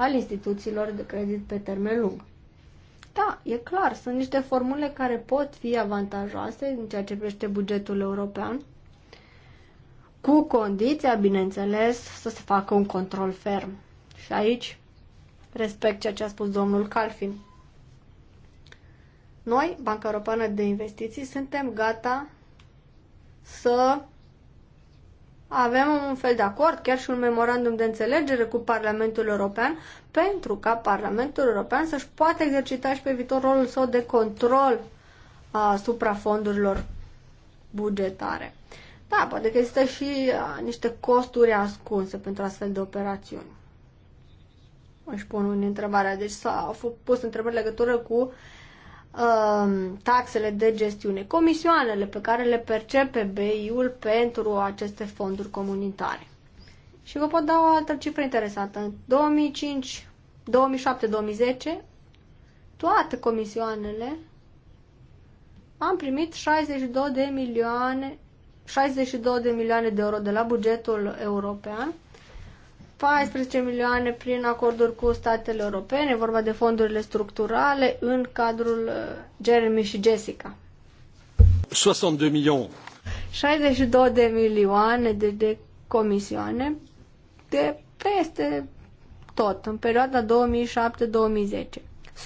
al instituțiilor de credit pe termen lung. Da, e clar, sunt niște formule care pot fi avantajoase în ceea ce privește bugetul european, cu condiția, bineînțeles, să se facă un control ferm. Și aici respect ceea ce a spus domnul Calfin. Noi, Banca Europeană de Investiții, suntem gata să avem un fel de acord, chiar și un memorandum de înțelegere cu Parlamentul European, pentru ca Parlamentul European să-și poată exercita și pe viitor rolul său de control asupra fondurilor bugetare. Da, poate că există și niște costuri ascunse pentru astfel de operațiuni. Își pun unii întrebarea. Deci s-au pus întrebări legătură cu Um, taxele de gestiune, comisioanele pe care le percepe BI-ul pentru aceste fonduri comunitare. Și vă pot da o altă cifră interesantă. În 2005, 2007-2010, toate comisioanele am primit 62 de milioane 62 de milioane de euro de la bugetul european 14 milioane prin acorduri cu statele europene, vorba de fondurile structurale în cadrul uh, Jeremy și Jessica. 62 milioane. 62 de milioane de, de comisioane de peste tot, în perioada 2007-2010.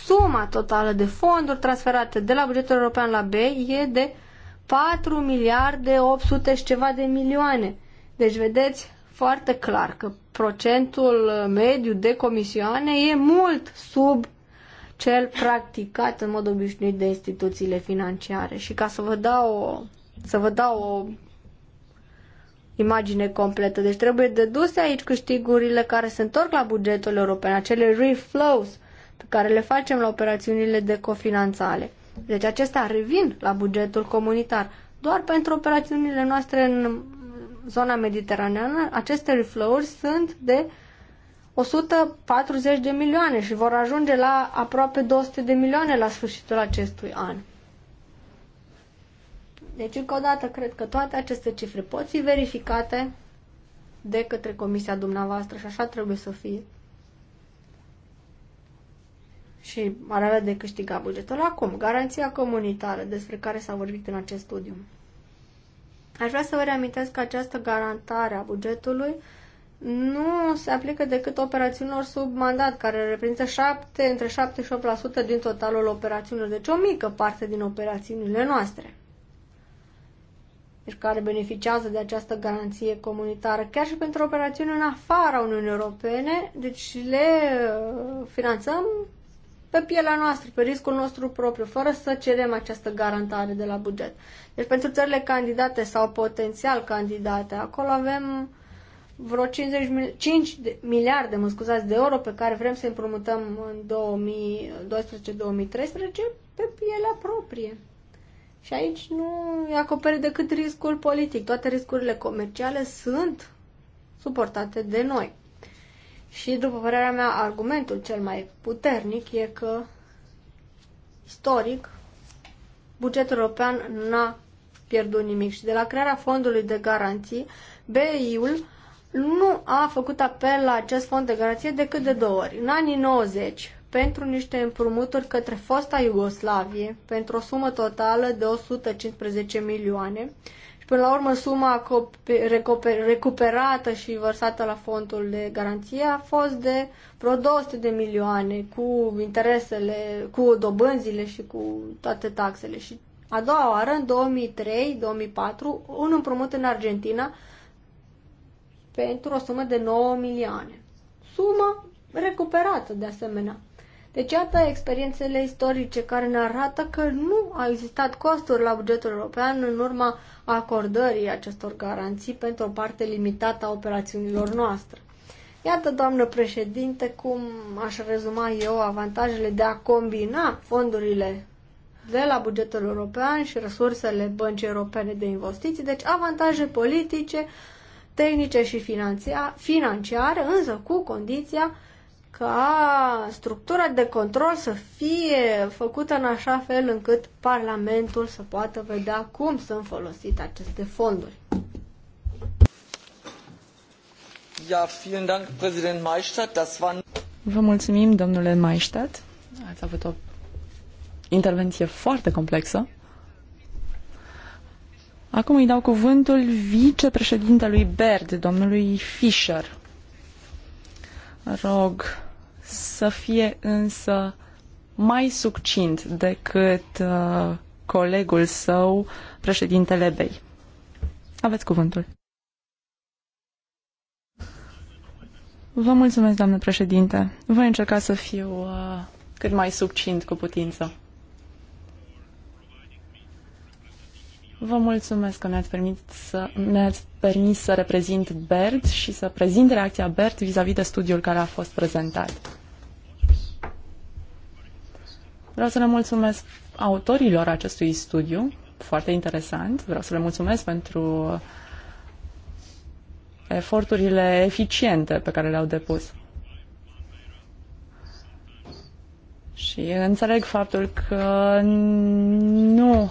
Suma totală de fonduri transferate de la bugetul european la B e de 4 miliarde 800 și ceva de milioane. Deci, vedeți, foarte clar că procentul mediu de comisioane e mult sub cel practicat în mod obișnuit de instituțiile financiare. Și ca să vă dau o, să vă dau o imagine completă. Deci trebuie deduse aici câștigurile care se întorc la bugetul european, acele reflows pe care le facem la operațiunile de cofinanțare. Deci acestea revin la bugetul comunitar doar pentru operațiunile noastre în zona mediteraneană, aceste reflow-uri sunt de 140 de milioane și vor ajunge la aproape 200 de milioane la sfârșitul acestui an. Deci, încă o dată, cred că toate aceste cifre pot fi verificate de către comisia dumneavoastră și așa trebuie să fie. Și ar avea de câștigat bugetul. Acum, garanția comunitară despre care s-a vorbit în acest studiu. Aș vrea să vă reamintesc că această garantare a bugetului nu se aplică decât operațiunilor sub mandat, care reprezintă 7, între 7 și 8% din totalul operațiunilor, deci o mică parte din operațiunile noastre. Deci care beneficiază de această garanție comunitară, chiar și pentru operațiuni în afara Uniunii Europene, deci le uh, finanțăm pe pielea noastră, pe riscul nostru propriu, fără să cerem această garantare de la buget. Deci pentru țările candidate sau potențial candidate, acolo avem vreo 50, 5 miliarde, mă scuzați, de euro pe care vrem să împrumutăm în 2012-2013 pe pielea proprie. Și aici nu e acoperit decât riscul politic. Toate riscurile comerciale sunt suportate de noi. Și, după părerea mea, argumentul cel mai puternic e că, istoric, bugetul european n-a pierdut nimic. Și de la crearea fondului de garanții, BEI-ul nu a făcut apel la acest fond de garanție decât de două ori. În anii 90, pentru niște împrumuturi către fosta Iugoslavie, pentru o sumă totală de 115 milioane, și până la urmă suma recuperată și vărsată la fondul de garanție a fost de vreo 200 de milioane cu interesele, cu dobânzile și cu toate taxele și a doua oară, în 2003-2004, un împrumut în Argentina pentru o sumă de 9 milioane. Sumă recuperată, de asemenea. Deci, iată experiențele istorice care ne arată că nu au existat costuri la bugetul european în urma acordării acestor garanții pentru o parte limitată a operațiunilor noastre. Iată, doamnă președinte, cum aș rezuma eu avantajele de a combina fondurile de la bugetul european și resursele băncii europene de investiții, deci avantaje politice, tehnice și financiare, însă cu condiția ca structura de control să fie făcută în așa fel încât Parlamentul să poată vedea cum sunt folosite aceste fonduri. Ja, vielen Dank, Präsident Das war... Vă mulțumim, domnule Maestadt. Ați avut o intervenție foarte complexă. Acum îi dau cuvântul vicepreședintelui Baird, domnului Fischer. Rog să fie însă mai succint decât uh, colegul său, președintele Bei. Aveți cuvântul. Vă mulțumesc, doamnă președinte. Voi încerca să fiu uh, cât mai succint cu putință. Vă mulțumesc că ne-ați permis să, ne-ați permis să reprezint Bert și să prezint reacția Bert vis-a-vis -vis de studiul care a fost prezentat. Vreau să le mulțumesc autorilor acestui studiu, foarte interesant. Vreau să le mulțumesc pentru eforturile eficiente pe care le-au depus. Și înțeleg faptul că nu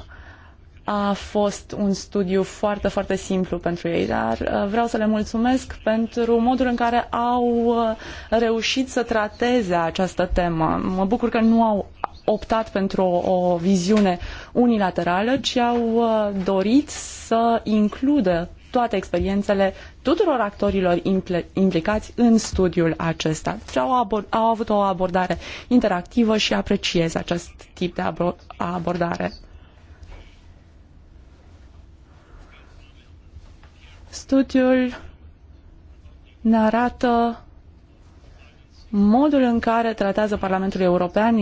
a fost un studiu foarte, foarte simplu pentru ei, dar uh, vreau să le mulțumesc pentru modul în care au uh, reușit să trateze această temă. Mă bucur că nu au optat pentru o, o viziune unilaterală, ci au uh, dorit să includă toate experiențele tuturor actorilor impl- implicați în studiul acesta. Deci au, abor- au avut o abordare interactivă și apreciez acest tip de abor- abordare. Studiul ne arată modul în care tratează Parlamentul European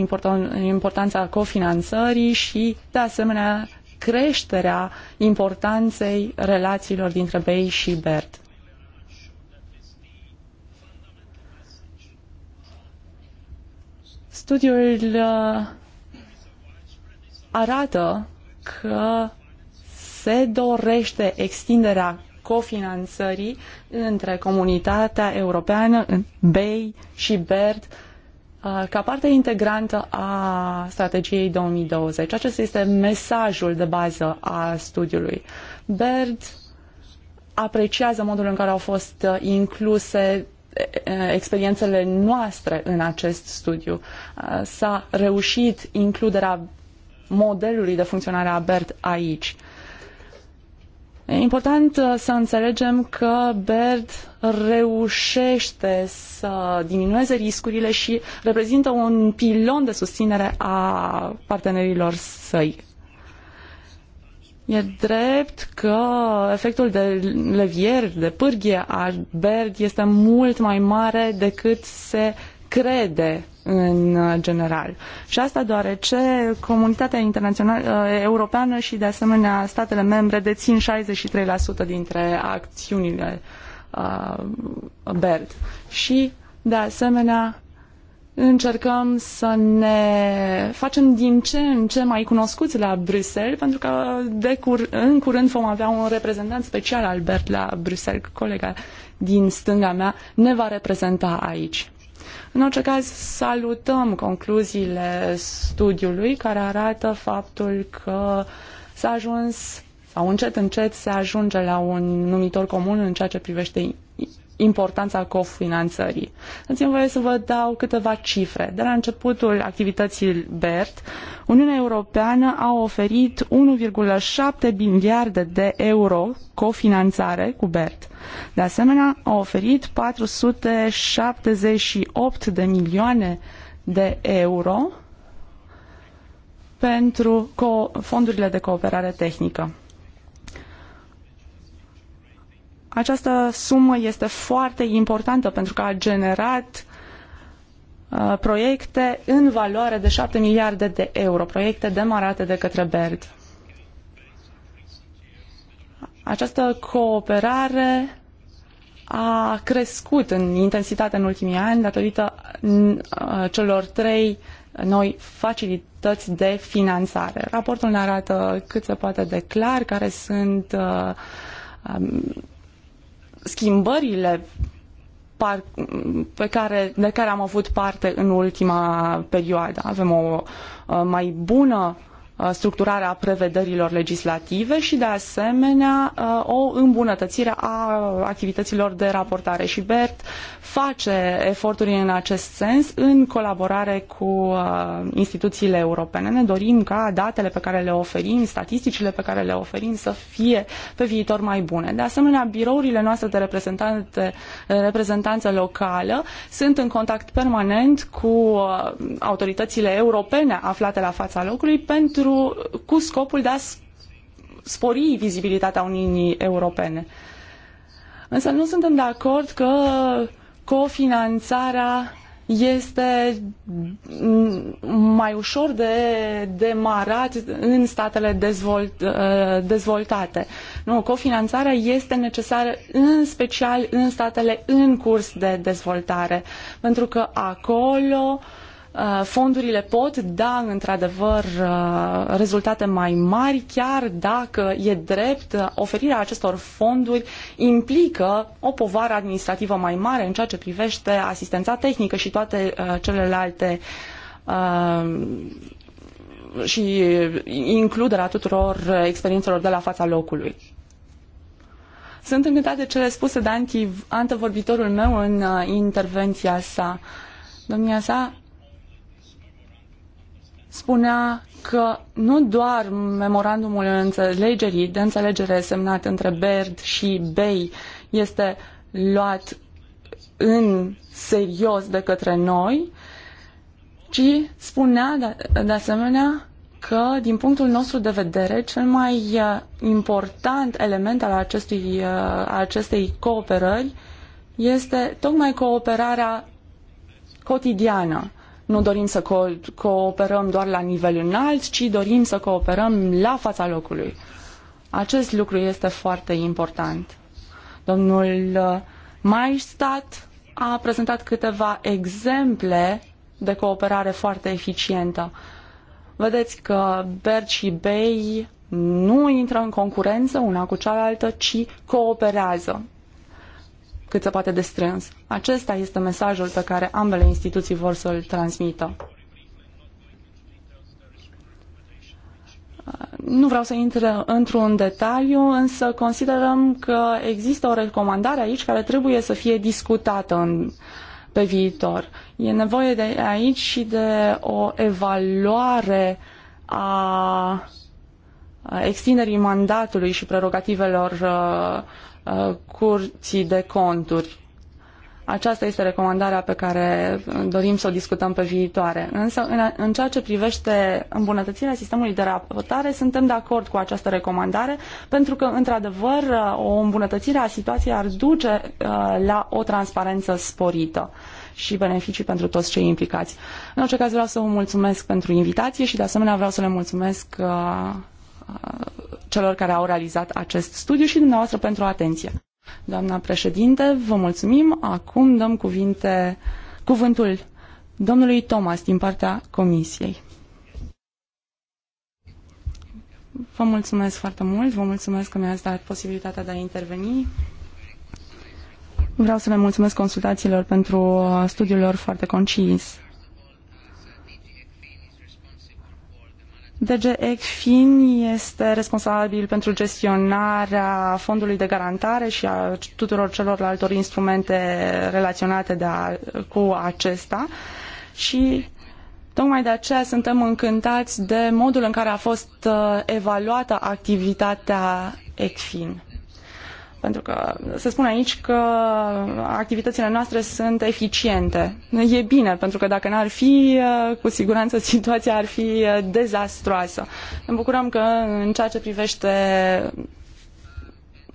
importanța cofinanțării și, de asemenea, creșterea importanței relațiilor dintre BEI și BERT. Studiul uh, arată că se dorește extinderea cofinanțării între comunitatea europeană, BEI și BERD, uh, ca parte integrantă a strategiei 2020. Acesta este mesajul de bază a studiului. BERD apreciază modul în care au fost uh, incluse experiențele noastre în acest studiu. Uh, s-a reușit includerea modelului de funcționare a BERT aici. E important uh, să înțelegem că BERD reușește să diminueze riscurile și reprezintă un pilon de susținere a partenerilor săi. E drept că efectul de levier, de pârghie a BERD este mult mai mare decât se uh, crede în uh, general. Și asta deoarece comunitatea internațională uh, europeană și de asemenea statele membre dețin 63% dintre acțiunile uh, BERD. Și de asemenea încercăm să ne facem din ce în ce mai cunoscuți la Bruxelles, pentru că de cur- în curând vom avea un reprezentant special al BERD la Bruxelles, colega din stânga mea, ne va reprezenta aici. În orice caz, salutăm concluziile studiului care arată faptul că s-a ajuns sau încet încet se ajunge la un numitor comun în ceea ce privește importanța cofinanțării. Dați-mi voie să vă dau câteva cifre. De la începutul activității BERT, Uniunea Europeană a oferit 1,7 miliarde de euro cofinanțare cu BERT. De asemenea, a oferit 478 de milioane de euro pentru fondurile de cooperare tehnică. Această sumă este foarte importantă pentru că a generat uh, proiecte în valoare de 7 miliarde de euro, proiecte demarate de către BERD. Această cooperare a crescut în intensitate în ultimii ani datorită uh, celor trei noi facilități de finanțare. Raportul ne arată cât se poate de clar care sunt uh, um, schimbările pe care, de care am avut parte în ultima perioadă. Avem o uh, mai bună Uh, structurarea prevederilor legislative și, de asemenea, uh, o îmbunătățire a activităților de raportare. Și BERT face eforturi în acest sens în colaborare cu uh, instituțiile europene. Ne dorim ca datele pe care le oferim, statisticile pe care le oferim să fie pe viitor mai bune. De asemenea, birourile noastre de reprezentante, reprezentanță locală sunt în contact permanent cu autoritățile europene aflate la fața locului pentru pentru, cu scopul de a spori vizibilitatea Uniunii Europene. Însă nu suntem de acord că cofinanțarea este mai ușor de demarat în statele dezvolt, ă, dezvoltate. Nu, cofinanțarea este necesară în special în statele în curs de dezvoltare, pentru că acolo uh, Uh, fondurile pot da, într-adevăr, uh, rezultate mai mari, chiar dacă e drept, uh, oferirea acestor fonduri implică o povară administrativă mai mare în ceea ce privește asistența tehnică și toate celelalte și includerea tuturor experiențelor de la fața locului. Sunt încântat de cele spuse de antevorbitorul meu în intervenția sa. Domnia sa spunea că nu doar memorandumul înțelegerii, de înțelegere semnat între BERD și Bay, este luat în serios de către noi, ci spunea de, de asemenea că, din punctul nostru de vedere, cel mai uh, important element al acestui, uh, acestei cooperări este tocmai cooperarea cotidiană. Nu dorim să co- cooperăm doar la nivel înalt, ci dorim să cooperăm la fața locului. Acest lucru este foarte important. Domnul uh, Maistat a prezentat câteva exemple de cooperare foarte eficientă. Vedeți că Berd și Bay nu intră în concurență una cu cealaltă, ci cooperează cât se poate de strâns. Acesta este mesajul pe care ambele instituții vor să-l transmită. Nu vreau să intre într-un detaliu, însă considerăm că există o recomandare aici care trebuie să fie discutată în, pe viitor. E nevoie de aici și de o evaluare a extinderii mandatului și prerogativelor uh, Uh, curții de conturi. Aceasta este recomandarea pe care dorim să o discutăm pe viitoare. Însă, în, în ceea ce privește îmbunătățirea sistemului de raportare, suntem de acord cu această recomandare, pentru că, într-adevăr, uh, o îmbunătățire a situației ar duce uh, la o transparență sporită și beneficii pentru toți cei implicați. În orice caz, vreau să vă mulțumesc pentru invitație și, de asemenea, vreau să le mulțumesc uh, celor care au realizat acest studiu și dumneavoastră pentru atenție. Doamna președinte, vă mulțumim. Acum dăm cuvinte, cuvântul domnului Thomas din partea comisiei. Vă mulțumesc foarte mult, vă mulțumesc că mi-ați dat posibilitatea de a interveni. Vreau să le mulțumesc consultațiilor pentru studiul lor foarte concis. DG ECFIN este responsabil pentru gestionarea fondului de garantare și a tuturor celorlalte instrumente relaționate de a, cu acesta și Tocmai de aceea suntem încântați de modul în care a fost uh, evaluată activitatea ECFIN. Pentru că se spune aici că activitățile noastre sunt eficiente. E bine, pentru că dacă n-ar fi, cu siguranță situația ar fi dezastroasă. Ne bucurăm că în ceea ce privește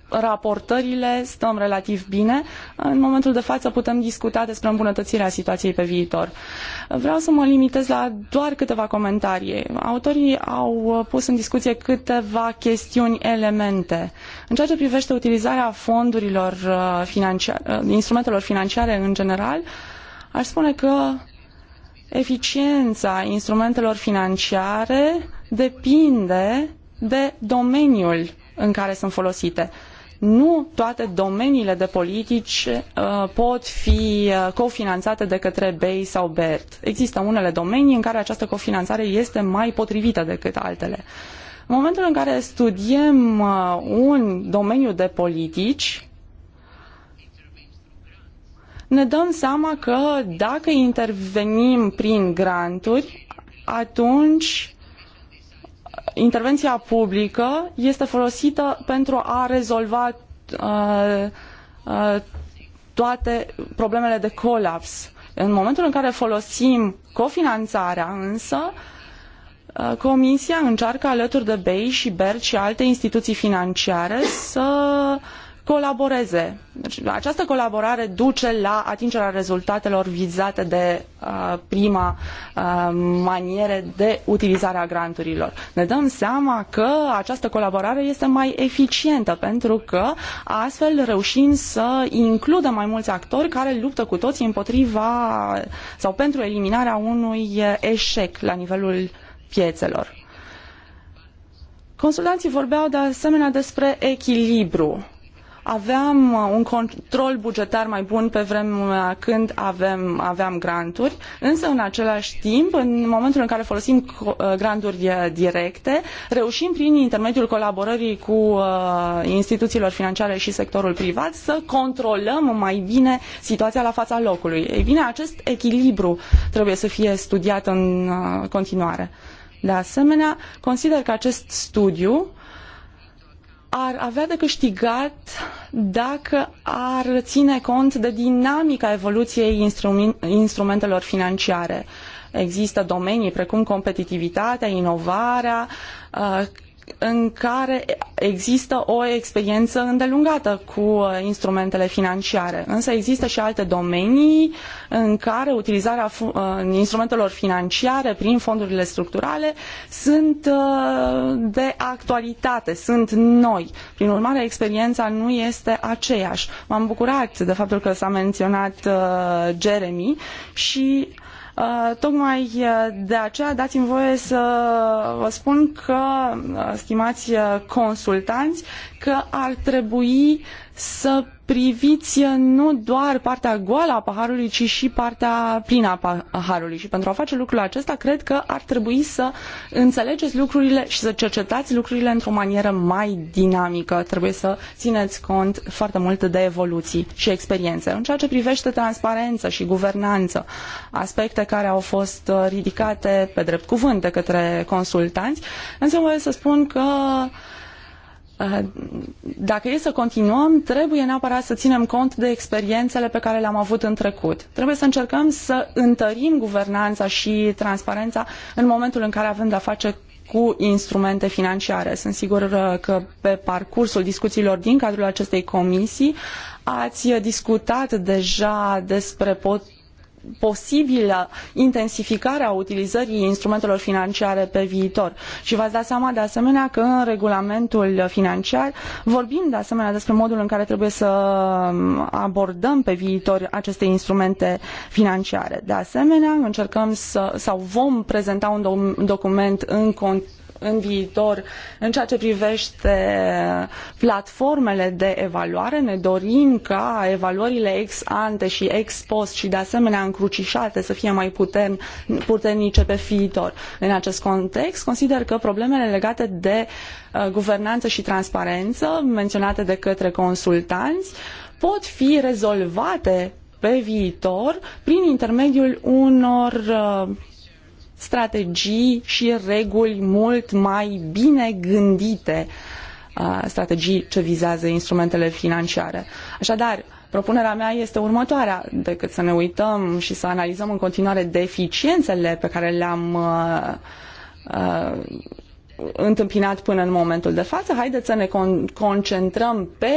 raportările, stăm relativ bine. În momentul de față putem discuta despre îmbunătățirea situației pe viitor. Vreau să mă limitez la doar câteva comentarii. Autorii au pus în discuție câteva chestiuni elemente. În ceea ce privește utilizarea fondurilor uh, financiare, uh, instrumentelor financiare în general, aș spune că eficiența instrumentelor financiare depinde de domeniul în care sunt folosite nu toate domeniile de politici uh, pot fi uh, cofinanțate de către BEI sau BERT. Există unele domenii în care această cofinanțare este mai potrivită decât altele. În momentul în care studiem uh, un domeniu de politici, ne dăm seama că dacă intervenim prin granturi, atunci intervenția publică este folosită pentru a rezolva uh, uh, toate problemele de colaps. În momentul în care folosim cofinanțarea însă, uh, Comisia încearcă alături de BEI și BERD și alte instituții financiare să uh, colaboreze. Deci, această colaborare duce la atingerea rezultatelor vizate de uh, prima uh, manieră de utilizare a granturilor. Ne dăm seama că această colaborare este mai eficientă pentru că astfel reușim să includem mai mulți actori care luptă cu toții împotriva sau pentru eliminarea unui eșec la nivelul piețelor. Consultanții vorbeau de asemenea despre echilibru aveam uh, un control bugetar mai bun pe vremea când avem, aveam granturi, însă în același timp, în momentul în care folosim uh, granturi directe, reușim prin intermediul colaborării cu uh, instituțiilor financiare și sectorul privat să controlăm mai bine situația la fața locului. Ei bine, acest echilibru trebuie să fie studiat în continuare. De asemenea, consider că acest studiu ar avea de câștigat dacă ar ține cont de dinamica evoluției instrumentelor financiare. Există domenii precum competitivitatea, inovarea, uh, în care există o experiență îndelungată cu uh, instrumentele financiare. Însă există și alte domenii în care utilizarea uh, instrumentelor financiare prin fondurile structurale sunt uh, de actualitate, sunt noi. Prin urmare, experiența nu este aceeași. M-am bucurat de faptul că s-a menționat Jeremy și Uh, tocmai uh, de aceea dați-mi voie să vă spun că, uh, stimați consultanți, că ar trebui să priviți nu doar partea goală a paharului, ci și partea plină a paharului. Și pentru a face lucrul acesta, cred că ar trebui să înțelegeți lucrurile și să cercetați lucrurile într-o manieră mai dinamică. Trebuie să țineți cont foarte mult de evoluții și experiențe. În ceea ce privește transparență și guvernanță, aspecte care au fost ridicate pe drept cuvânt de către consultanți, însă vreau să spun că Eh, dacă e să continuăm, trebuie neapărat să ținem cont de experiențele pe care le-am avut în trecut. Trebuie să încercăm să întărim guvernanța și transparența în momentul în care avem de-a face cu instrumente financiare. Sunt sigur eh, că pe parcursul discuțiilor din cadrul acestei comisii ați discutat deja despre pot posibilă intensificare a utilizării instrumentelor financiare pe viitor. Și v-ați dat seama de asemenea că în regulamentul financiar vorbim de asemenea despre modul în care trebuie să abordăm pe viitor aceste instrumente financiare. De asemenea, încercăm să, sau vom prezenta un document în, în viitor în ceea ce privește platformele de evaluare. Ne dorim ca evaluările ex ante și ex post și de asemenea încrucișate să fie mai putern, puternice pe viitor. În acest context, consider că problemele legate de uh, guvernanță și transparență menționate de către consultanți pot fi rezolvate pe viitor prin intermediul unor uh, strategii și reguli mult mai bine gândite, uh, strategii ce vizează instrumentele financiare. Așadar, Propunerea mea este următoarea, decât să ne uităm și să analizăm în continuare deficiențele pe care le-am uh, uh, întâmpinat până în momentul de față. Haideți să ne con- concentrăm pe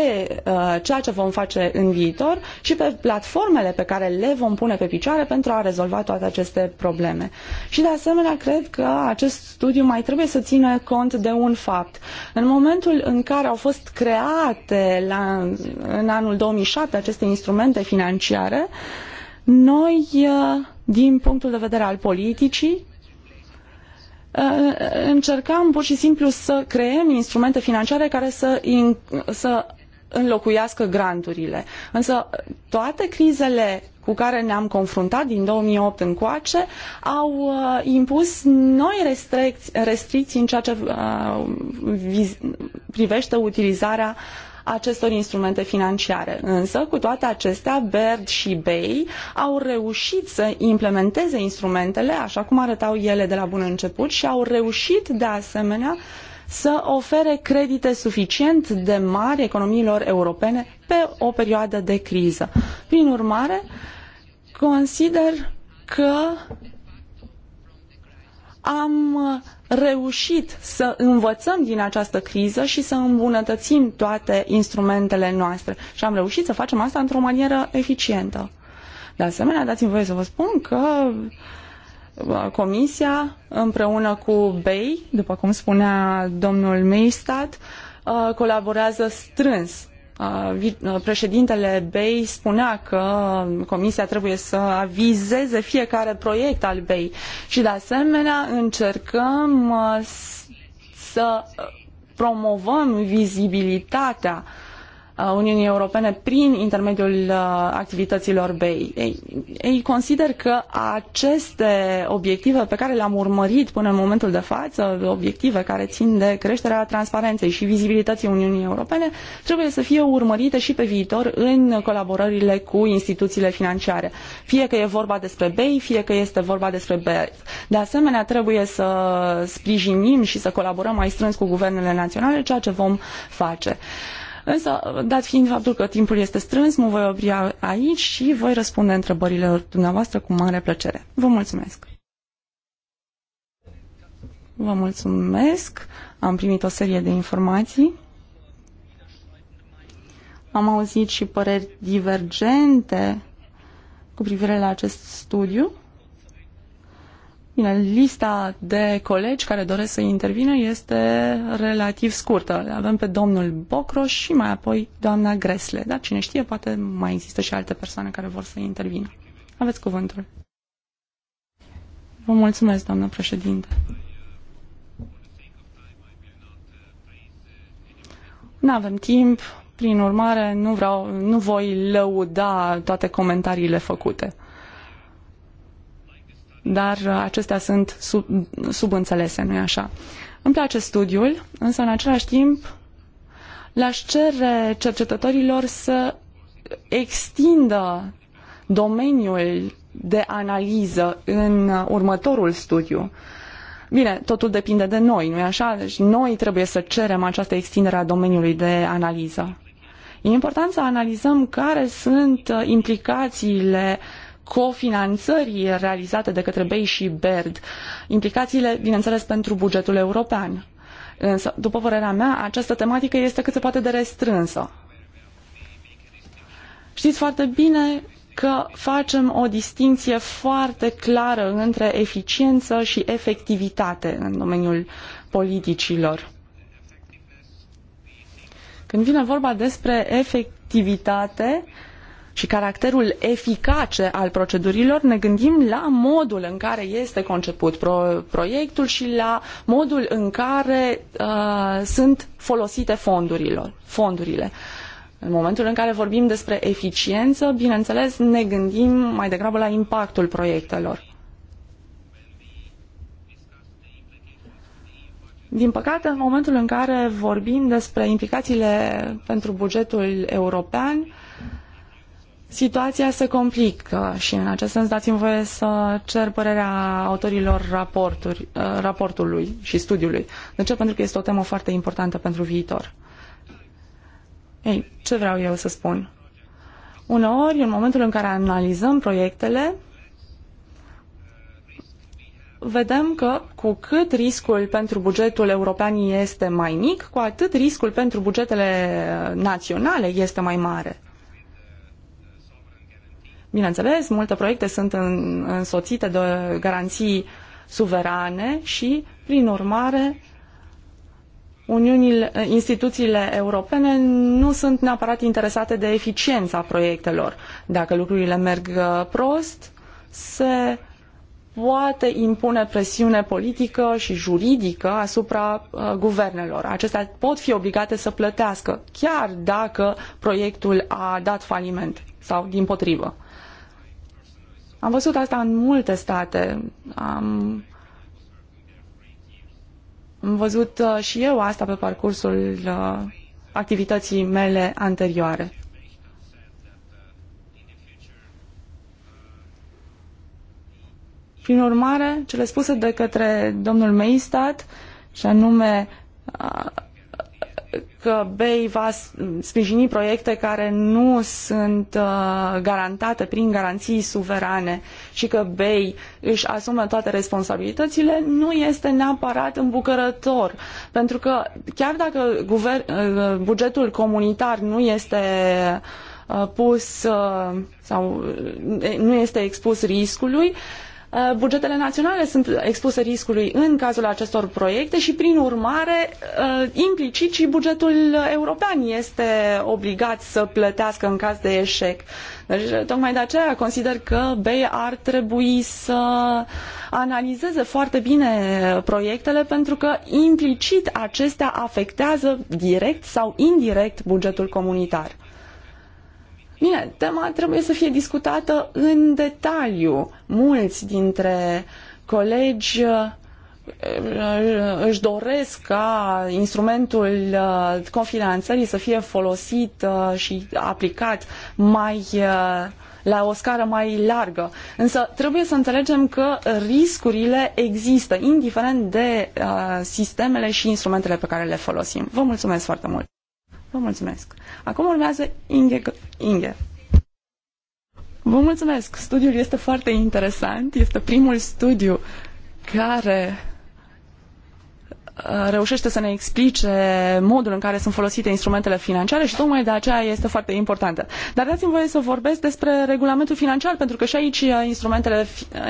uh, ceea ce vom face în viitor și pe platformele pe care le vom pune pe picioare pentru a rezolva toate aceste probleme. Și de asemenea, cred că acest studiu mai trebuie să țină cont de un fapt. În momentul în care au fost create la, în anul 2007 aceste instrumente financiare, noi, uh, din punctul de vedere al politicii, Uh, Încercăm pur și simplu să creăm instrumente financiare care să, in, să înlocuiască granturile. Însă toate crizele cu care ne-am confruntat din 2008 încoace au uh, impus noi restricții în ceea ce uh, privește utilizarea uh, acestor instrumente financiare. Însă, cu toate acestea, BERD și BEI au reușit să implementeze instrumentele așa cum arătau ele de la bun început și au reușit de asemenea să ofere credite suficient de mari economiilor europene pe o perioadă de criză. Prin urmare, consider că am reușit să învățăm din această criză și să îmbunătățim toate instrumentele noastre. Și am reușit să facem asta într-o manieră eficientă. De asemenea, dați-mi voie să vă spun că uh, Comisia, împreună cu BEI, după cum spunea domnul Meistat, uh, colaborează strâns președintele BEI spunea că Comisia trebuie să avizeze fiecare proiect al BEI și de asemenea încercăm să promovăm vizibilitatea uh, Uniunii Europene prin intermediul uh, activităților BEI. Ei, ei consider că aceste obiective pe care le-am urmărit până în momentul de față, obiective care țin de creșterea transparenței și vizibilității Uniunii Europene, trebuie să fie urmărite și pe viitor în colaborările cu instituțiile financiare. Fie că e vorba despre BEI, fie că este vorba despre BERT. De asemenea, trebuie să sprijinim și să colaborăm mai strâns cu guvernele naționale, ceea ce vom face. Uh, Însă, dat fiind faptul că timpul este strâns, mă voi opri aici și voi răspunde întrebărilor dumneavoastră cu mare plăcere. Vă mulțumesc! Vă mulțumesc! Am primit o serie de informații. Am auzit și păreri divergente cu privire la acest studiu. Bine, lista de colegi care doresc să intervină este relativ scurtă. Avem pe domnul Bocroș și mai apoi doamna Gresle. Dar cine știe, poate mai există și alte persoane care vor să intervină. Aveți cuvântul. Vă mulțumesc, doamnă președinte. Nu avem timp, prin urmare nu, vreau, nu voi lăuda toate comentariile făcute dar acestea sunt sub, subînțelese, nu-i așa? Îmi place studiul, însă în același timp le-aș cere cercetătorilor să extindă domeniul de analiză în următorul studiu. Bine, totul depinde de noi, nu-i așa? Deci noi trebuie să cerem această extindere a domeniului de analiză. E important să analizăm care sunt implicațiile cofinanțării realizate de către BEI și BERD, implicațiile, bineînțeles, pentru bugetul european. Însă, după părerea mea, această tematică este cât se poate de restrânsă. Știți foarte bine că facem o distinție foarte clară între eficiență și efectivitate în domeniul politicilor. Când vine vorba despre efectivitate, uh, și caracterul eficace al procedurilor, ne gândim la modul în care este conceput pro proiectul și la modul în care uh, sunt folosite fondurilor, fondurile. În momentul în care vorbim despre eficiență, bineînțeles, ne gândim mai degrabă la impactul proiectelor. Din păcate, în momentul în care vorbim despre implicațiile pentru bugetul european, Situația se complică și în acest sens dați-mi voie să cer părerea autorilor raporturi, uh, raportului și studiului. De ce? Pentru că este o temă foarte importantă pentru viitor. Ei, ce vreau eu să spun? Uneori, în momentul în care analizăm proiectele, vedem că cu cât riscul pentru bugetul european este mai mic, cu atât riscul pentru bugetele naționale este mai mare. Bineînțeles, multe proiecte sunt în, însoțite de garanții suverane și, prin urmare, Uniunile, instituțiile europene nu sunt neapărat interesate de eficiența proiectelor. Dacă lucrurile merg uh, prost, se poate impune presiune politică și juridică asupra uh, guvernelor. Acestea pot fi obligate să plătească, chiar dacă proiectul a dat faliment sau din potrivă. Am văzut asta în multe state. Am, am văzut uh, și eu asta pe parcursul uh, activității mele anterioare. Prin urmare, cele spuse de către domnul Meistat, și anume uh, că BEI va sprijini proiecte care nu sunt uh, garantate prin garanții suverane și că BEI își asumă toate responsabilitățile, nu este neapărat îmbucurător. Pentru că chiar dacă uh, bugetul comunitar nu este uh, pus sau nu este expus riscului, Uh, bugetele naționale sunt expuse riscului în cazul acestor proiecte și, prin urmare, uh, implicit și bugetul european este obligat să plătească în caz de eșec. Deci, tocmai de aceea consider că BEI ar trebui să analizeze foarte bine proiectele pentru că implicit acestea afectează direct sau indirect bugetul comunitar. Bine, tema trebuie să fie discutată în detaliu. Mulți dintre colegi uh, uh, își doresc ca instrumentul uh, cofinanțării să fie folosit și aplicat mai la o scară mai largă. Însă trebuie să înțelegem că riscurile există, indiferent de uh, sistemele și instrumentele pe care le folosim. Vă mulțumesc foarte mult! Vă mulțumesc. Acum urmează Inge. Inge. Vă mulțumesc. Studiul este foarte interesant. Este primul studiu care uh, reușește să ne explice modul în care sunt folosite instrumentele financiare și tocmai de aceea este foarte importantă. Dar dați-mi voie să vorbesc despre regulamentul financiar, pentru că și aici uh, instrumentele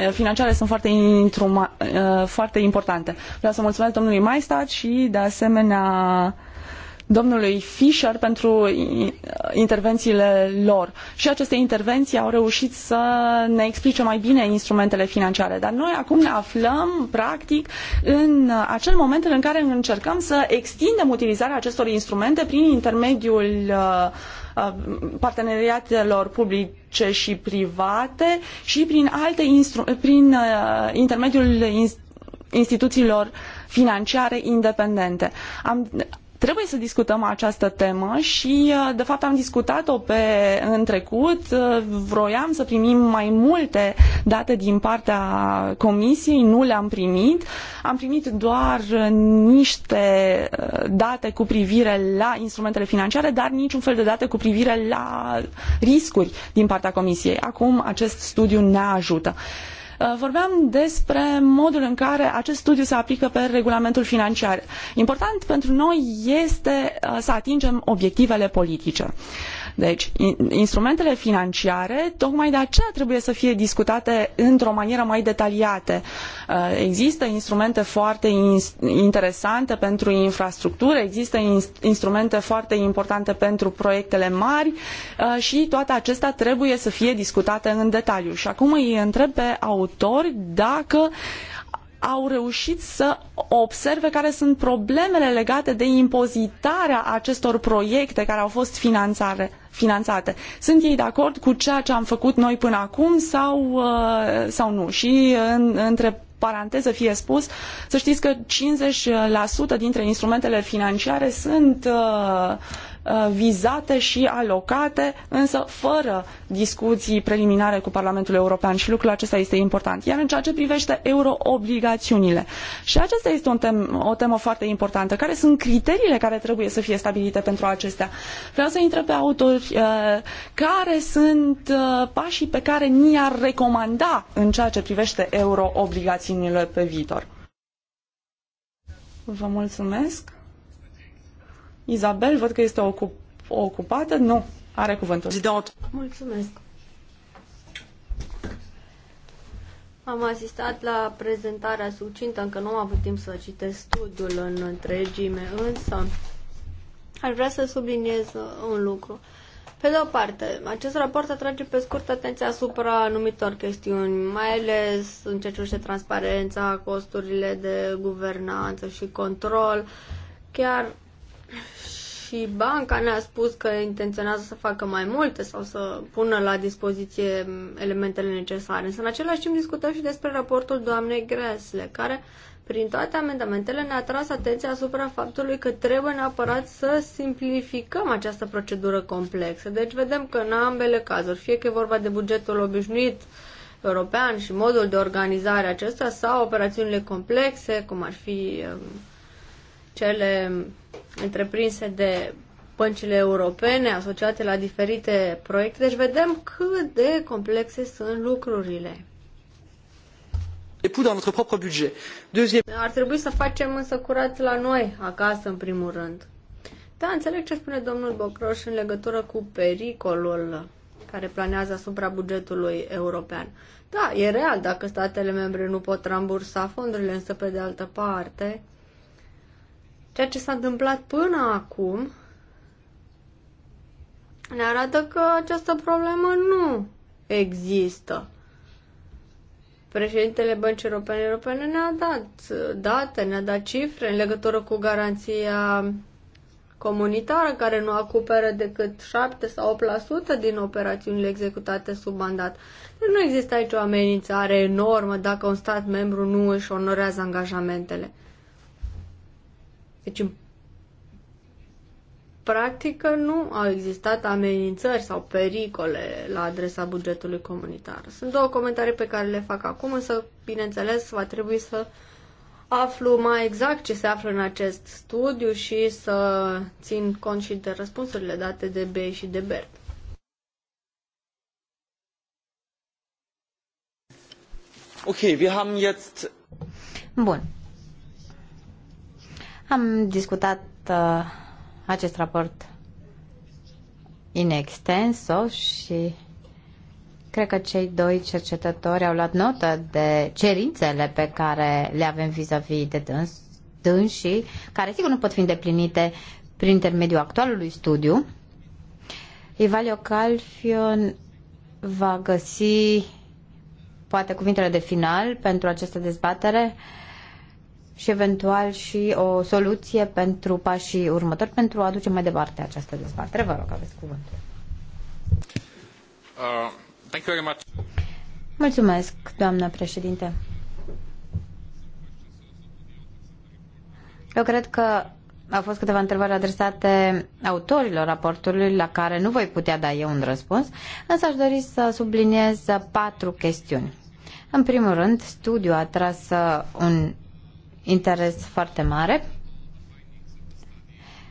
uh, financiare sunt foarte, intruma, foarte importante. Vreau să mulțumesc domnului Maistat și de asemenea domnului Fischer pentru intervențiile lor. Și aceste intervenții au reușit să ne explice mai bine instrumentele financiare. Dar noi acum ne aflăm, practic, în acel moment în care încercăm să extindem utilizarea acestor instrumente prin intermediul uh, uh, parteneriatelor publice și private și prin alte prin uh, intermediul instituțiilor financiare independente. Am, Trebuie să discutăm această temă și, uh, de fapt, am discutat-o pe, în trecut. Uh, vroiam să primim mai multe date din partea Comisiei, nu le-am primit. Am primit doar niște uh, date cu privire la instrumentele financiare, dar niciun fel de date cu privire la riscuri din partea Comisiei. Acum acest studiu ne ajută. Uh, vorbeam despre modul în care acest studiu se aplică pe regulamentul financiar. Important pentru noi este uh, să atingem obiectivele politice. Uh, deci, instrumentele financiare, tocmai de aceea trebuie să fie discutate într-o manieră mai detaliată. Uh, există instrumente foarte interesante pentru infrastructură, există instrumente foarte importante pentru proiectele mari uh, și toate acestea trebuie să fie discutate în detaliu. Și acum îi întreb pe autori dacă au reușit să observe care sunt problemele legate de impozitarea acestor proiecte care au fost finanțare, finanțate. Sunt ei de acord cu ceea ce am făcut noi până acum sau, uh, sau nu? Și în, între paranteză fie spus, să știți că 50% dintre instrumentele financiare sunt uh, Uh, vizate și alocate, însă fără discuții preliminare cu Parlamentul European și lucrul acesta este important. Iar în ceea ce privește euroobligațiunile, și aceasta este un tem, o temă foarte importantă, care sunt criteriile care trebuie să fie stabilite pentru acestea. Vreau să întreb pe autori uh, care sunt uh, pașii pe care ni ar recomanda în ceea ce privește euroobligațiunile pe viitor. Vă mulțumesc. Isabel, văd că este ocup ocupată. Nu, are cuvântul. Mulțumesc. Am asistat la prezentarea succintă, încă nu am avut timp să citesc studiul în întregime, însă aș vrea să subliniez un lucru. Pe de o parte, acest raport atrage pe scurt atenția asupra anumitor chestiuni, mai ales în ceea ce privește transparența, costurile de guvernanță și control, chiar și banca ne-a spus că intenționează să facă mai multe sau să pună la dispoziție elementele necesare. Însă, în același timp, discutăm și despre raportul doamnei Gresle, care, prin toate amendamentele, ne-a tras atenția asupra faptului că trebuie neapărat să simplificăm această procedură complexă. Deci, vedem că în ambele cazuri, fie că e vorba de bugetul obișnuit, european și modul de organizare acesta sau operațiunile complexe, cum ar fi um, cele întreprinse de băncile europene asociate la diferite proiecte. Deci vedem cât de complexe sunt lucrurile. budget. Ar trebui să facem însă curat la noi, acasă, în primul rând. Da, înțeleg ce spune domnul Bocroș în legătură cu pericolul care planează asupra bugetului european. Da, e real dacă statele membre nu pot rambursa fondurile, însă pe de altă parte Ceea ce s-a întâmplat până acum ne arată că această problemă nu există. Președintele Băncii Europene Europene ne-a dat date, ne-a dat cifre în legătură cu garanția comunitară, care nu acoperă decât 7 sau 8% din operațiunile executate sub mandat. Deci nu există aici o amenințare enormă dacă un stat membru nu își onorează angajamentele. Deci, în practică, nu au existat amenințări sau pericole la adresa bugetului comunitar. Sunt două comentarii pe care le fac acum, însă, bineînțeles, va trebui să aflu mai exact ce se află în acest studiu și să țin cont și de răspunsurile date de B și de BERT. Ok, wir haben jetzt... Bun. Am discutat uh, acest raport in extenso și cred că cei doi cercetători au luat notă de cerințele pe care le avem vis-a-vis -vis de dâns, dânsii, care sigur nu pot fi îndeplinite prin intermediul actualului studiu. Ivalio Calfion va găsi poate cuvintele de final pentru această dezbatere. Uh, și eventual și o soluție pentru pașii următori pentru a aduce mai departe această dezbatere. Vă rog, aveți cuvântul. Uh, thank you very much. Mulțumesc, doamnă președinte. Eu cred că au fost câteva întrebări adresate autorilor raportului la care nu voi putea da eu un răspuns, însă aș dori să subliniez patru chestiuni. În primul rând, studiul a tras un interes foarte mare.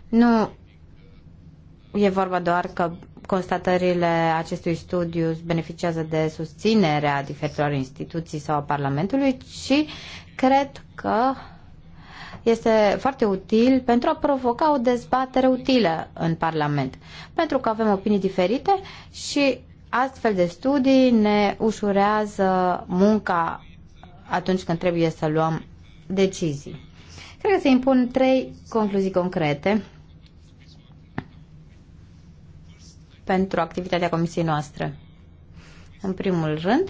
Nu e vorba doar că constatările acestui studiu beneficiază de susținerea diferitelor instituții sau a Parlamentului, ci cred că este foarte util pentru a provoca o dezbatere utilă în Parlament, pentru că avem opinii diferite și astfel de studii ne ușurează munca atunci când trebuie să luăm decizii. Cred că se impun trei concluzii concrete pentru activitatea comisiei noastre. În primul rând,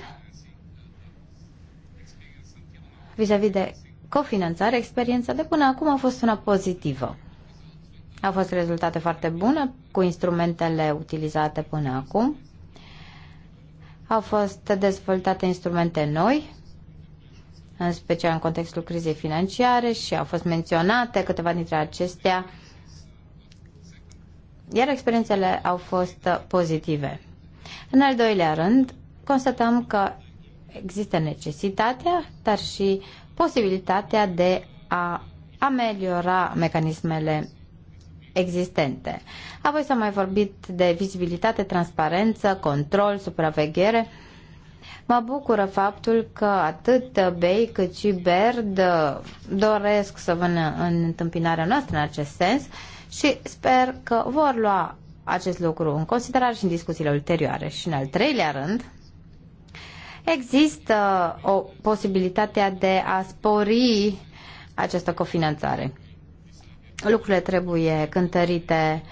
vis-a-vis -vis de cofinanțare, experiența de până acum a fost una pozitivă. Au fost rezultate foarte bune cu instrumentele utilizate până acum. Au fost dezvoltate instrumente noi în special în contextul crizei financiare și au fost menționate câteva dintre acestea, iar experiențele au fost pozitive. În al doilea rând, constatăm că există necesitatea, dar și posibilitatea de a ameliora mecanismele existente. Apoi s-a mai vorbit de vizibilitate, transparență, control, supraveghere Mă bucură faptul că atât Bey, cât și BERD uh, doresc să vină în întâmpinarea noastră în acest sens și sper că vor lua acest lucru în considerare și în discuțiile ulterioare. Și în al treilea rând, există o posibilitate de a spori această cofinanțare. Lucrurile trebuie cântărite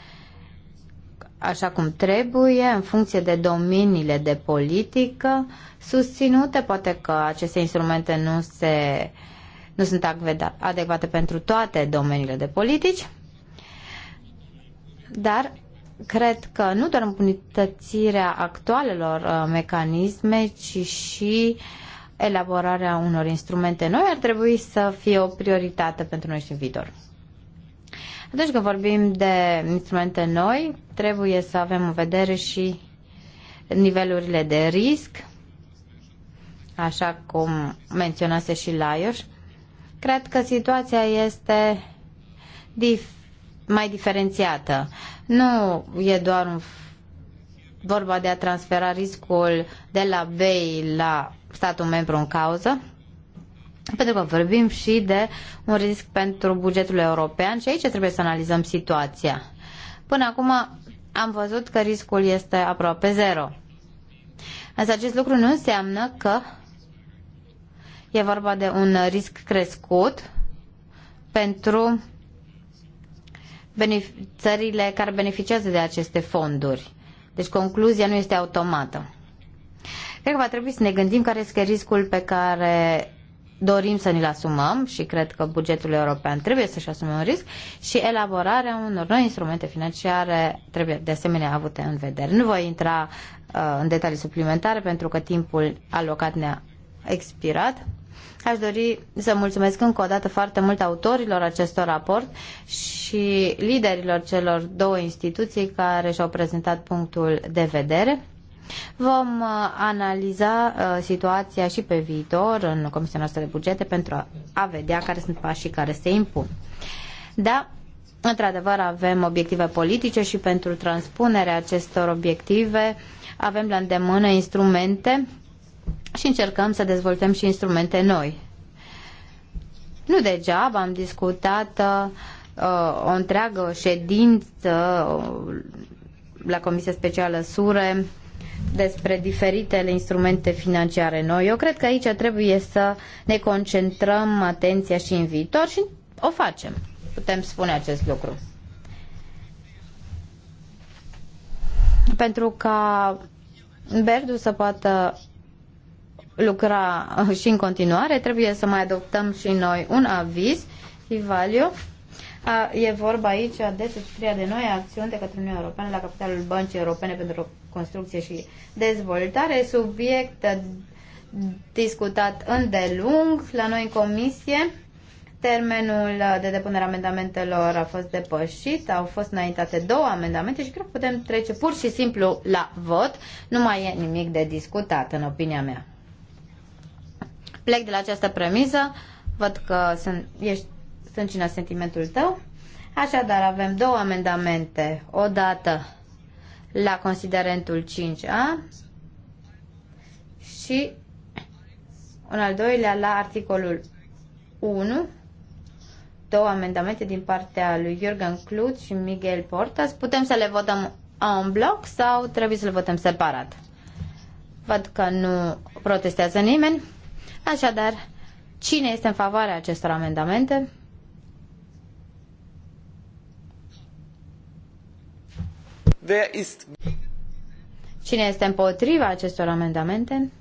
așa cum trebuie, în funcție de domeniile de politică susținute. Poate că aceste instrumente nu, se, nu sunt adecvate pentru toate domeniile de politici, dar cred că nu doar îmbunătățirea actualelor uh, mecanisme, ci și elaborarea unor instrumente noi ar trebui să fie o prioritate pentru noi și în viitor. Atunci când vorbim de instrumente noi, trebuie să avem în vedere și nivelurile de risc, așa cum menționase și Laios. Cred că situația este dif- mai diferențiată. Nu e doar un vorba de a transfera riscul de la BEI la statul membru în cauză, pentru că vorbim și de un risc pentru bugetul european și aici trebuie să analizăm situația. Până acum am văzut că riscul este aproape zero. Însă acest lucru nu înseamnă că e vorba de un risc crescut pentru țările care beneficiază de aceste fonduri. Deci concluzia nu este automată. Cred că va trebui să ne gândim care este riscul pe care dorim să ne-l asumăm și cred că bugetul european trebuie să-și asume un risc și elaborarea unor noi instrumente financiare trebuie de asemenea avute în vedere. Nu voi intra uh, în detalii suplimentare pentru că timpul alocat ne-a expirat. Aș dori să mulțumesc încă o dată foarte mult autorilor acestor raport și liderilor celor două instituții care și-au prezentat punctul de vedere. Vom uh, analiza uh, situația și pe viitor în Comisia noastră de bugete pentru a, vedea care sunt pașii care se impun. Da, într-adevăr avem obiective politice și pentru transpunerea acestor obiective avem la îndemână instrumente și încercăm să dezvoltăm și instrumente noi. Nu degeaba am discutat uh, o întreagă ședință uh, la Comisia Specială SURE despre diferitele instrumente financiare noi. Eu cred că aici trebuie să ne concentrăm atenția și în viitor și o facem. Putem spune acest lucru. Pentru ca Berdu să poată lucra și în continuare, trebuie să mai adoptăm și noi un aviz, Ivalio, a, e vorba aici de subscrierea de noi acțiuni de către Uniunea Europeană la capitalul Băncii Europene pentru Construcție și Dezvoltare, subiect discutat îndelung la noi în comisie. Termenul de depunere a amendamentelor a fost depășit, au fost înaintate două amendamente și cred că putem trece pur și simplu la vot. Nu mai e nimic de discutat, în opinia mea. Plec de la această premisă, văd că sunt, ești stâncina sentimentul tău. Așadar, avem două amendamente. O dată la considerentul 5A și un al doilea la articolul 1 două amendamente din partea lui Jürgen Clut și Miguel Portas. Putem să le votăm în bloc sau trebuie să le votăm separat? Văd că nu protestează nimeni. Așadar, cine este în favoarea acestor amendamente? Wer ist... Cine este împotriva acestor amendamente?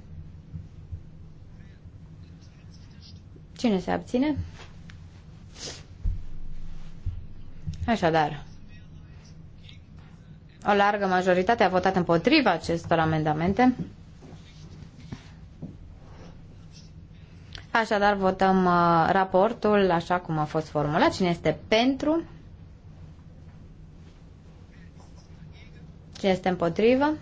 Cine se abține? Așadar, o largă majoritate a votat împotriva acestor amendamente. Așadar, votăm uh, raportul așa cum a fost formulat. Cine este pentru? Cine este împotrivă?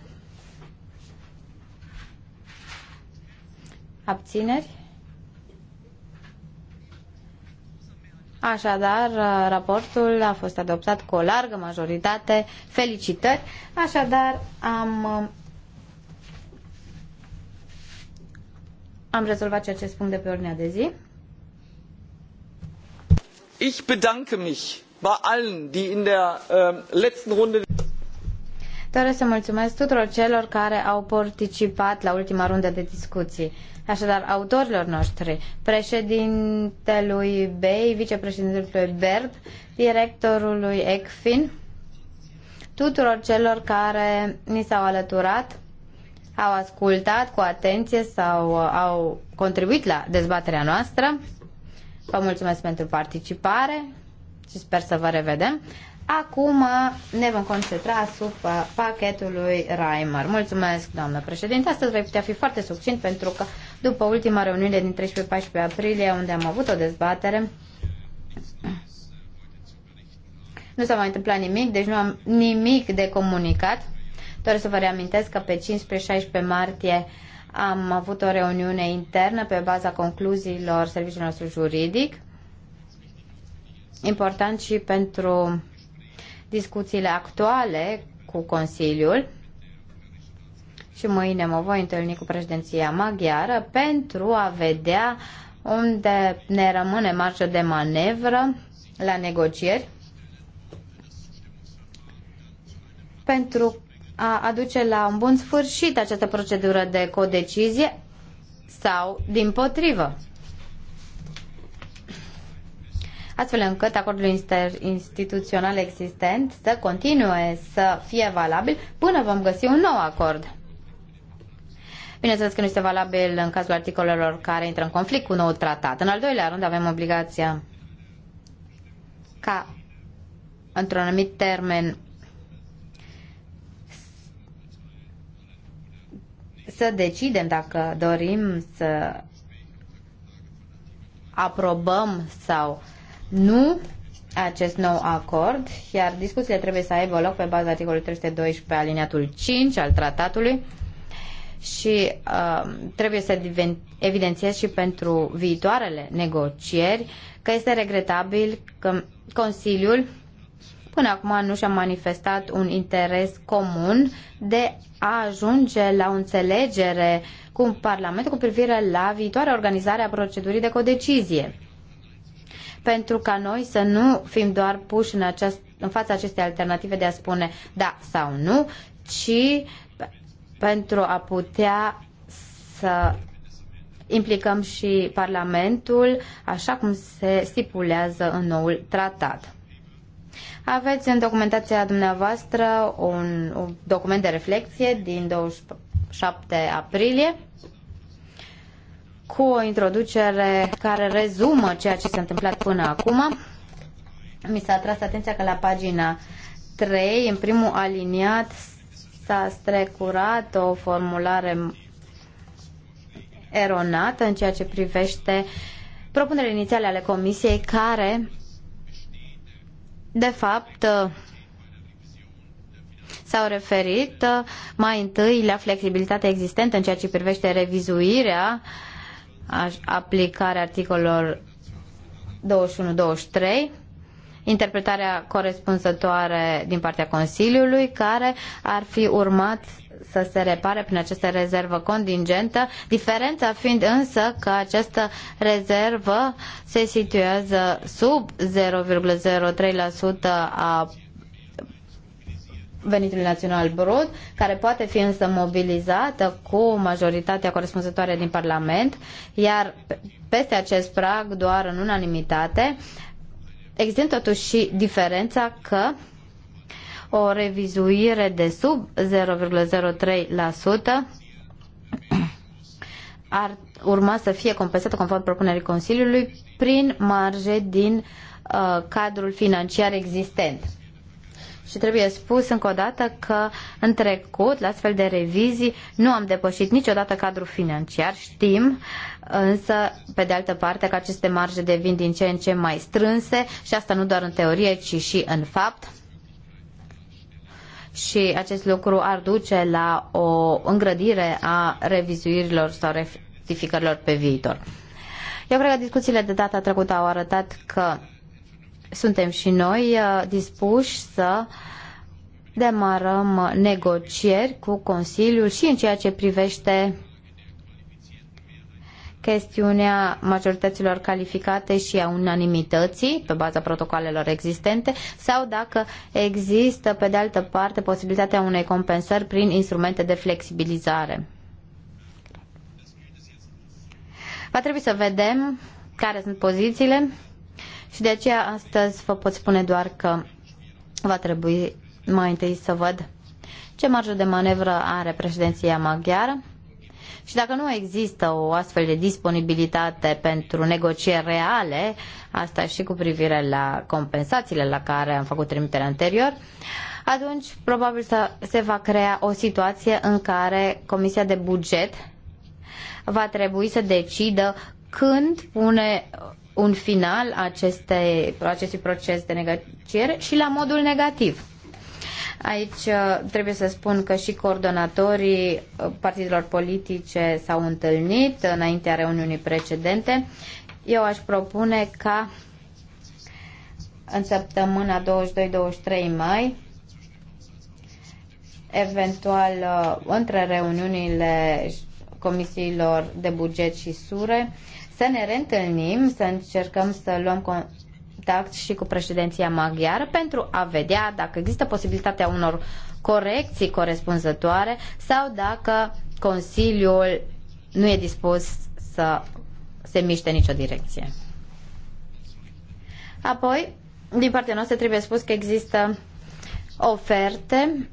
Abțineri? Așadar, raportul a fost adoptat cu o largă majoritate. Felicitări! Așadar, am, am rezolvat ceea ce spun de pe ordinea de zi. Ich bedanke mich bei allen, die in der äh, letzten Runde Doresc să mulțumesc tuturor celor care au participat la ultima rundă de discuții. Așadar, autorilor noștri, președintelui BEI, vicepreședintelui BERD, directorului ECFIN, tuturor celor care ni s-au alăturat, au ascultat cu atenție sau au contribuit la dezbaterea noastră. Vă mulțumesc pentru participare și sper să vă revedem. Acum ne vom concentra asupra pachetului Reimer. Mulțumesc, doamnă președinte. Astăzi voi putea fi foarte succint pentru că după ultima reuniune din 13-14 aprilie, unde am avut o dezbatere, nu s-a mai întâmplat nimic, deci nu am nimic de comunicat. Doar să vă reamintesc că pe 15-16 martie am avut o reuniune internă pe baza concluziilor serviciului nostru juridic. Important și pentru discuțiile actuale cu Consiliul și mâine mă voi întâlni cu președinția maghiară pentru a vedea unde ne rămâne marșă de manevră la negocieri pentru a aduce la un bun sfârșit această procedură de codecizie sau din potrivă astfel încât acordul instituțional existent să continue să fie valabil până vom găsi un nou acord. Bineînțeles că nu este valabil în cazul articolelor care intră în conflict cu nou tratat. În al doilea rând avem obligația ca într-un anumit termen să decidem dacă dorim să aprobăm sau nu acest nou acord, iar discuțiile trebuie să aibă loc pe baza articolului 312 aliniatul 5 al tratatului și uh, trebuie să evidențiez și pentru viitoarele negocieri că este regretabil că Consiliul până acum nu și-a manifestat un interes comun de a ajunge la o înțelegere cu Parlamentul cu privire la viitoarea organizare a procedurii de codecizie pentru ca noi să nu fim doar puși în, aceast, în fața acestei alternative de a spune da sau nu, ci pentru a putea să implicăm și Parlamentul, așa cum se stipulează în noul tratat. Aveți în documentația dumneavoastră un, un document de reflexie din 27 aprilie cu o introducere care rezumă ceea ce s-a întâmplat până acum. Mi s-a atras atenția că la pagina 3, în primul aliniat, s-a strecurat o formulare eronată în ceea ce privește propunerile inițiale ale Comisiei care de fapt s-au referit mai întâi la flexibilitatea existentă în ceea ce privește revizuirea uh, aplicarea articolelor 21-23, interpretarea corespunzătoare din partea Consiliului, care ar fi urmat să se repare prin această rezervă contingentă, diferența fiind însă că această rezervă se situează sub 0,03% a venitul național brut, care poate fi însă mobilizată cu majoritatea corespunzătoare din Parlament, iar peste acest prag doar în unanimitate. Există totuși și diferența că o revizuire de sub 0,03% ar urma să fie compensată conform propunerii Consiliului prin marge din uh, cadrul financiar existent. Și trebuie spus încă o dată că în trecut, la astfel de revizii, nu am depășit niciodată cadrul financiar, știm, însă, pe de altă parte, că aceste marje devin din ce în ce mai strânse și asta nu doar în teorie, ci și în fapt. Și acest lucru ar duce la o îngrădire a revizuirilor sau rectificărilor pe viitor. Eu cred că discuțiile de data trecută au arătat că suntem și noi uh, dispuși să demarăm negocieri cu Consiliul și în ceea ce privește chestiunea majorităților calificate și a unanimității pe baza protocolelor existente sau dacă există, pe de altă parte, posibilitatea unei compensări prin instrumente de flexibilizare. Va trebui să vedem care sunt pozițiile și de aceea astăzi vă pot spune doar că va trebui mai întâi să văd ce marjă de manevră are președinția maghiară și dacă nu există o astfel de disponibilitate pentru negocieri reale, asta și cu privire la compensațiile la care am făcut trimitere anterior, atunci probabil să se va crea o situație în care Comisia de Buget va trebui să decidă când pune un final aceste, acestui proces de negociere și la modul negativ. Aici uh, trebuie să spun că și coordonatorii uh, partidelor politice s-au întâlnit înaintea reuniunii precedente. Eu aș propune ca în săptămâna 22-23 mai, eventual uh, între reuniunile comisiilor de buget și sure, să ne reîntâlnim, să încercăm să luăm contact și cu președinția maghiară pentru a vedea dacă există posibilitatea unor corecții corespunzătoare sau dacă Consiliul nu e dispus să se miște nicio direcție. Apoi, din partea noastră trebuie spus că există oferte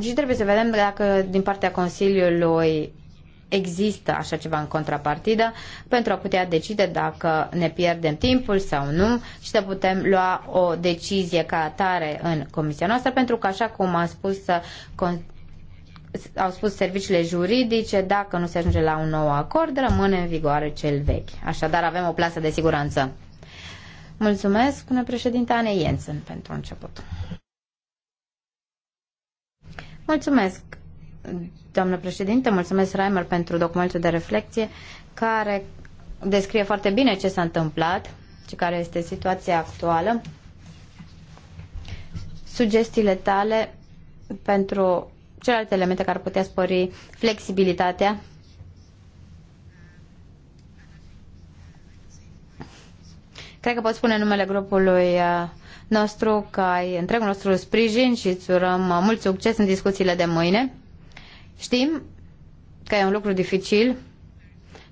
și trebuie să vedem dacă din partea Consiliului există așa ceva în contrapartidă pentru a putea decide dacă ne pierdem timpul sau nu și să putem lua o decizie ca atare în comisia noastră pentru că așa cum a spus au spus serviciile juridice, dacă nu se ajunge la un nou acord, rămâne în vigoare cel vechi. Așadar avem o plasă de siguranță. Mulțumesc, cu președinte Ane Jensen, pentru început. Mulțumesc, doamnă președinte. Mulțumesc, Reimer, pentru documentul de reflexie care descrie foarte bine ce s-a întâmplat și care este situația actuală. Sugestiile tale pentru celelalte elemente care putea spori flexibilitatea Cred că pot spune numele grupului uh, nostru că ai întregul nostru sprijin și îți urăm uh, mult succes în discuțiile de mâine. Știm că e un lucru dificil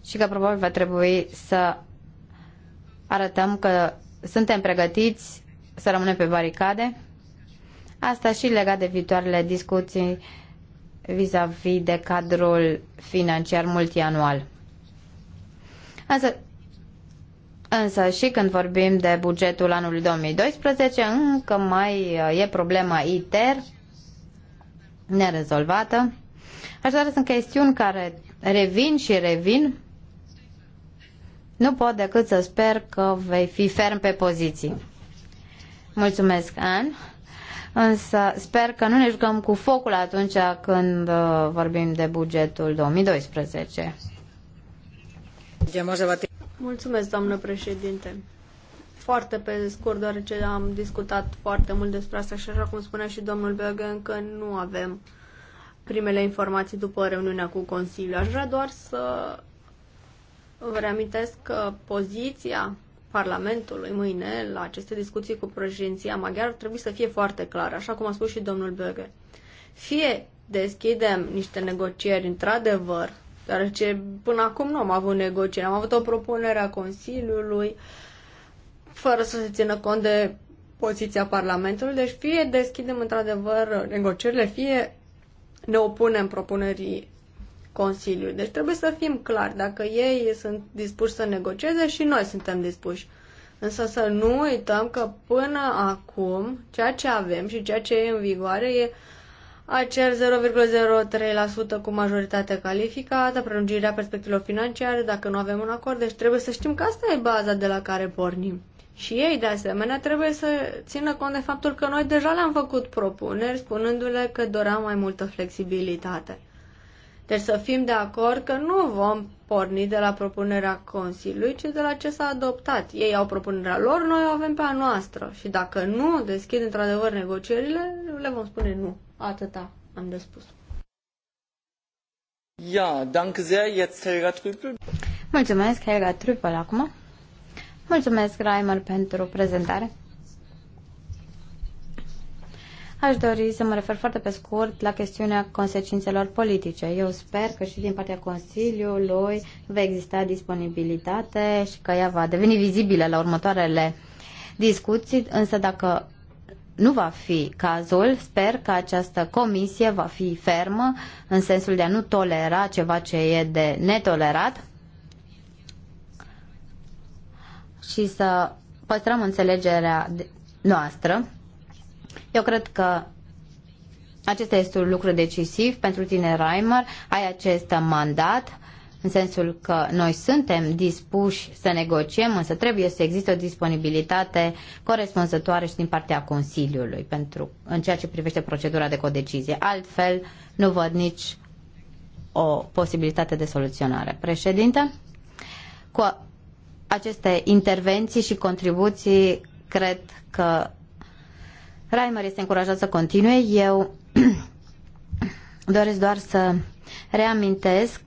și că probabil va trebui să arătăm că suntem pregătiți să rămânem pe baricade. Asta și legat de viitoarele discuții vis-a-vis -vis de cadrul financiar multianual. Însă, însă și când vorbim de bugetul anului 2012, încă mai e problema ITER nerezolvată. Așadar, sunt chestiuni care revin și revin. Nu pot decât să sper că vei fi ferm pe poziții. Mulțumesc, An. Însă sper că nu ne jucăm cu focul atunci când uh, vorbim de bugetul 2012. Mulțumesc, doamnă președinte. Foarte pe scurt, deoarece am discutat foarte mult despre asta și așa cum spunea și domnul Böge, încă nu avem uh, primele informații după reuniunea cu Consiliul. Aș vrea doar să vă reamintesc că poziția Parlamentului mâine la aceste discuții cu președinția maghiară trebuie să fie foarte clară, așa cum a spus și domnul Böge. Fie deschidem niște negocieri într-adevăr, deoarece până acum nu am avut negocieri, am avut o propunere a Consiliului fără să se țină cont de poziția Parlamentului, deci fie deschidem într-adevăr negocierile, fie ne opunem propunerii Consiliului. Deci trebuie să fim clari. Dacă ei sunt dispuși să negocieze și noi suntem dispuși. Însă să nu uităm că până acum ceea ce avem și ceea ce e în vigoare e acel 0,03% cu majoritate calificată, prelungirea perspectivelor financiare, dacă nu avem un acord. Deci trebuie să știm că asta e baza de la care pornim. Și ei, de asemenea, trebuie să țină cont de faptul că noi deja le-am făcut propuneri, spunându-le că doream mai multă flexibilitate. Deci să fim de acord că nu vom porni de la propunerea Consiliului, ci de la ce s-a adoptat. Ei au propunerea lor, noi o avem pe a noastră. Și dacă nu deschid într-adevăr negocierile, le vom spune nu. Atâta am de spus. Ja, danke sehr, jetzt Helga Trüppel. Mulțumesc, Helga Trüppel, acum. Mulțumesc, Reimer, pentru prezentare. Aș dori să mă refer foarte pe scurt la chestiunea consecințelor politice. Eu sper că și din partea Consiliului va exista disponibilitate și că ea va deveni vizibilă la următoarele discuții, însă dacă nu va fi cazul, sper că această comisie va fi fermă în sensul de a nu tolera ceva ce e de netolerat și să păstrăm înțelegerea noastră. Eu cred că acesta este un lucru decisiv pentru tine, Reimer. Ai acest mandat în sensul că noi suntem dispuși să negociem, însă trebuie să existe o disponibilitate corespunzătoare și din partea Consiliului pentru, în ceea ce privește procedura de codecizie. Altfel, nu văd nici o posibilitate de soluționare. Președinte, cu aceste intervenții și contribuții cred că Raimer este încurajat să continue. Eu doresc doar să reamintesc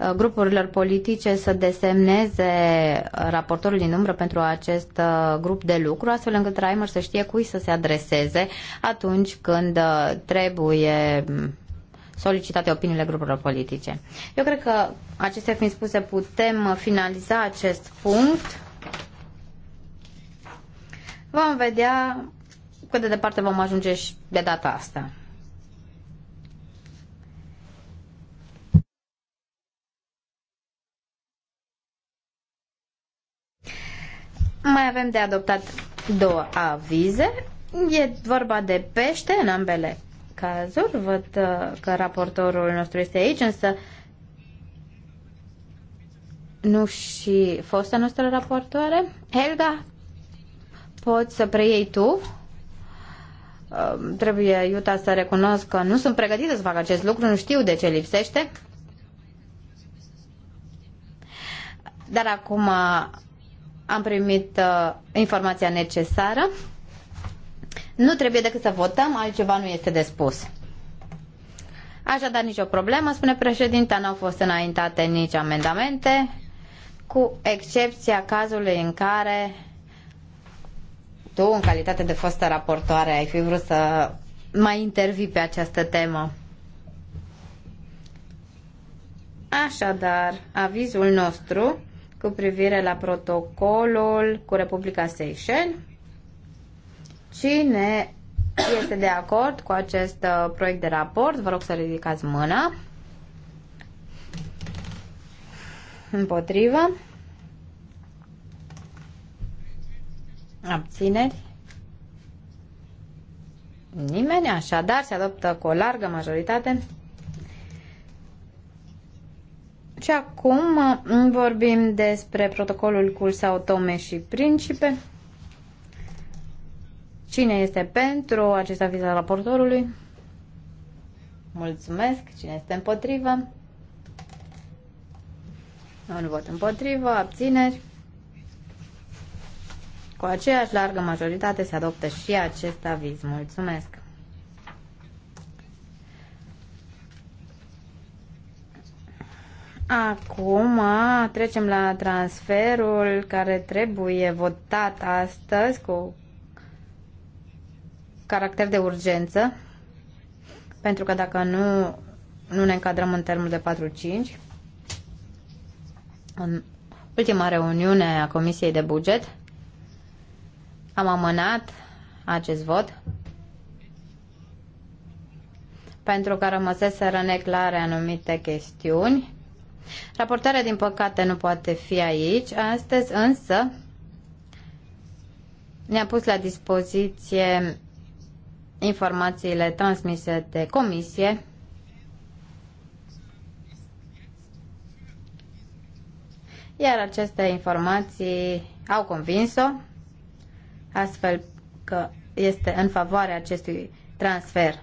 uh, grupurilor politice să desemneze uh, raportorul din umbră pentru acest uh, grup de lucru, astfel încât Raimer să știe cui să se adreseze atunci când trebuie mm, solicitate opiniile grupurilor politice. Eu cred că, acestea fiind spuse, putem finaliza acest punct. Vom vedea cât de departe vom ajunge și de data asta. Mai avem de adoptat două avize. E vorba de pește în ambele cazuri. Văd uh, că raportorul nostru este aici, însă nu și fosta noastră raportoare. Helga, poți să preiei tu? Uh, trebuie, Iuta, să recunosc că nu sunt pregătită să fac acest lucru, nu știu de ce lipsește. Dar acum uh, am primit informația necesară. Nu trebuie decât să votăm, altceva nu este de spus. Așadar, nicio problemă, spune președinta, nu au fost înaintate nici amendamente, cu excepția cazului în care tu, în calitate de fostă raportoare, ai fi vrut să mai intervii pe această temă. Așadar, avizul nostru cu privire la protocolul cu Republica Seychelles Cine este de acord cu acest uh, proiect de raport? Vă rog să ridicați mâna. Împotrivă. Abțineri. Nimeni, așadar, se adoptă cu o largă majoritate. Și acum uh, vorbim despre protocolul cu Sao Tome și Principe. Cine este pentru acest aviz al raportorului? Mulțumesc. Cine este împotrivă? Un vot împotrivă, abțineri. Cu aceeași largă majoritate se adoptă și acest aviz. Mulțumesc! Acum trecem la transferul care trebuie votat astăzi cu caracter de urgență, pentru că dacă nu, nu ne încadrăm în termenul de 4-5, în ultima reuniune a Comisiei de Buget, am amânat acest vot pentru că rămăseseră neclare anumite chestiuni. Raportarea, din păcate, nu poate fi aici. Astăzi, însă, ne-a pus la dispoziție informațiile transmise de comisie iar aceste informații au convins-o, astfel că este în favoarea acestui transfer.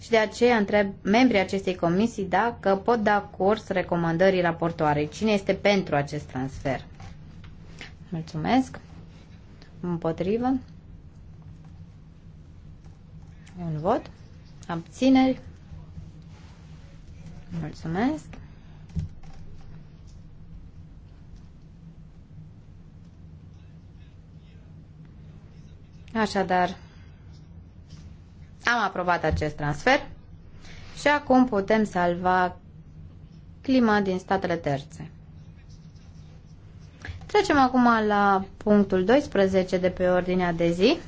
Și de aceea întreb membrii acestei comisii dacă pot da curs recomandării raportoarei. Cine este pentru acest transfer? Mulțumesc. Împotrivă un vot. Abțineri. Mulțumesc. Așadar, am aprobat acest transfer și acum putem salva clima din statele terțe. Trecem acum la punctul 12 de pe ordinea de zi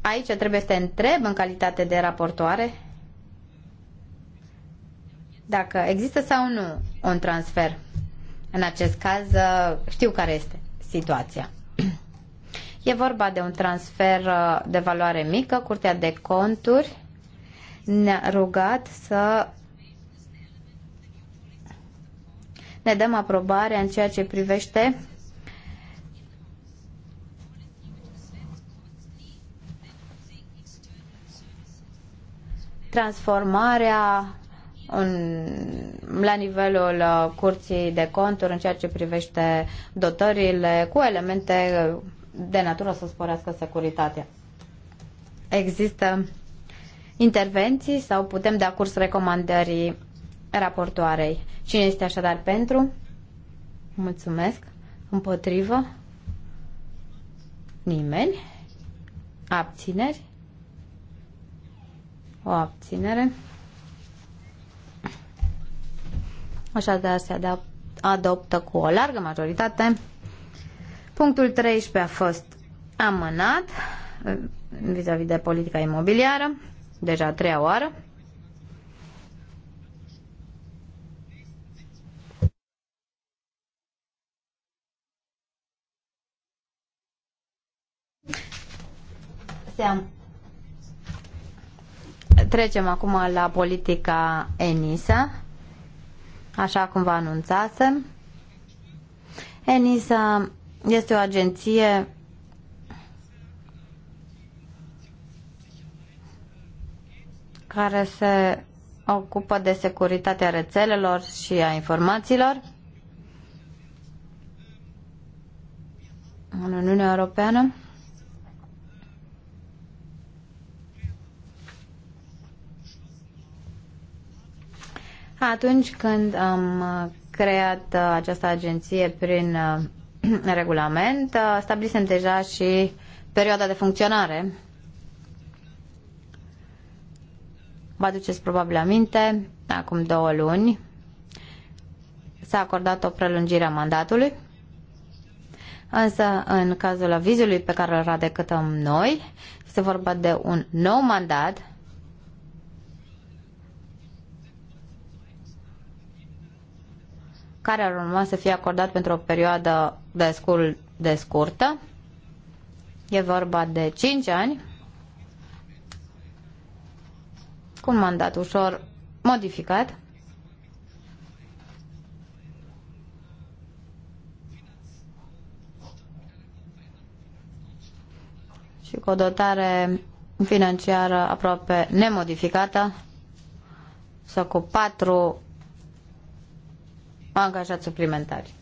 aici trebuie să te întreb în calitate de raportoare dacă există sau nu un transfer. În acest caz știu care este situația. E vorba de un transfer uh, de valoare mică, Curtea de Conturi ne-a rugat să ne dăm aprobarea în ceea ce privește transformarea în, la nivelul uh, curții de conturi în ceea ce privește dotările cu elemente uh, de natură să sporească securitatea. Există intervenții sau putem da curs recomandării raportoarei. Cine este așadar pentru? Mulțumesc. Împotrivă? Nimeni? Abțineri? o abținere. Așadar se adoptă cu o largă majoritate. Punctul 13 a fost amânat uh, vis-a-vis -vis de politica imobiliară, deja a treia oară. Se Trecem acum la politica ENISA, așa cum vă anunțasem. ENISA este o agenție care se ocupă de securitatea rețelelor și a informațiilor în Uniunea Europeană. Atunci când am creat uh, această agenție prin uh, regulament, uh, stabilisem deja și perioada de funcționare. Vă aduceți probabil aminte, acum două luni s-a acordat o prelungire a mandatului, însă în cazul avizului pe care îl radecătăm noi, este vorba de un nou mandat care ar urma să fie acordat pentru o perioadă de, scur, de scurtă. E vorba de 5 ani cu un mandat ușor modificat. și cu o dotare financiară aproape nemodificată sau cu patru angajați suplimentari.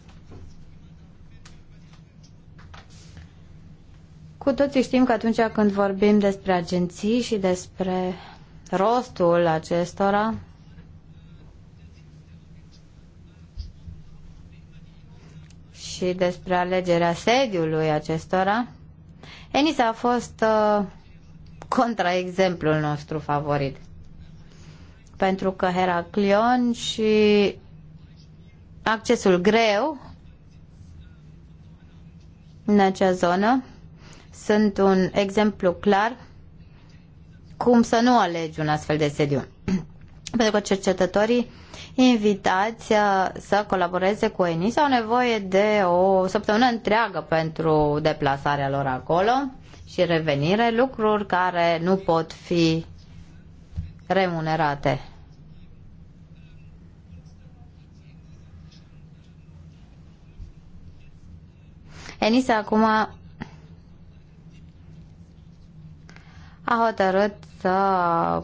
Cu toții știm că atunci când vorbim despre agenții și despre rostul acestora, și despre alegerea sediului acestora, Enisa a fost uh, contraexemplul nostru favorit. Pentru că Heraclion și accesul greu în acea zonă sunt un exemplu clar cum să nu alegi un astfel de sediu. Pentru că cercetătorii invitați uh, să colaboreze cu ENIS au nevoie de o săptămână întreagă pentru deplasarea lor acolo și revenire, lucruri care nu pot fi remunerate. ENISA acum a hotărât să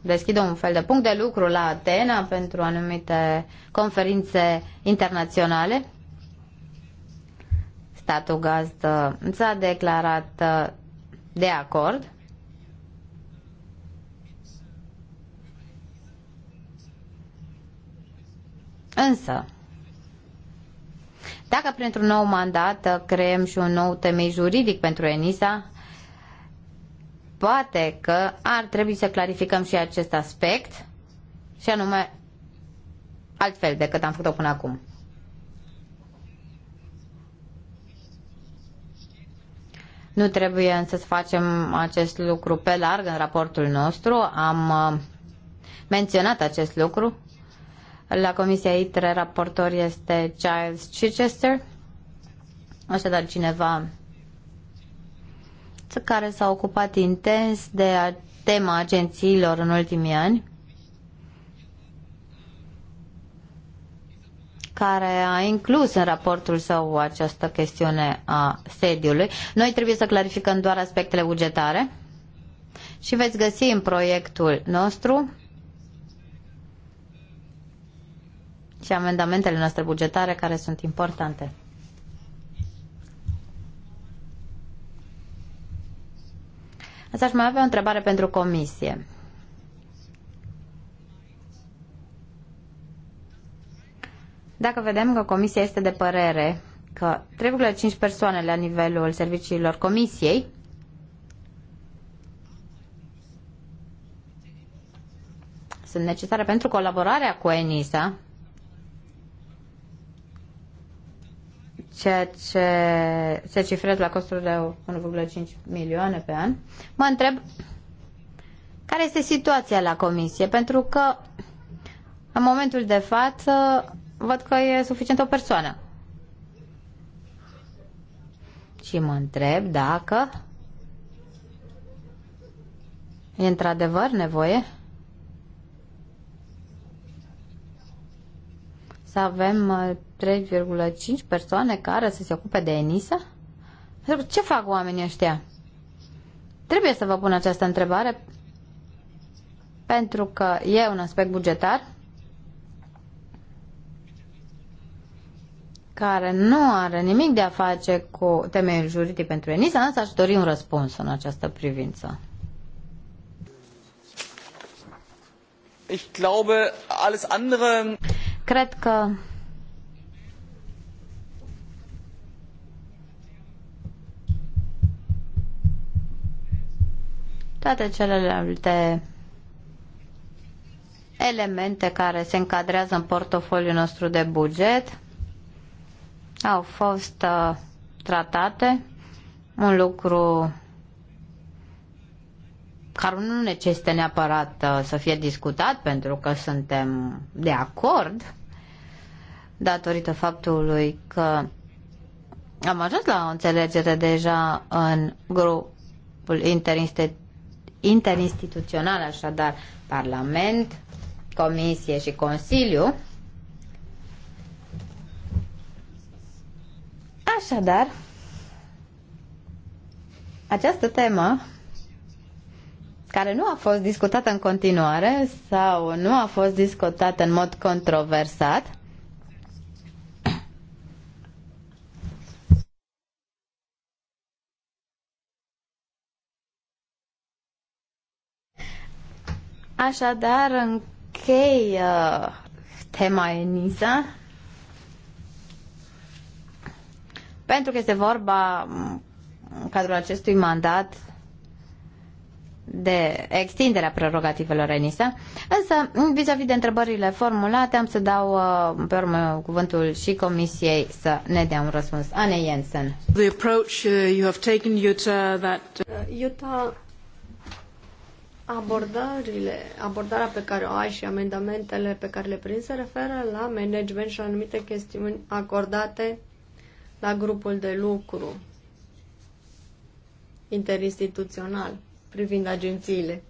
deschidă un fel de punct de lucru la Atena pentru anumite conferințe internaționale. Statul gazdă s-a declarat uh, de acord. Însă, dacă printr-un nou mandat uh, creăm și un nou temei juridic pentru ENISA, poate că ar trebui să clarificăm și acest aspect și anume altfel decât am făcut-o până acum. Nu trebuie însă să facem acest lucru pe larg în raportul nostru. Am uh, menționat acest lucru la Comisia ITRE raportor este Giles Chichester. Așadar, cineva care s-a ocupat intens de tema agențiilor în ultimii ani, care a inclus în raportul său această chestiune a sediului. Noi trebuie să clarificăm doar aspectele bugetare și veți găsi în proiectul nostru și amendamentele noastre bugetare care sunt importante. Însă aș mai avea o întrebare pentru comisie. Dacă vedem că comisia este de părere că 3,5 persoane la nivelul serviciilor comisiei sunt necesare pentru colaborarea cu ENISA, ceea ce se cifrează la costuri de 1,5 milioane pe an, mă întreb care este situația la comisie, pentru că în momentul de față văd că e suficient o persoană. Și mă întreb dacă e într-adevăr nevoie să avem 3,5 uh, persoane care să se ocupe de ENISA? Ce fac oamenii ăștia? Trebuie să vă pun această întrebare pentru că e un aspect bugetar care nu are nimic de a face cu temeiul juridic pentru ENISA, însă aș dori un răspuns în această privință. Ich glaube, alles andere... Cred că toate celelalte elemente care se încadrează în portofoliul nostru de buget au fost uh, tratate, un lucru care nu necesită neapărat uh, să fie discutat pentru că suntem de acord datorită faptului că am ajuns la o înțelegere deja în grupul interinst interinstituțional, așadar Parlament, Comisie și Consiliu. Așadar, această temă care nu a fost discutată în continuare sau nu a fost discutată în mod controversat, Așadar, închei uh, tema ENISA pentru că este vorba în cadrul acestui mandat de extinderea prerogativelor ENISA. Însă, vis-a-vis -vis de întrebările formulate, am să dau uh, pe urmă cuvântul și Comisiei să ne dea un răspuns. Anne Jensen. The approach uh, you have taken, Utah, that... Uh, Utah abordările, abordarea pe care o ai și amendamentele pe care le prinzi se referă la management și anumite chestiuni acordate la grupul de lucru interinstituțional privind agențiile.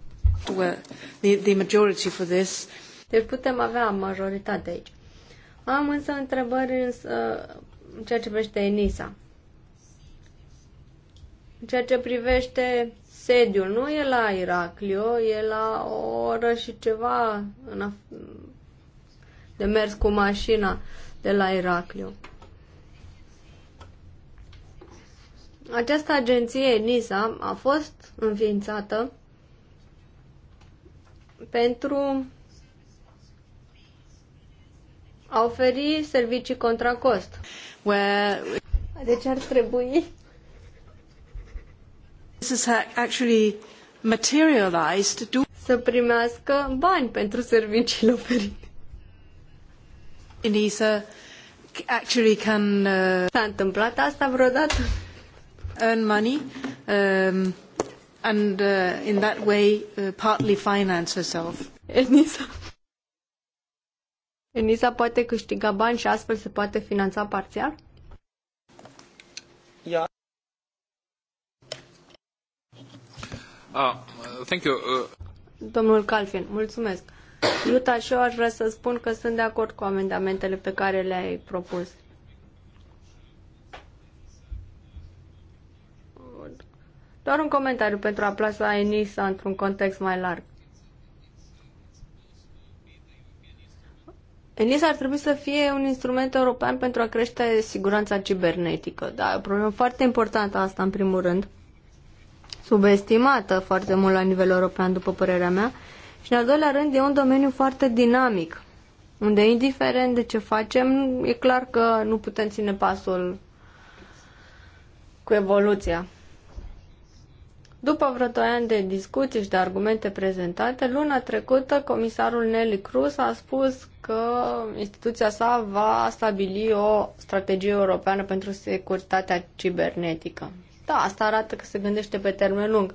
Well, the, the majority for this. Deci putem avea majoritate aici. Am însă întrebări în uh, ceea ce privește ENISA. În ceea ce privește Sediul nu e la Iraclio, e la o oră și ceva în af- de mers cu mașina de la Iraclio. Această agenție, NISA, a fost înființată pentru a oferi servicii contra cost. Where... Deci ar trebui să primească bani pentru serviciile oferite. ENISA actually can... Uh, S-a întâmplat asta vreodată? Earn money um, and uh, in that way uh, partly finance herself. ENISA... ENISA poate câștiga bani și astfel se poate finanța parțial? Yeah. Ah, thank you. Uh. Domnul Calfin, mulțumesc. Iuta și eu aș vrea să spun că sunt de acord cu amendamentele pe care le-ai propus. Doar un comentariu pentru a plasa ENISA într-un context mai larg. ENISA ar trebui să fie un instrument european pentru a crește siguranța cibernetică. Da, e o problemă foarte importantă asta, în primul rând subestimată foarte mult la nivel european, după părerea mea. Și, în al doilea rând, e un domeniu foarte dinamic, unde, indiferent de ce facem, e clar că nu putem ține pasul cu evoluția. După vreo doi ani de discuții și de argumente prezentate, luna trecută comisarul Nelly Cruz a spus că instituția sa va stabili o strategie europeană pentru securitatea cibernetică. Da, asta arată că se gândește pe termen lung.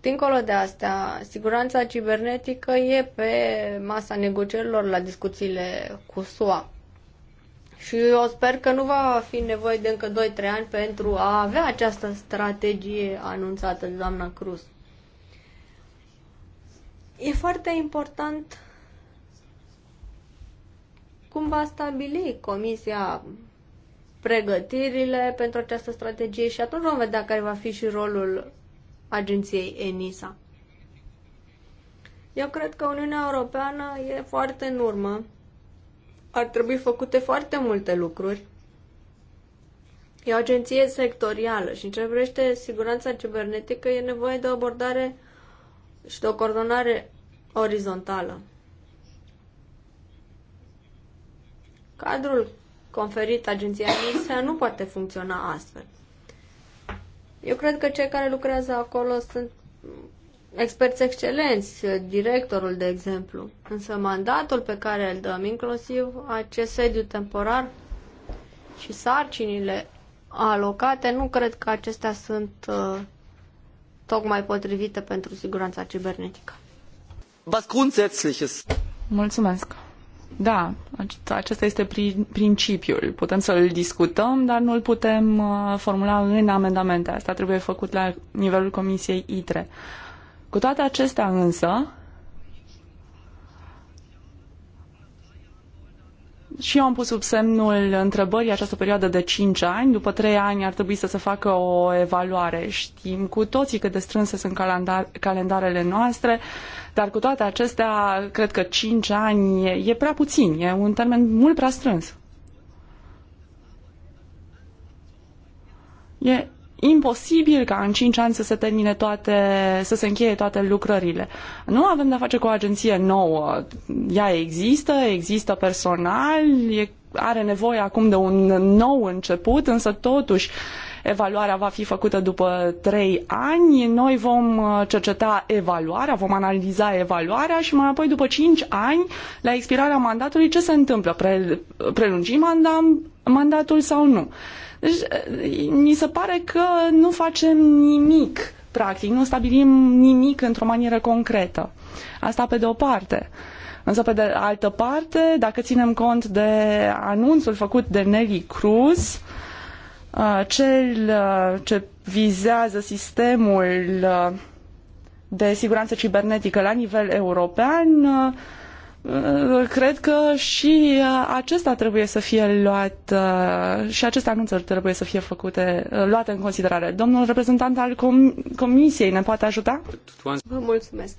Dincolo de asta, siguranța cibernetică e pe masa negocierilor la discuțiile cu SUA. Și eu sper că nu va fi nevoie de încă 2-3 ani pentru a avea această strategie anunțată de doamna Cruz. E foarte important cum va stabili Comisia pregătirile pentru această strategie și atunci vom vedea care va fi și rolul agenției ENISA. Eu cred că Uniunea Europeană e foarte în urmă. Ar trebui făcute foarte multe lucruri. E o agenție sectorială și în ce vrește siguranța cibernetică e nevoie de o abordare și de o coordonare orizontală. Cadrul conferit agenției NISA nu poate funcționa astfel. Eu cred că cei care lucrează acolo sunt experți excelenți, directorul, de exemplu. Însă mandatul pe care îl dăm, inclusiv acest sediu temporar și sarcinile alocate, nu cred că acestea sunt uh, tocmai potrivite pentru siguranța cibernetică. Was Mulțumesc. Da, acesta este principiul. Putem să l discutăm, dar nu îl putem uh, formula în amendamente. Asta trebuie făcut la nivelul Comisiei ITRE. Cu toate acestea însă, și eu am pus sub semnul întrebării această perioadă de 5 ani. După 3 ani ar trebui să se facă o evaluare. Știm cu toții cât de strânse sunt calendar, calendarele noastre, dar cu toate acestea, cred că 5 ani e, e prea puțin, e un termen mult prea strâns. E imposibil ca în 5 ani să se termine toate, să se încheie toate lucrările. Nu avem de-a face cu o agenție nouă. Ea există, există personal, e, are nevoie acum de un nou început, însă totuși evaluarea va fi făcută după 3 ani, noi vom uh, cerceta evaluarea, vom analiza evaluarea și mai apoi după 5 ani, la expirarea mandatului, ce se întâmplă? Pre, prelungim mandatul sau nu? Deci, ni se pare că nu facem nimic, practic, nu stabilim nimic într-o manieră concretă. Asta pe de o parte. Însă, pe de altă parte, dacă ținem cont de anunțul făcut de Nelly Cruz, uh, cel uh, ce vizează sistemul uh, de siguranță cibernetică la nivel european, Uh, cred că și uh, acesta trebuie să fie luat uh, și aceste anunțuri trebuie să fie făcute, luate în considerare. Domnul reprezentant al com- comisiei ne poate ajuta? Vă mulțumesc.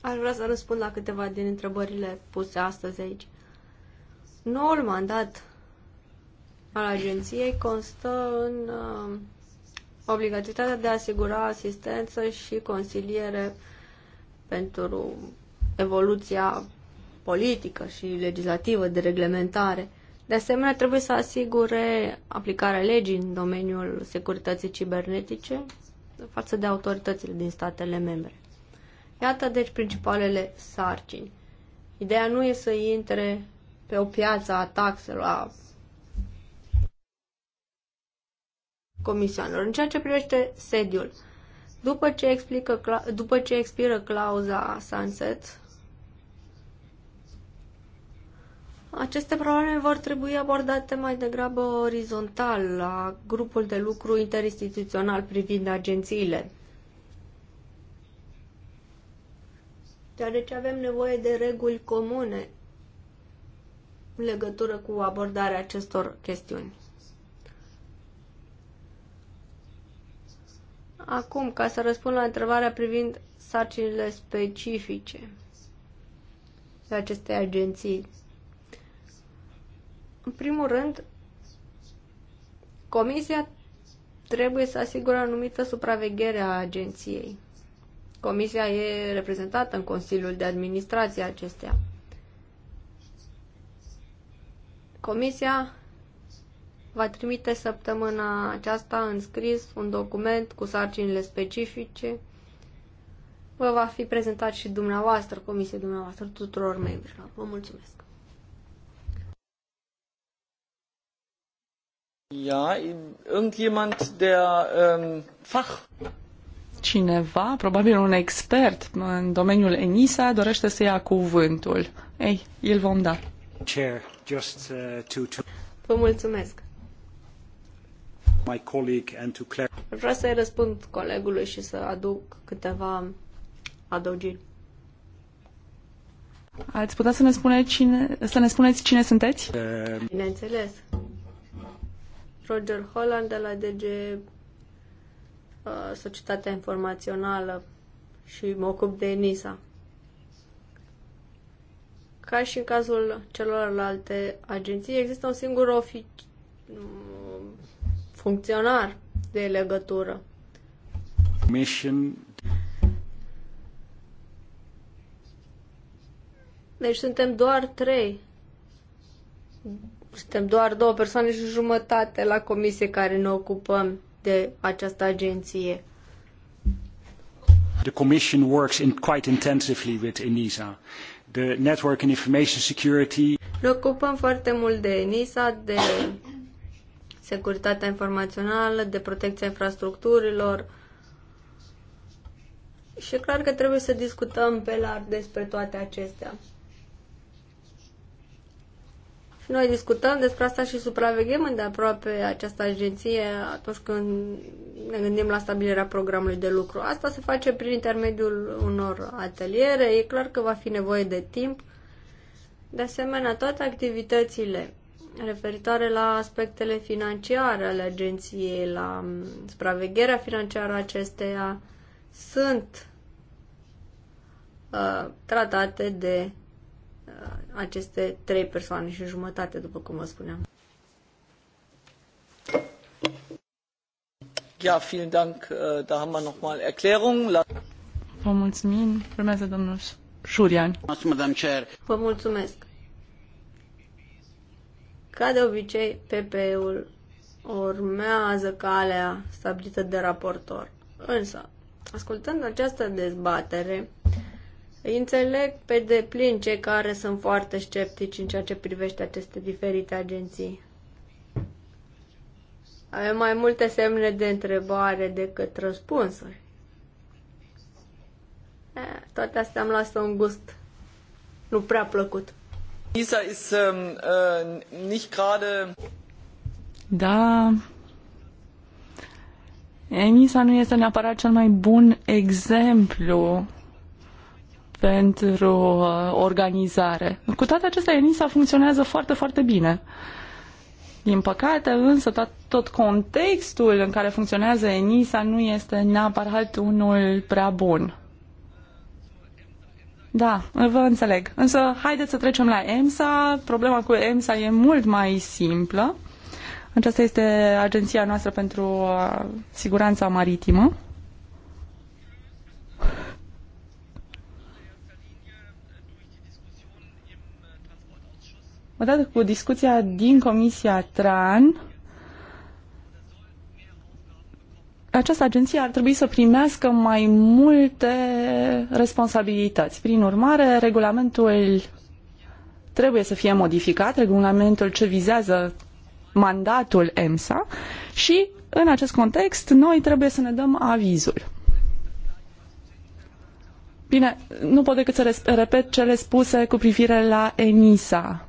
Aș vrea să răspund la câteva din întrebările puse astăzi aici. Noul mandat al agenției constă în obligativitatea de a asigura asistență și consiliere pentru evoluția politică și legislativă de reglementare. De asemenea, trebuie să asigure aplicarea legii în domeniul securității cibernetice față de autoritățile din statele membre. Iată, deci, principalele sarcini. Ideea nu e să intre pe o piață a taxelor, a comisioanelor. În ceea ce privește sediul, după ce, explică, după ce expiră clauza sunset, Aceste probleme vor trebui abordate mai degrabă orizontal la grupul de lucru interinstituțional privind agențiile. Deoarece avem nevoie de reguli comune în legătură cu abordarea acestor chestiuni. Acum, ca să răspund la întrebarea privind sarcinile specifice de aceste agenții, în primul rând, comisia trebuie să asigure anumită supraveghere a agenției. Comisia e reprezentată în Consiliul de Administrație acestea. Comisia va trimite săptămâna aceasta în scris un document cu sarcinile specifice. Vă va fi prezentat și dumneavoastră, comisiei dumneavoastră, tuturor membrilor. Vă mulțumesc! Ja, irgendjemand, der ähm, Fach. Cineva, probabil un expert în domeniul ENISA, dorește să ia cuvântul. Ei, îl vom da. Chair, just, uh, to, to... Vă mulțumesc. My colleague and to clar- Vreau să-i răspund colegului și să aduc câteva adăugiri. Ați putea să ne, spune cine, să ne spuneți cine sunteți? Uh... Bineînțeles. Roger Holland de la DG uh, Societatea Informațională și mă ocup de NISA. Ca și în cazul celorlalte agenții, există un singur ofici, mm, funcționar de legătură. Mission. Deci suntem doar trei suntem doar două persoane și jumătate la comisie care ne ocupăm de această agenție. The Commission works in quite intensively with ENISA. The network and information security. Ne ocupăm foarte mult de ENISA, de securitatea informațională, de protecția infrastructurilor. Și e clar că trebuie să discutăm pe larg despre toate acestea. Și noi discutăm despre asta și supraveghem îndeaproape această agenție atunci când ne gândim la stabilirea programului de lucru. Asta se face prin intermediul unor ateliere. E clar că va fi nevoie de timp. De asemenea, toate activitățile referitoare la aspectele financiare ale agenției, la supravegherea financiară acesteia, sunt uh, tratate de aceste trei persoane și jumătate, după cum vă spuneam. Ja, vielen Dank. Äh, da haben wir nochmal Erklärung. Vă mulțumim. Urmează domnul Șurian. Vă mulțumesc. Ca de obicei, pp ul urmează calea stabilită de raportor. Însă, ascultând această dezbatere, Înțeleg pe deplin cei care sunt foarte sceptici în ceea ce privește aceste diferite agenții. Avem mai multe semne de întrebare decât răspunsuri. Toate astea am lăsat un gust nu prea plăcut. Isa este ähm, äh, nicht gerade. Da. Enisa nu este neapărat cel mai bun exemplu pentru uh, organizare. Cu toate acestea, ENISA funcționează foarte, foarte bine. Din păcate, însă, tot, tot contextul în care funcționează ENISA nu este neapărat unul prea bun. Da, vă înțeleg. Însă, haideți să trecem la EMSA. Problema cu EMSA e mult mai simplă. Aceasta este agenția noastră pentru uh, siguranța maritimă. odată cu discuția din Comisia TRAN, această agenție ar trebui să primească mai multe responsabilități. Prin urmare, regulamentul trebuie să fie modificat, regulamentul ce vizează mandatul EMSA și, în acest context, noi trebuie să ne dăm avizul. Bine, nu pot decât să repet cele spuse cu privire la ENISA.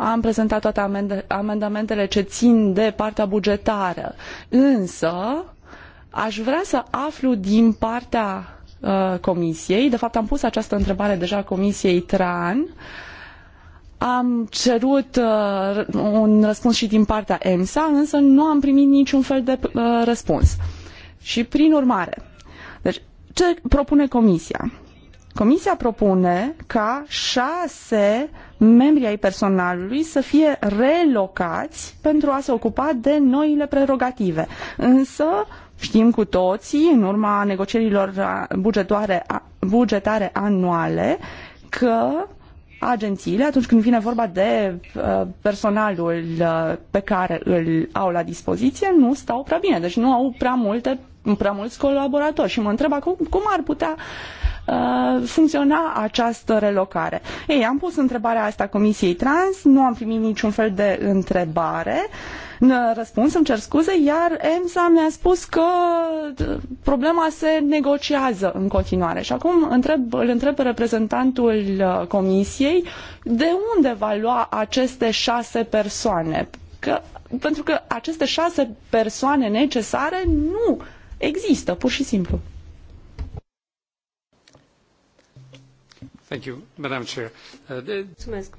Am prezentat toate amendamentele ce țin de partea bugetară, însă aș vrea să aflu din partea uh, Comisiei, de fapt am pus această întrebare deja Comisiei TRAN, am cerut uh, un răspuns și din partea EMSA, însă nu am primit niciun fel de uh, răspuns. Și prin urmare, deci, ce propune Comisia? Comisia propune ca șase membri ai personalului să fie relocați pentru a se ocupa de noile prerogative. Însă, știm cu toții, în urma negocierilor bugetare anuale, că agențiile, atunci când vine vorba de uh, personalul uh, pe care îl au la dispoziție, nu stau prea bine, deci nu au prea multe prea mulți colaboratori și mă întreb acum cum ar putea uh, Uh, funcționa această relocare? Ei, am pus întrebarea asta Comisiei Trans, nu am primit niciun fel de întrebare, răspuns, îmi cer scuze, iar EMSA mi-a spus că uh, problema se negociază în continuare. Și acum întreb, îl întreb pe reprezentantul uh, Comisiei de unde va lua aceste șase persoane? Că, pentru că aceste șase persoane necesare nu există, pur și simplu. Uh, Mulțumesc.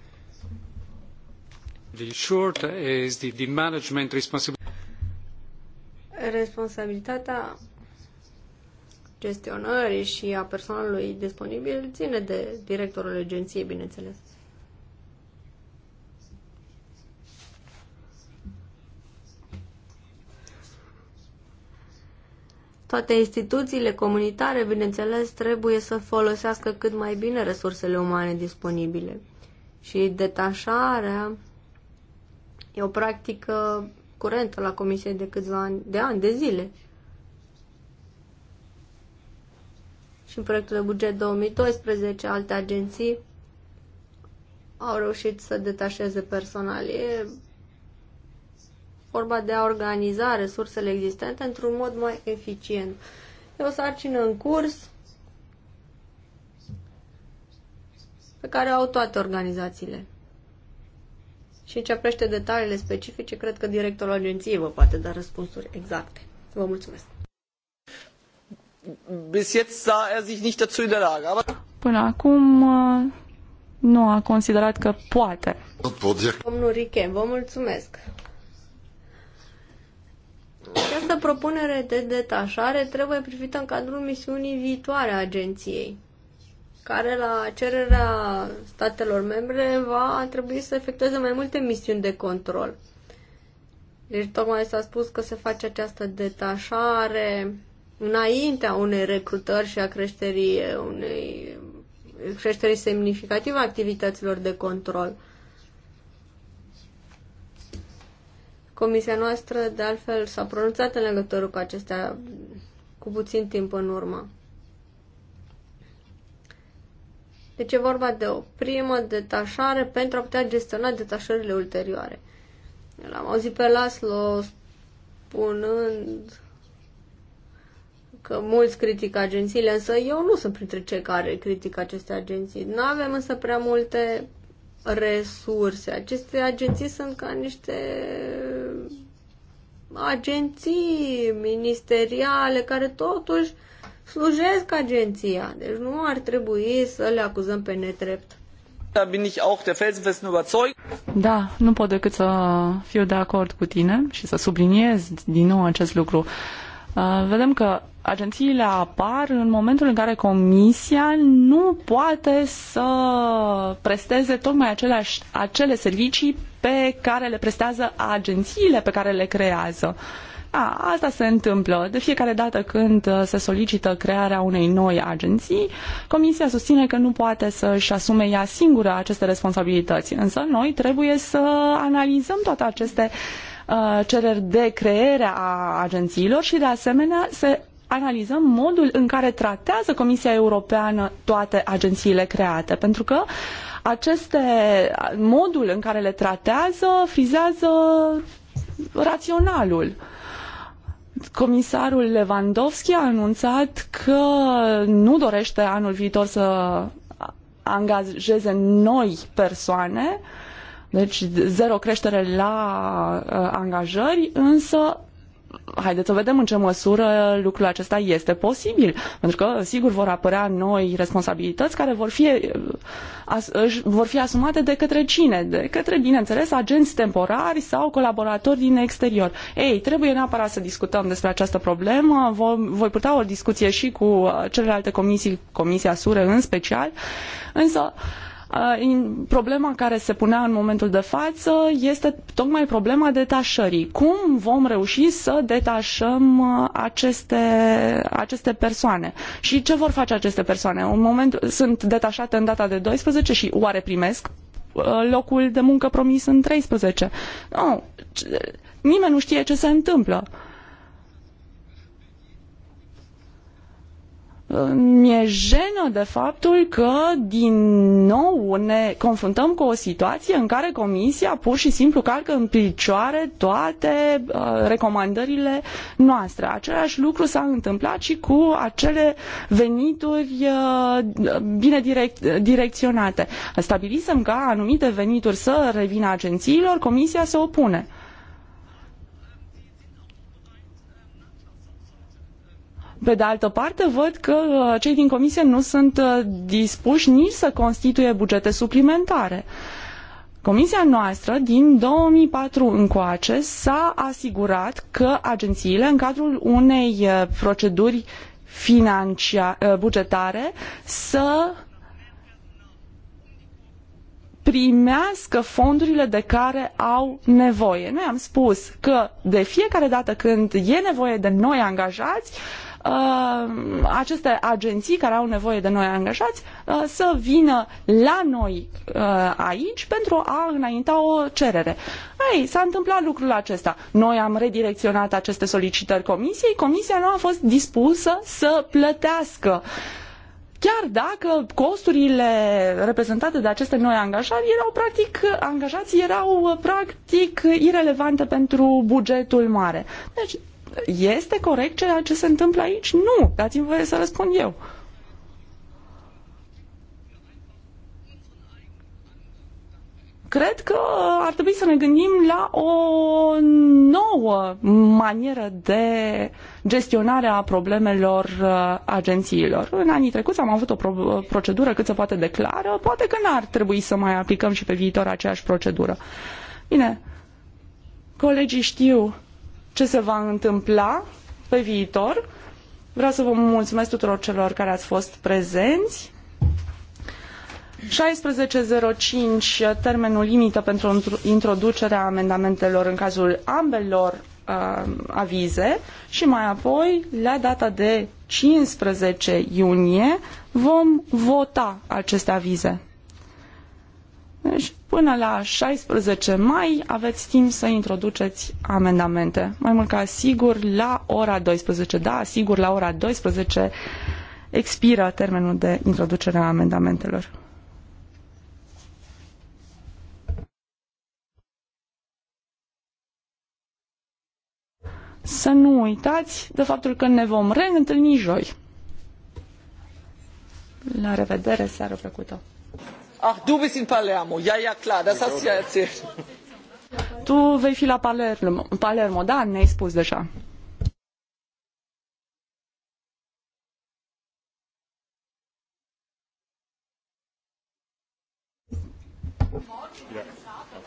The short is the, management responsibility. Responsabilitatea gestionării și a personalului disponibil ține de directorul agenției, bineînțeles. Toate instituțiile comunitare, bineînțeles, trebuie să folosească cât mai bine resursele umane disponibile. Și detașarea e o practică curentă la Comisie de câțiva ani, de ani, de zile. Și în proiectul de buget 2012, alte agenții au reușit să detașeze personal. E vorba de a organiza resursele existente într-un mod mai eficient. E o sarcină în curs pe care o au toate organizațiile. Și în ce aprește detaliile specifice, cred că directorul agenției vă poate da răspunsuri exacte. Vă mulțumesc. Bis jetzt sah er sich nicht dazu in der Lage, aber... Până acum uh, nu a considerat că poate. Domnul Riche, vă mulțumesc. Această propunere de detașare trebuie privită în cadrul misiunii viitoare a agenției, care la cererea statelor membre va trebui să efectueze mai multe misiuni de control. Deci tocmai s-a spus că se face această detașare înaintea unei recrutări și a creșterii unei creșterii semnificative a activităților de control. Comisia noastră, de altfel, s-a pronunțat în legătură cu acestea cu puțin timp în urmă. Deci e vorba de o primă detașare pentru a putea gestiona detașările ulterioare. L-am auzit pe Laslo spunând că mulți critică agențiile, însă eu nu sunt printre cei care critică aceste agenții. Nu avem însă prea multe resurse. Aceste agenții sunt ca niște agenții ministeriale care totuși slujesc agenția. Deci nu ar trebui să le acuzăm pe nedrept. Da, Da, nu pot decât să fiu de acord cu tine și să subliniez din nou acest lucru. Uh, vedem că agențiile apar în momentul în care Comisia nu poate să presteze tocmai aceleași, acele servicii pe care le prestează agențiile pe care le creează. A, asta se întâmplă. De fiecare dată când uh, se solicită crearea unei noi agenții, Comisia susține că nu poate să-și asume ea singură aceste responsabilități. Însă noi trebuie să analizăm toate aceste uh, Uh, cereri de creere a agențiilor și de asemenea se analizăm modul în care tratează Comisia Europeană toate agențiile create, pentru că aceste modul în care le tratează frizează raționalul. Comisarul Lewandowski a anunțat că nu dorește anul viitor să angajeze noi persoane uh, deci zero creștere la uh, angajări, însă haideți să vedem în ce măsură lucrul acesta este posibil. Pentru că, sigur, vor apărea noi responsabilități care vor fi, uh, as, vor fi asumate de către cine? De către, bineînțeles, agenți temporari sau colaboratori din exterior. Ei, trebuie neapărat să discutăm despre această problemă. Voi, voi purta o discuție și cu uh, celelalte comisii, Comisia Sure în special. Însă, uh, Uh, problema care se punea în momentul de față este tocmai problema detașării. Cum vom reuși să detașăm uh, aceste, aceste persoane? Și ce vor face aceste persoane? Un moment, sunt detașate în data de 12 și oare primesc uh, locul de muncă promis în 13? Nu, nimeni nu știe ce se întâmplă. Uh, mi-e jenă de faptul că din nou ne confruntăm cu o situație în care Comisia pur și simplu calcă în picioare toate uh, recomandările noastre. Același lucru s-a întâmplat și cu acele venituri uh, bine direct, direcționate. Stabilisem ca anumite venituri să revină agențiilor, Comisia se opune. Pe de altă parte, văd că uh, cei din comisie nu sunt uh, dispuși nici să constituie bugete suplimentare. Comisia noastră din 2004 încoace s-a asigurat că agențiile în cadrul unei uh, proceduri financiare, bugetare să primească fondurile de care au nevoie. Noi am spus că de fiecare dată când e nevoie de noi angajați, uh, Uh, aceste agenții care au nevoie de noi angajați uh, să vină la noi uh, aici pentru a înainta o cerere. Ei, s-a întâmplat lucrul acesta. Noi am redirecționat aceste solicitări comisiei, comisia nu a fost dispusă să plătească chiar dacă costurile reprezentate de aceste noi angajări erau practic, angajații erau practic irelevante pentru bugetul mare. Deci este corect ceea ce se întâmplă aici? Nu. Dați-mi voie să răspund eu. Cred că ar trebui să ne gândim la o nouă manieră de gestionare a problemelor uh, agențiilor. În anii trecuți am avut o pro- procedură cât se poate declară, poate că n-ar trebui să mai aplicăm și pe viitor aceeași procedură. Bine, colegii știu ce se va întâmpla pe viitor. Vreau să vă mulțumesc tuturor celor care ați fost prezenți. 16.05 termenul limită pentru introducerea amendamentelor în cazul ambelor uh, avize și mai apoi, la data de 15 iunie, vom vota aceste avize. Deci, până la 16 mai aveți timp să introduceți amendamente. Mai mult ca sigur, la ora 12, da, sigur, la ora 12 expiră termenul de introducere a amendamentelor. Să nu uitați de faptul că ne vom reîntâlni joi. La revedere, seară plăcută! Ach, du bist in Palermo. Ja, ja, klar, das hast du ja erzählt. Tu vei fi la Palermo, Palermo da, ne-ai spus deja.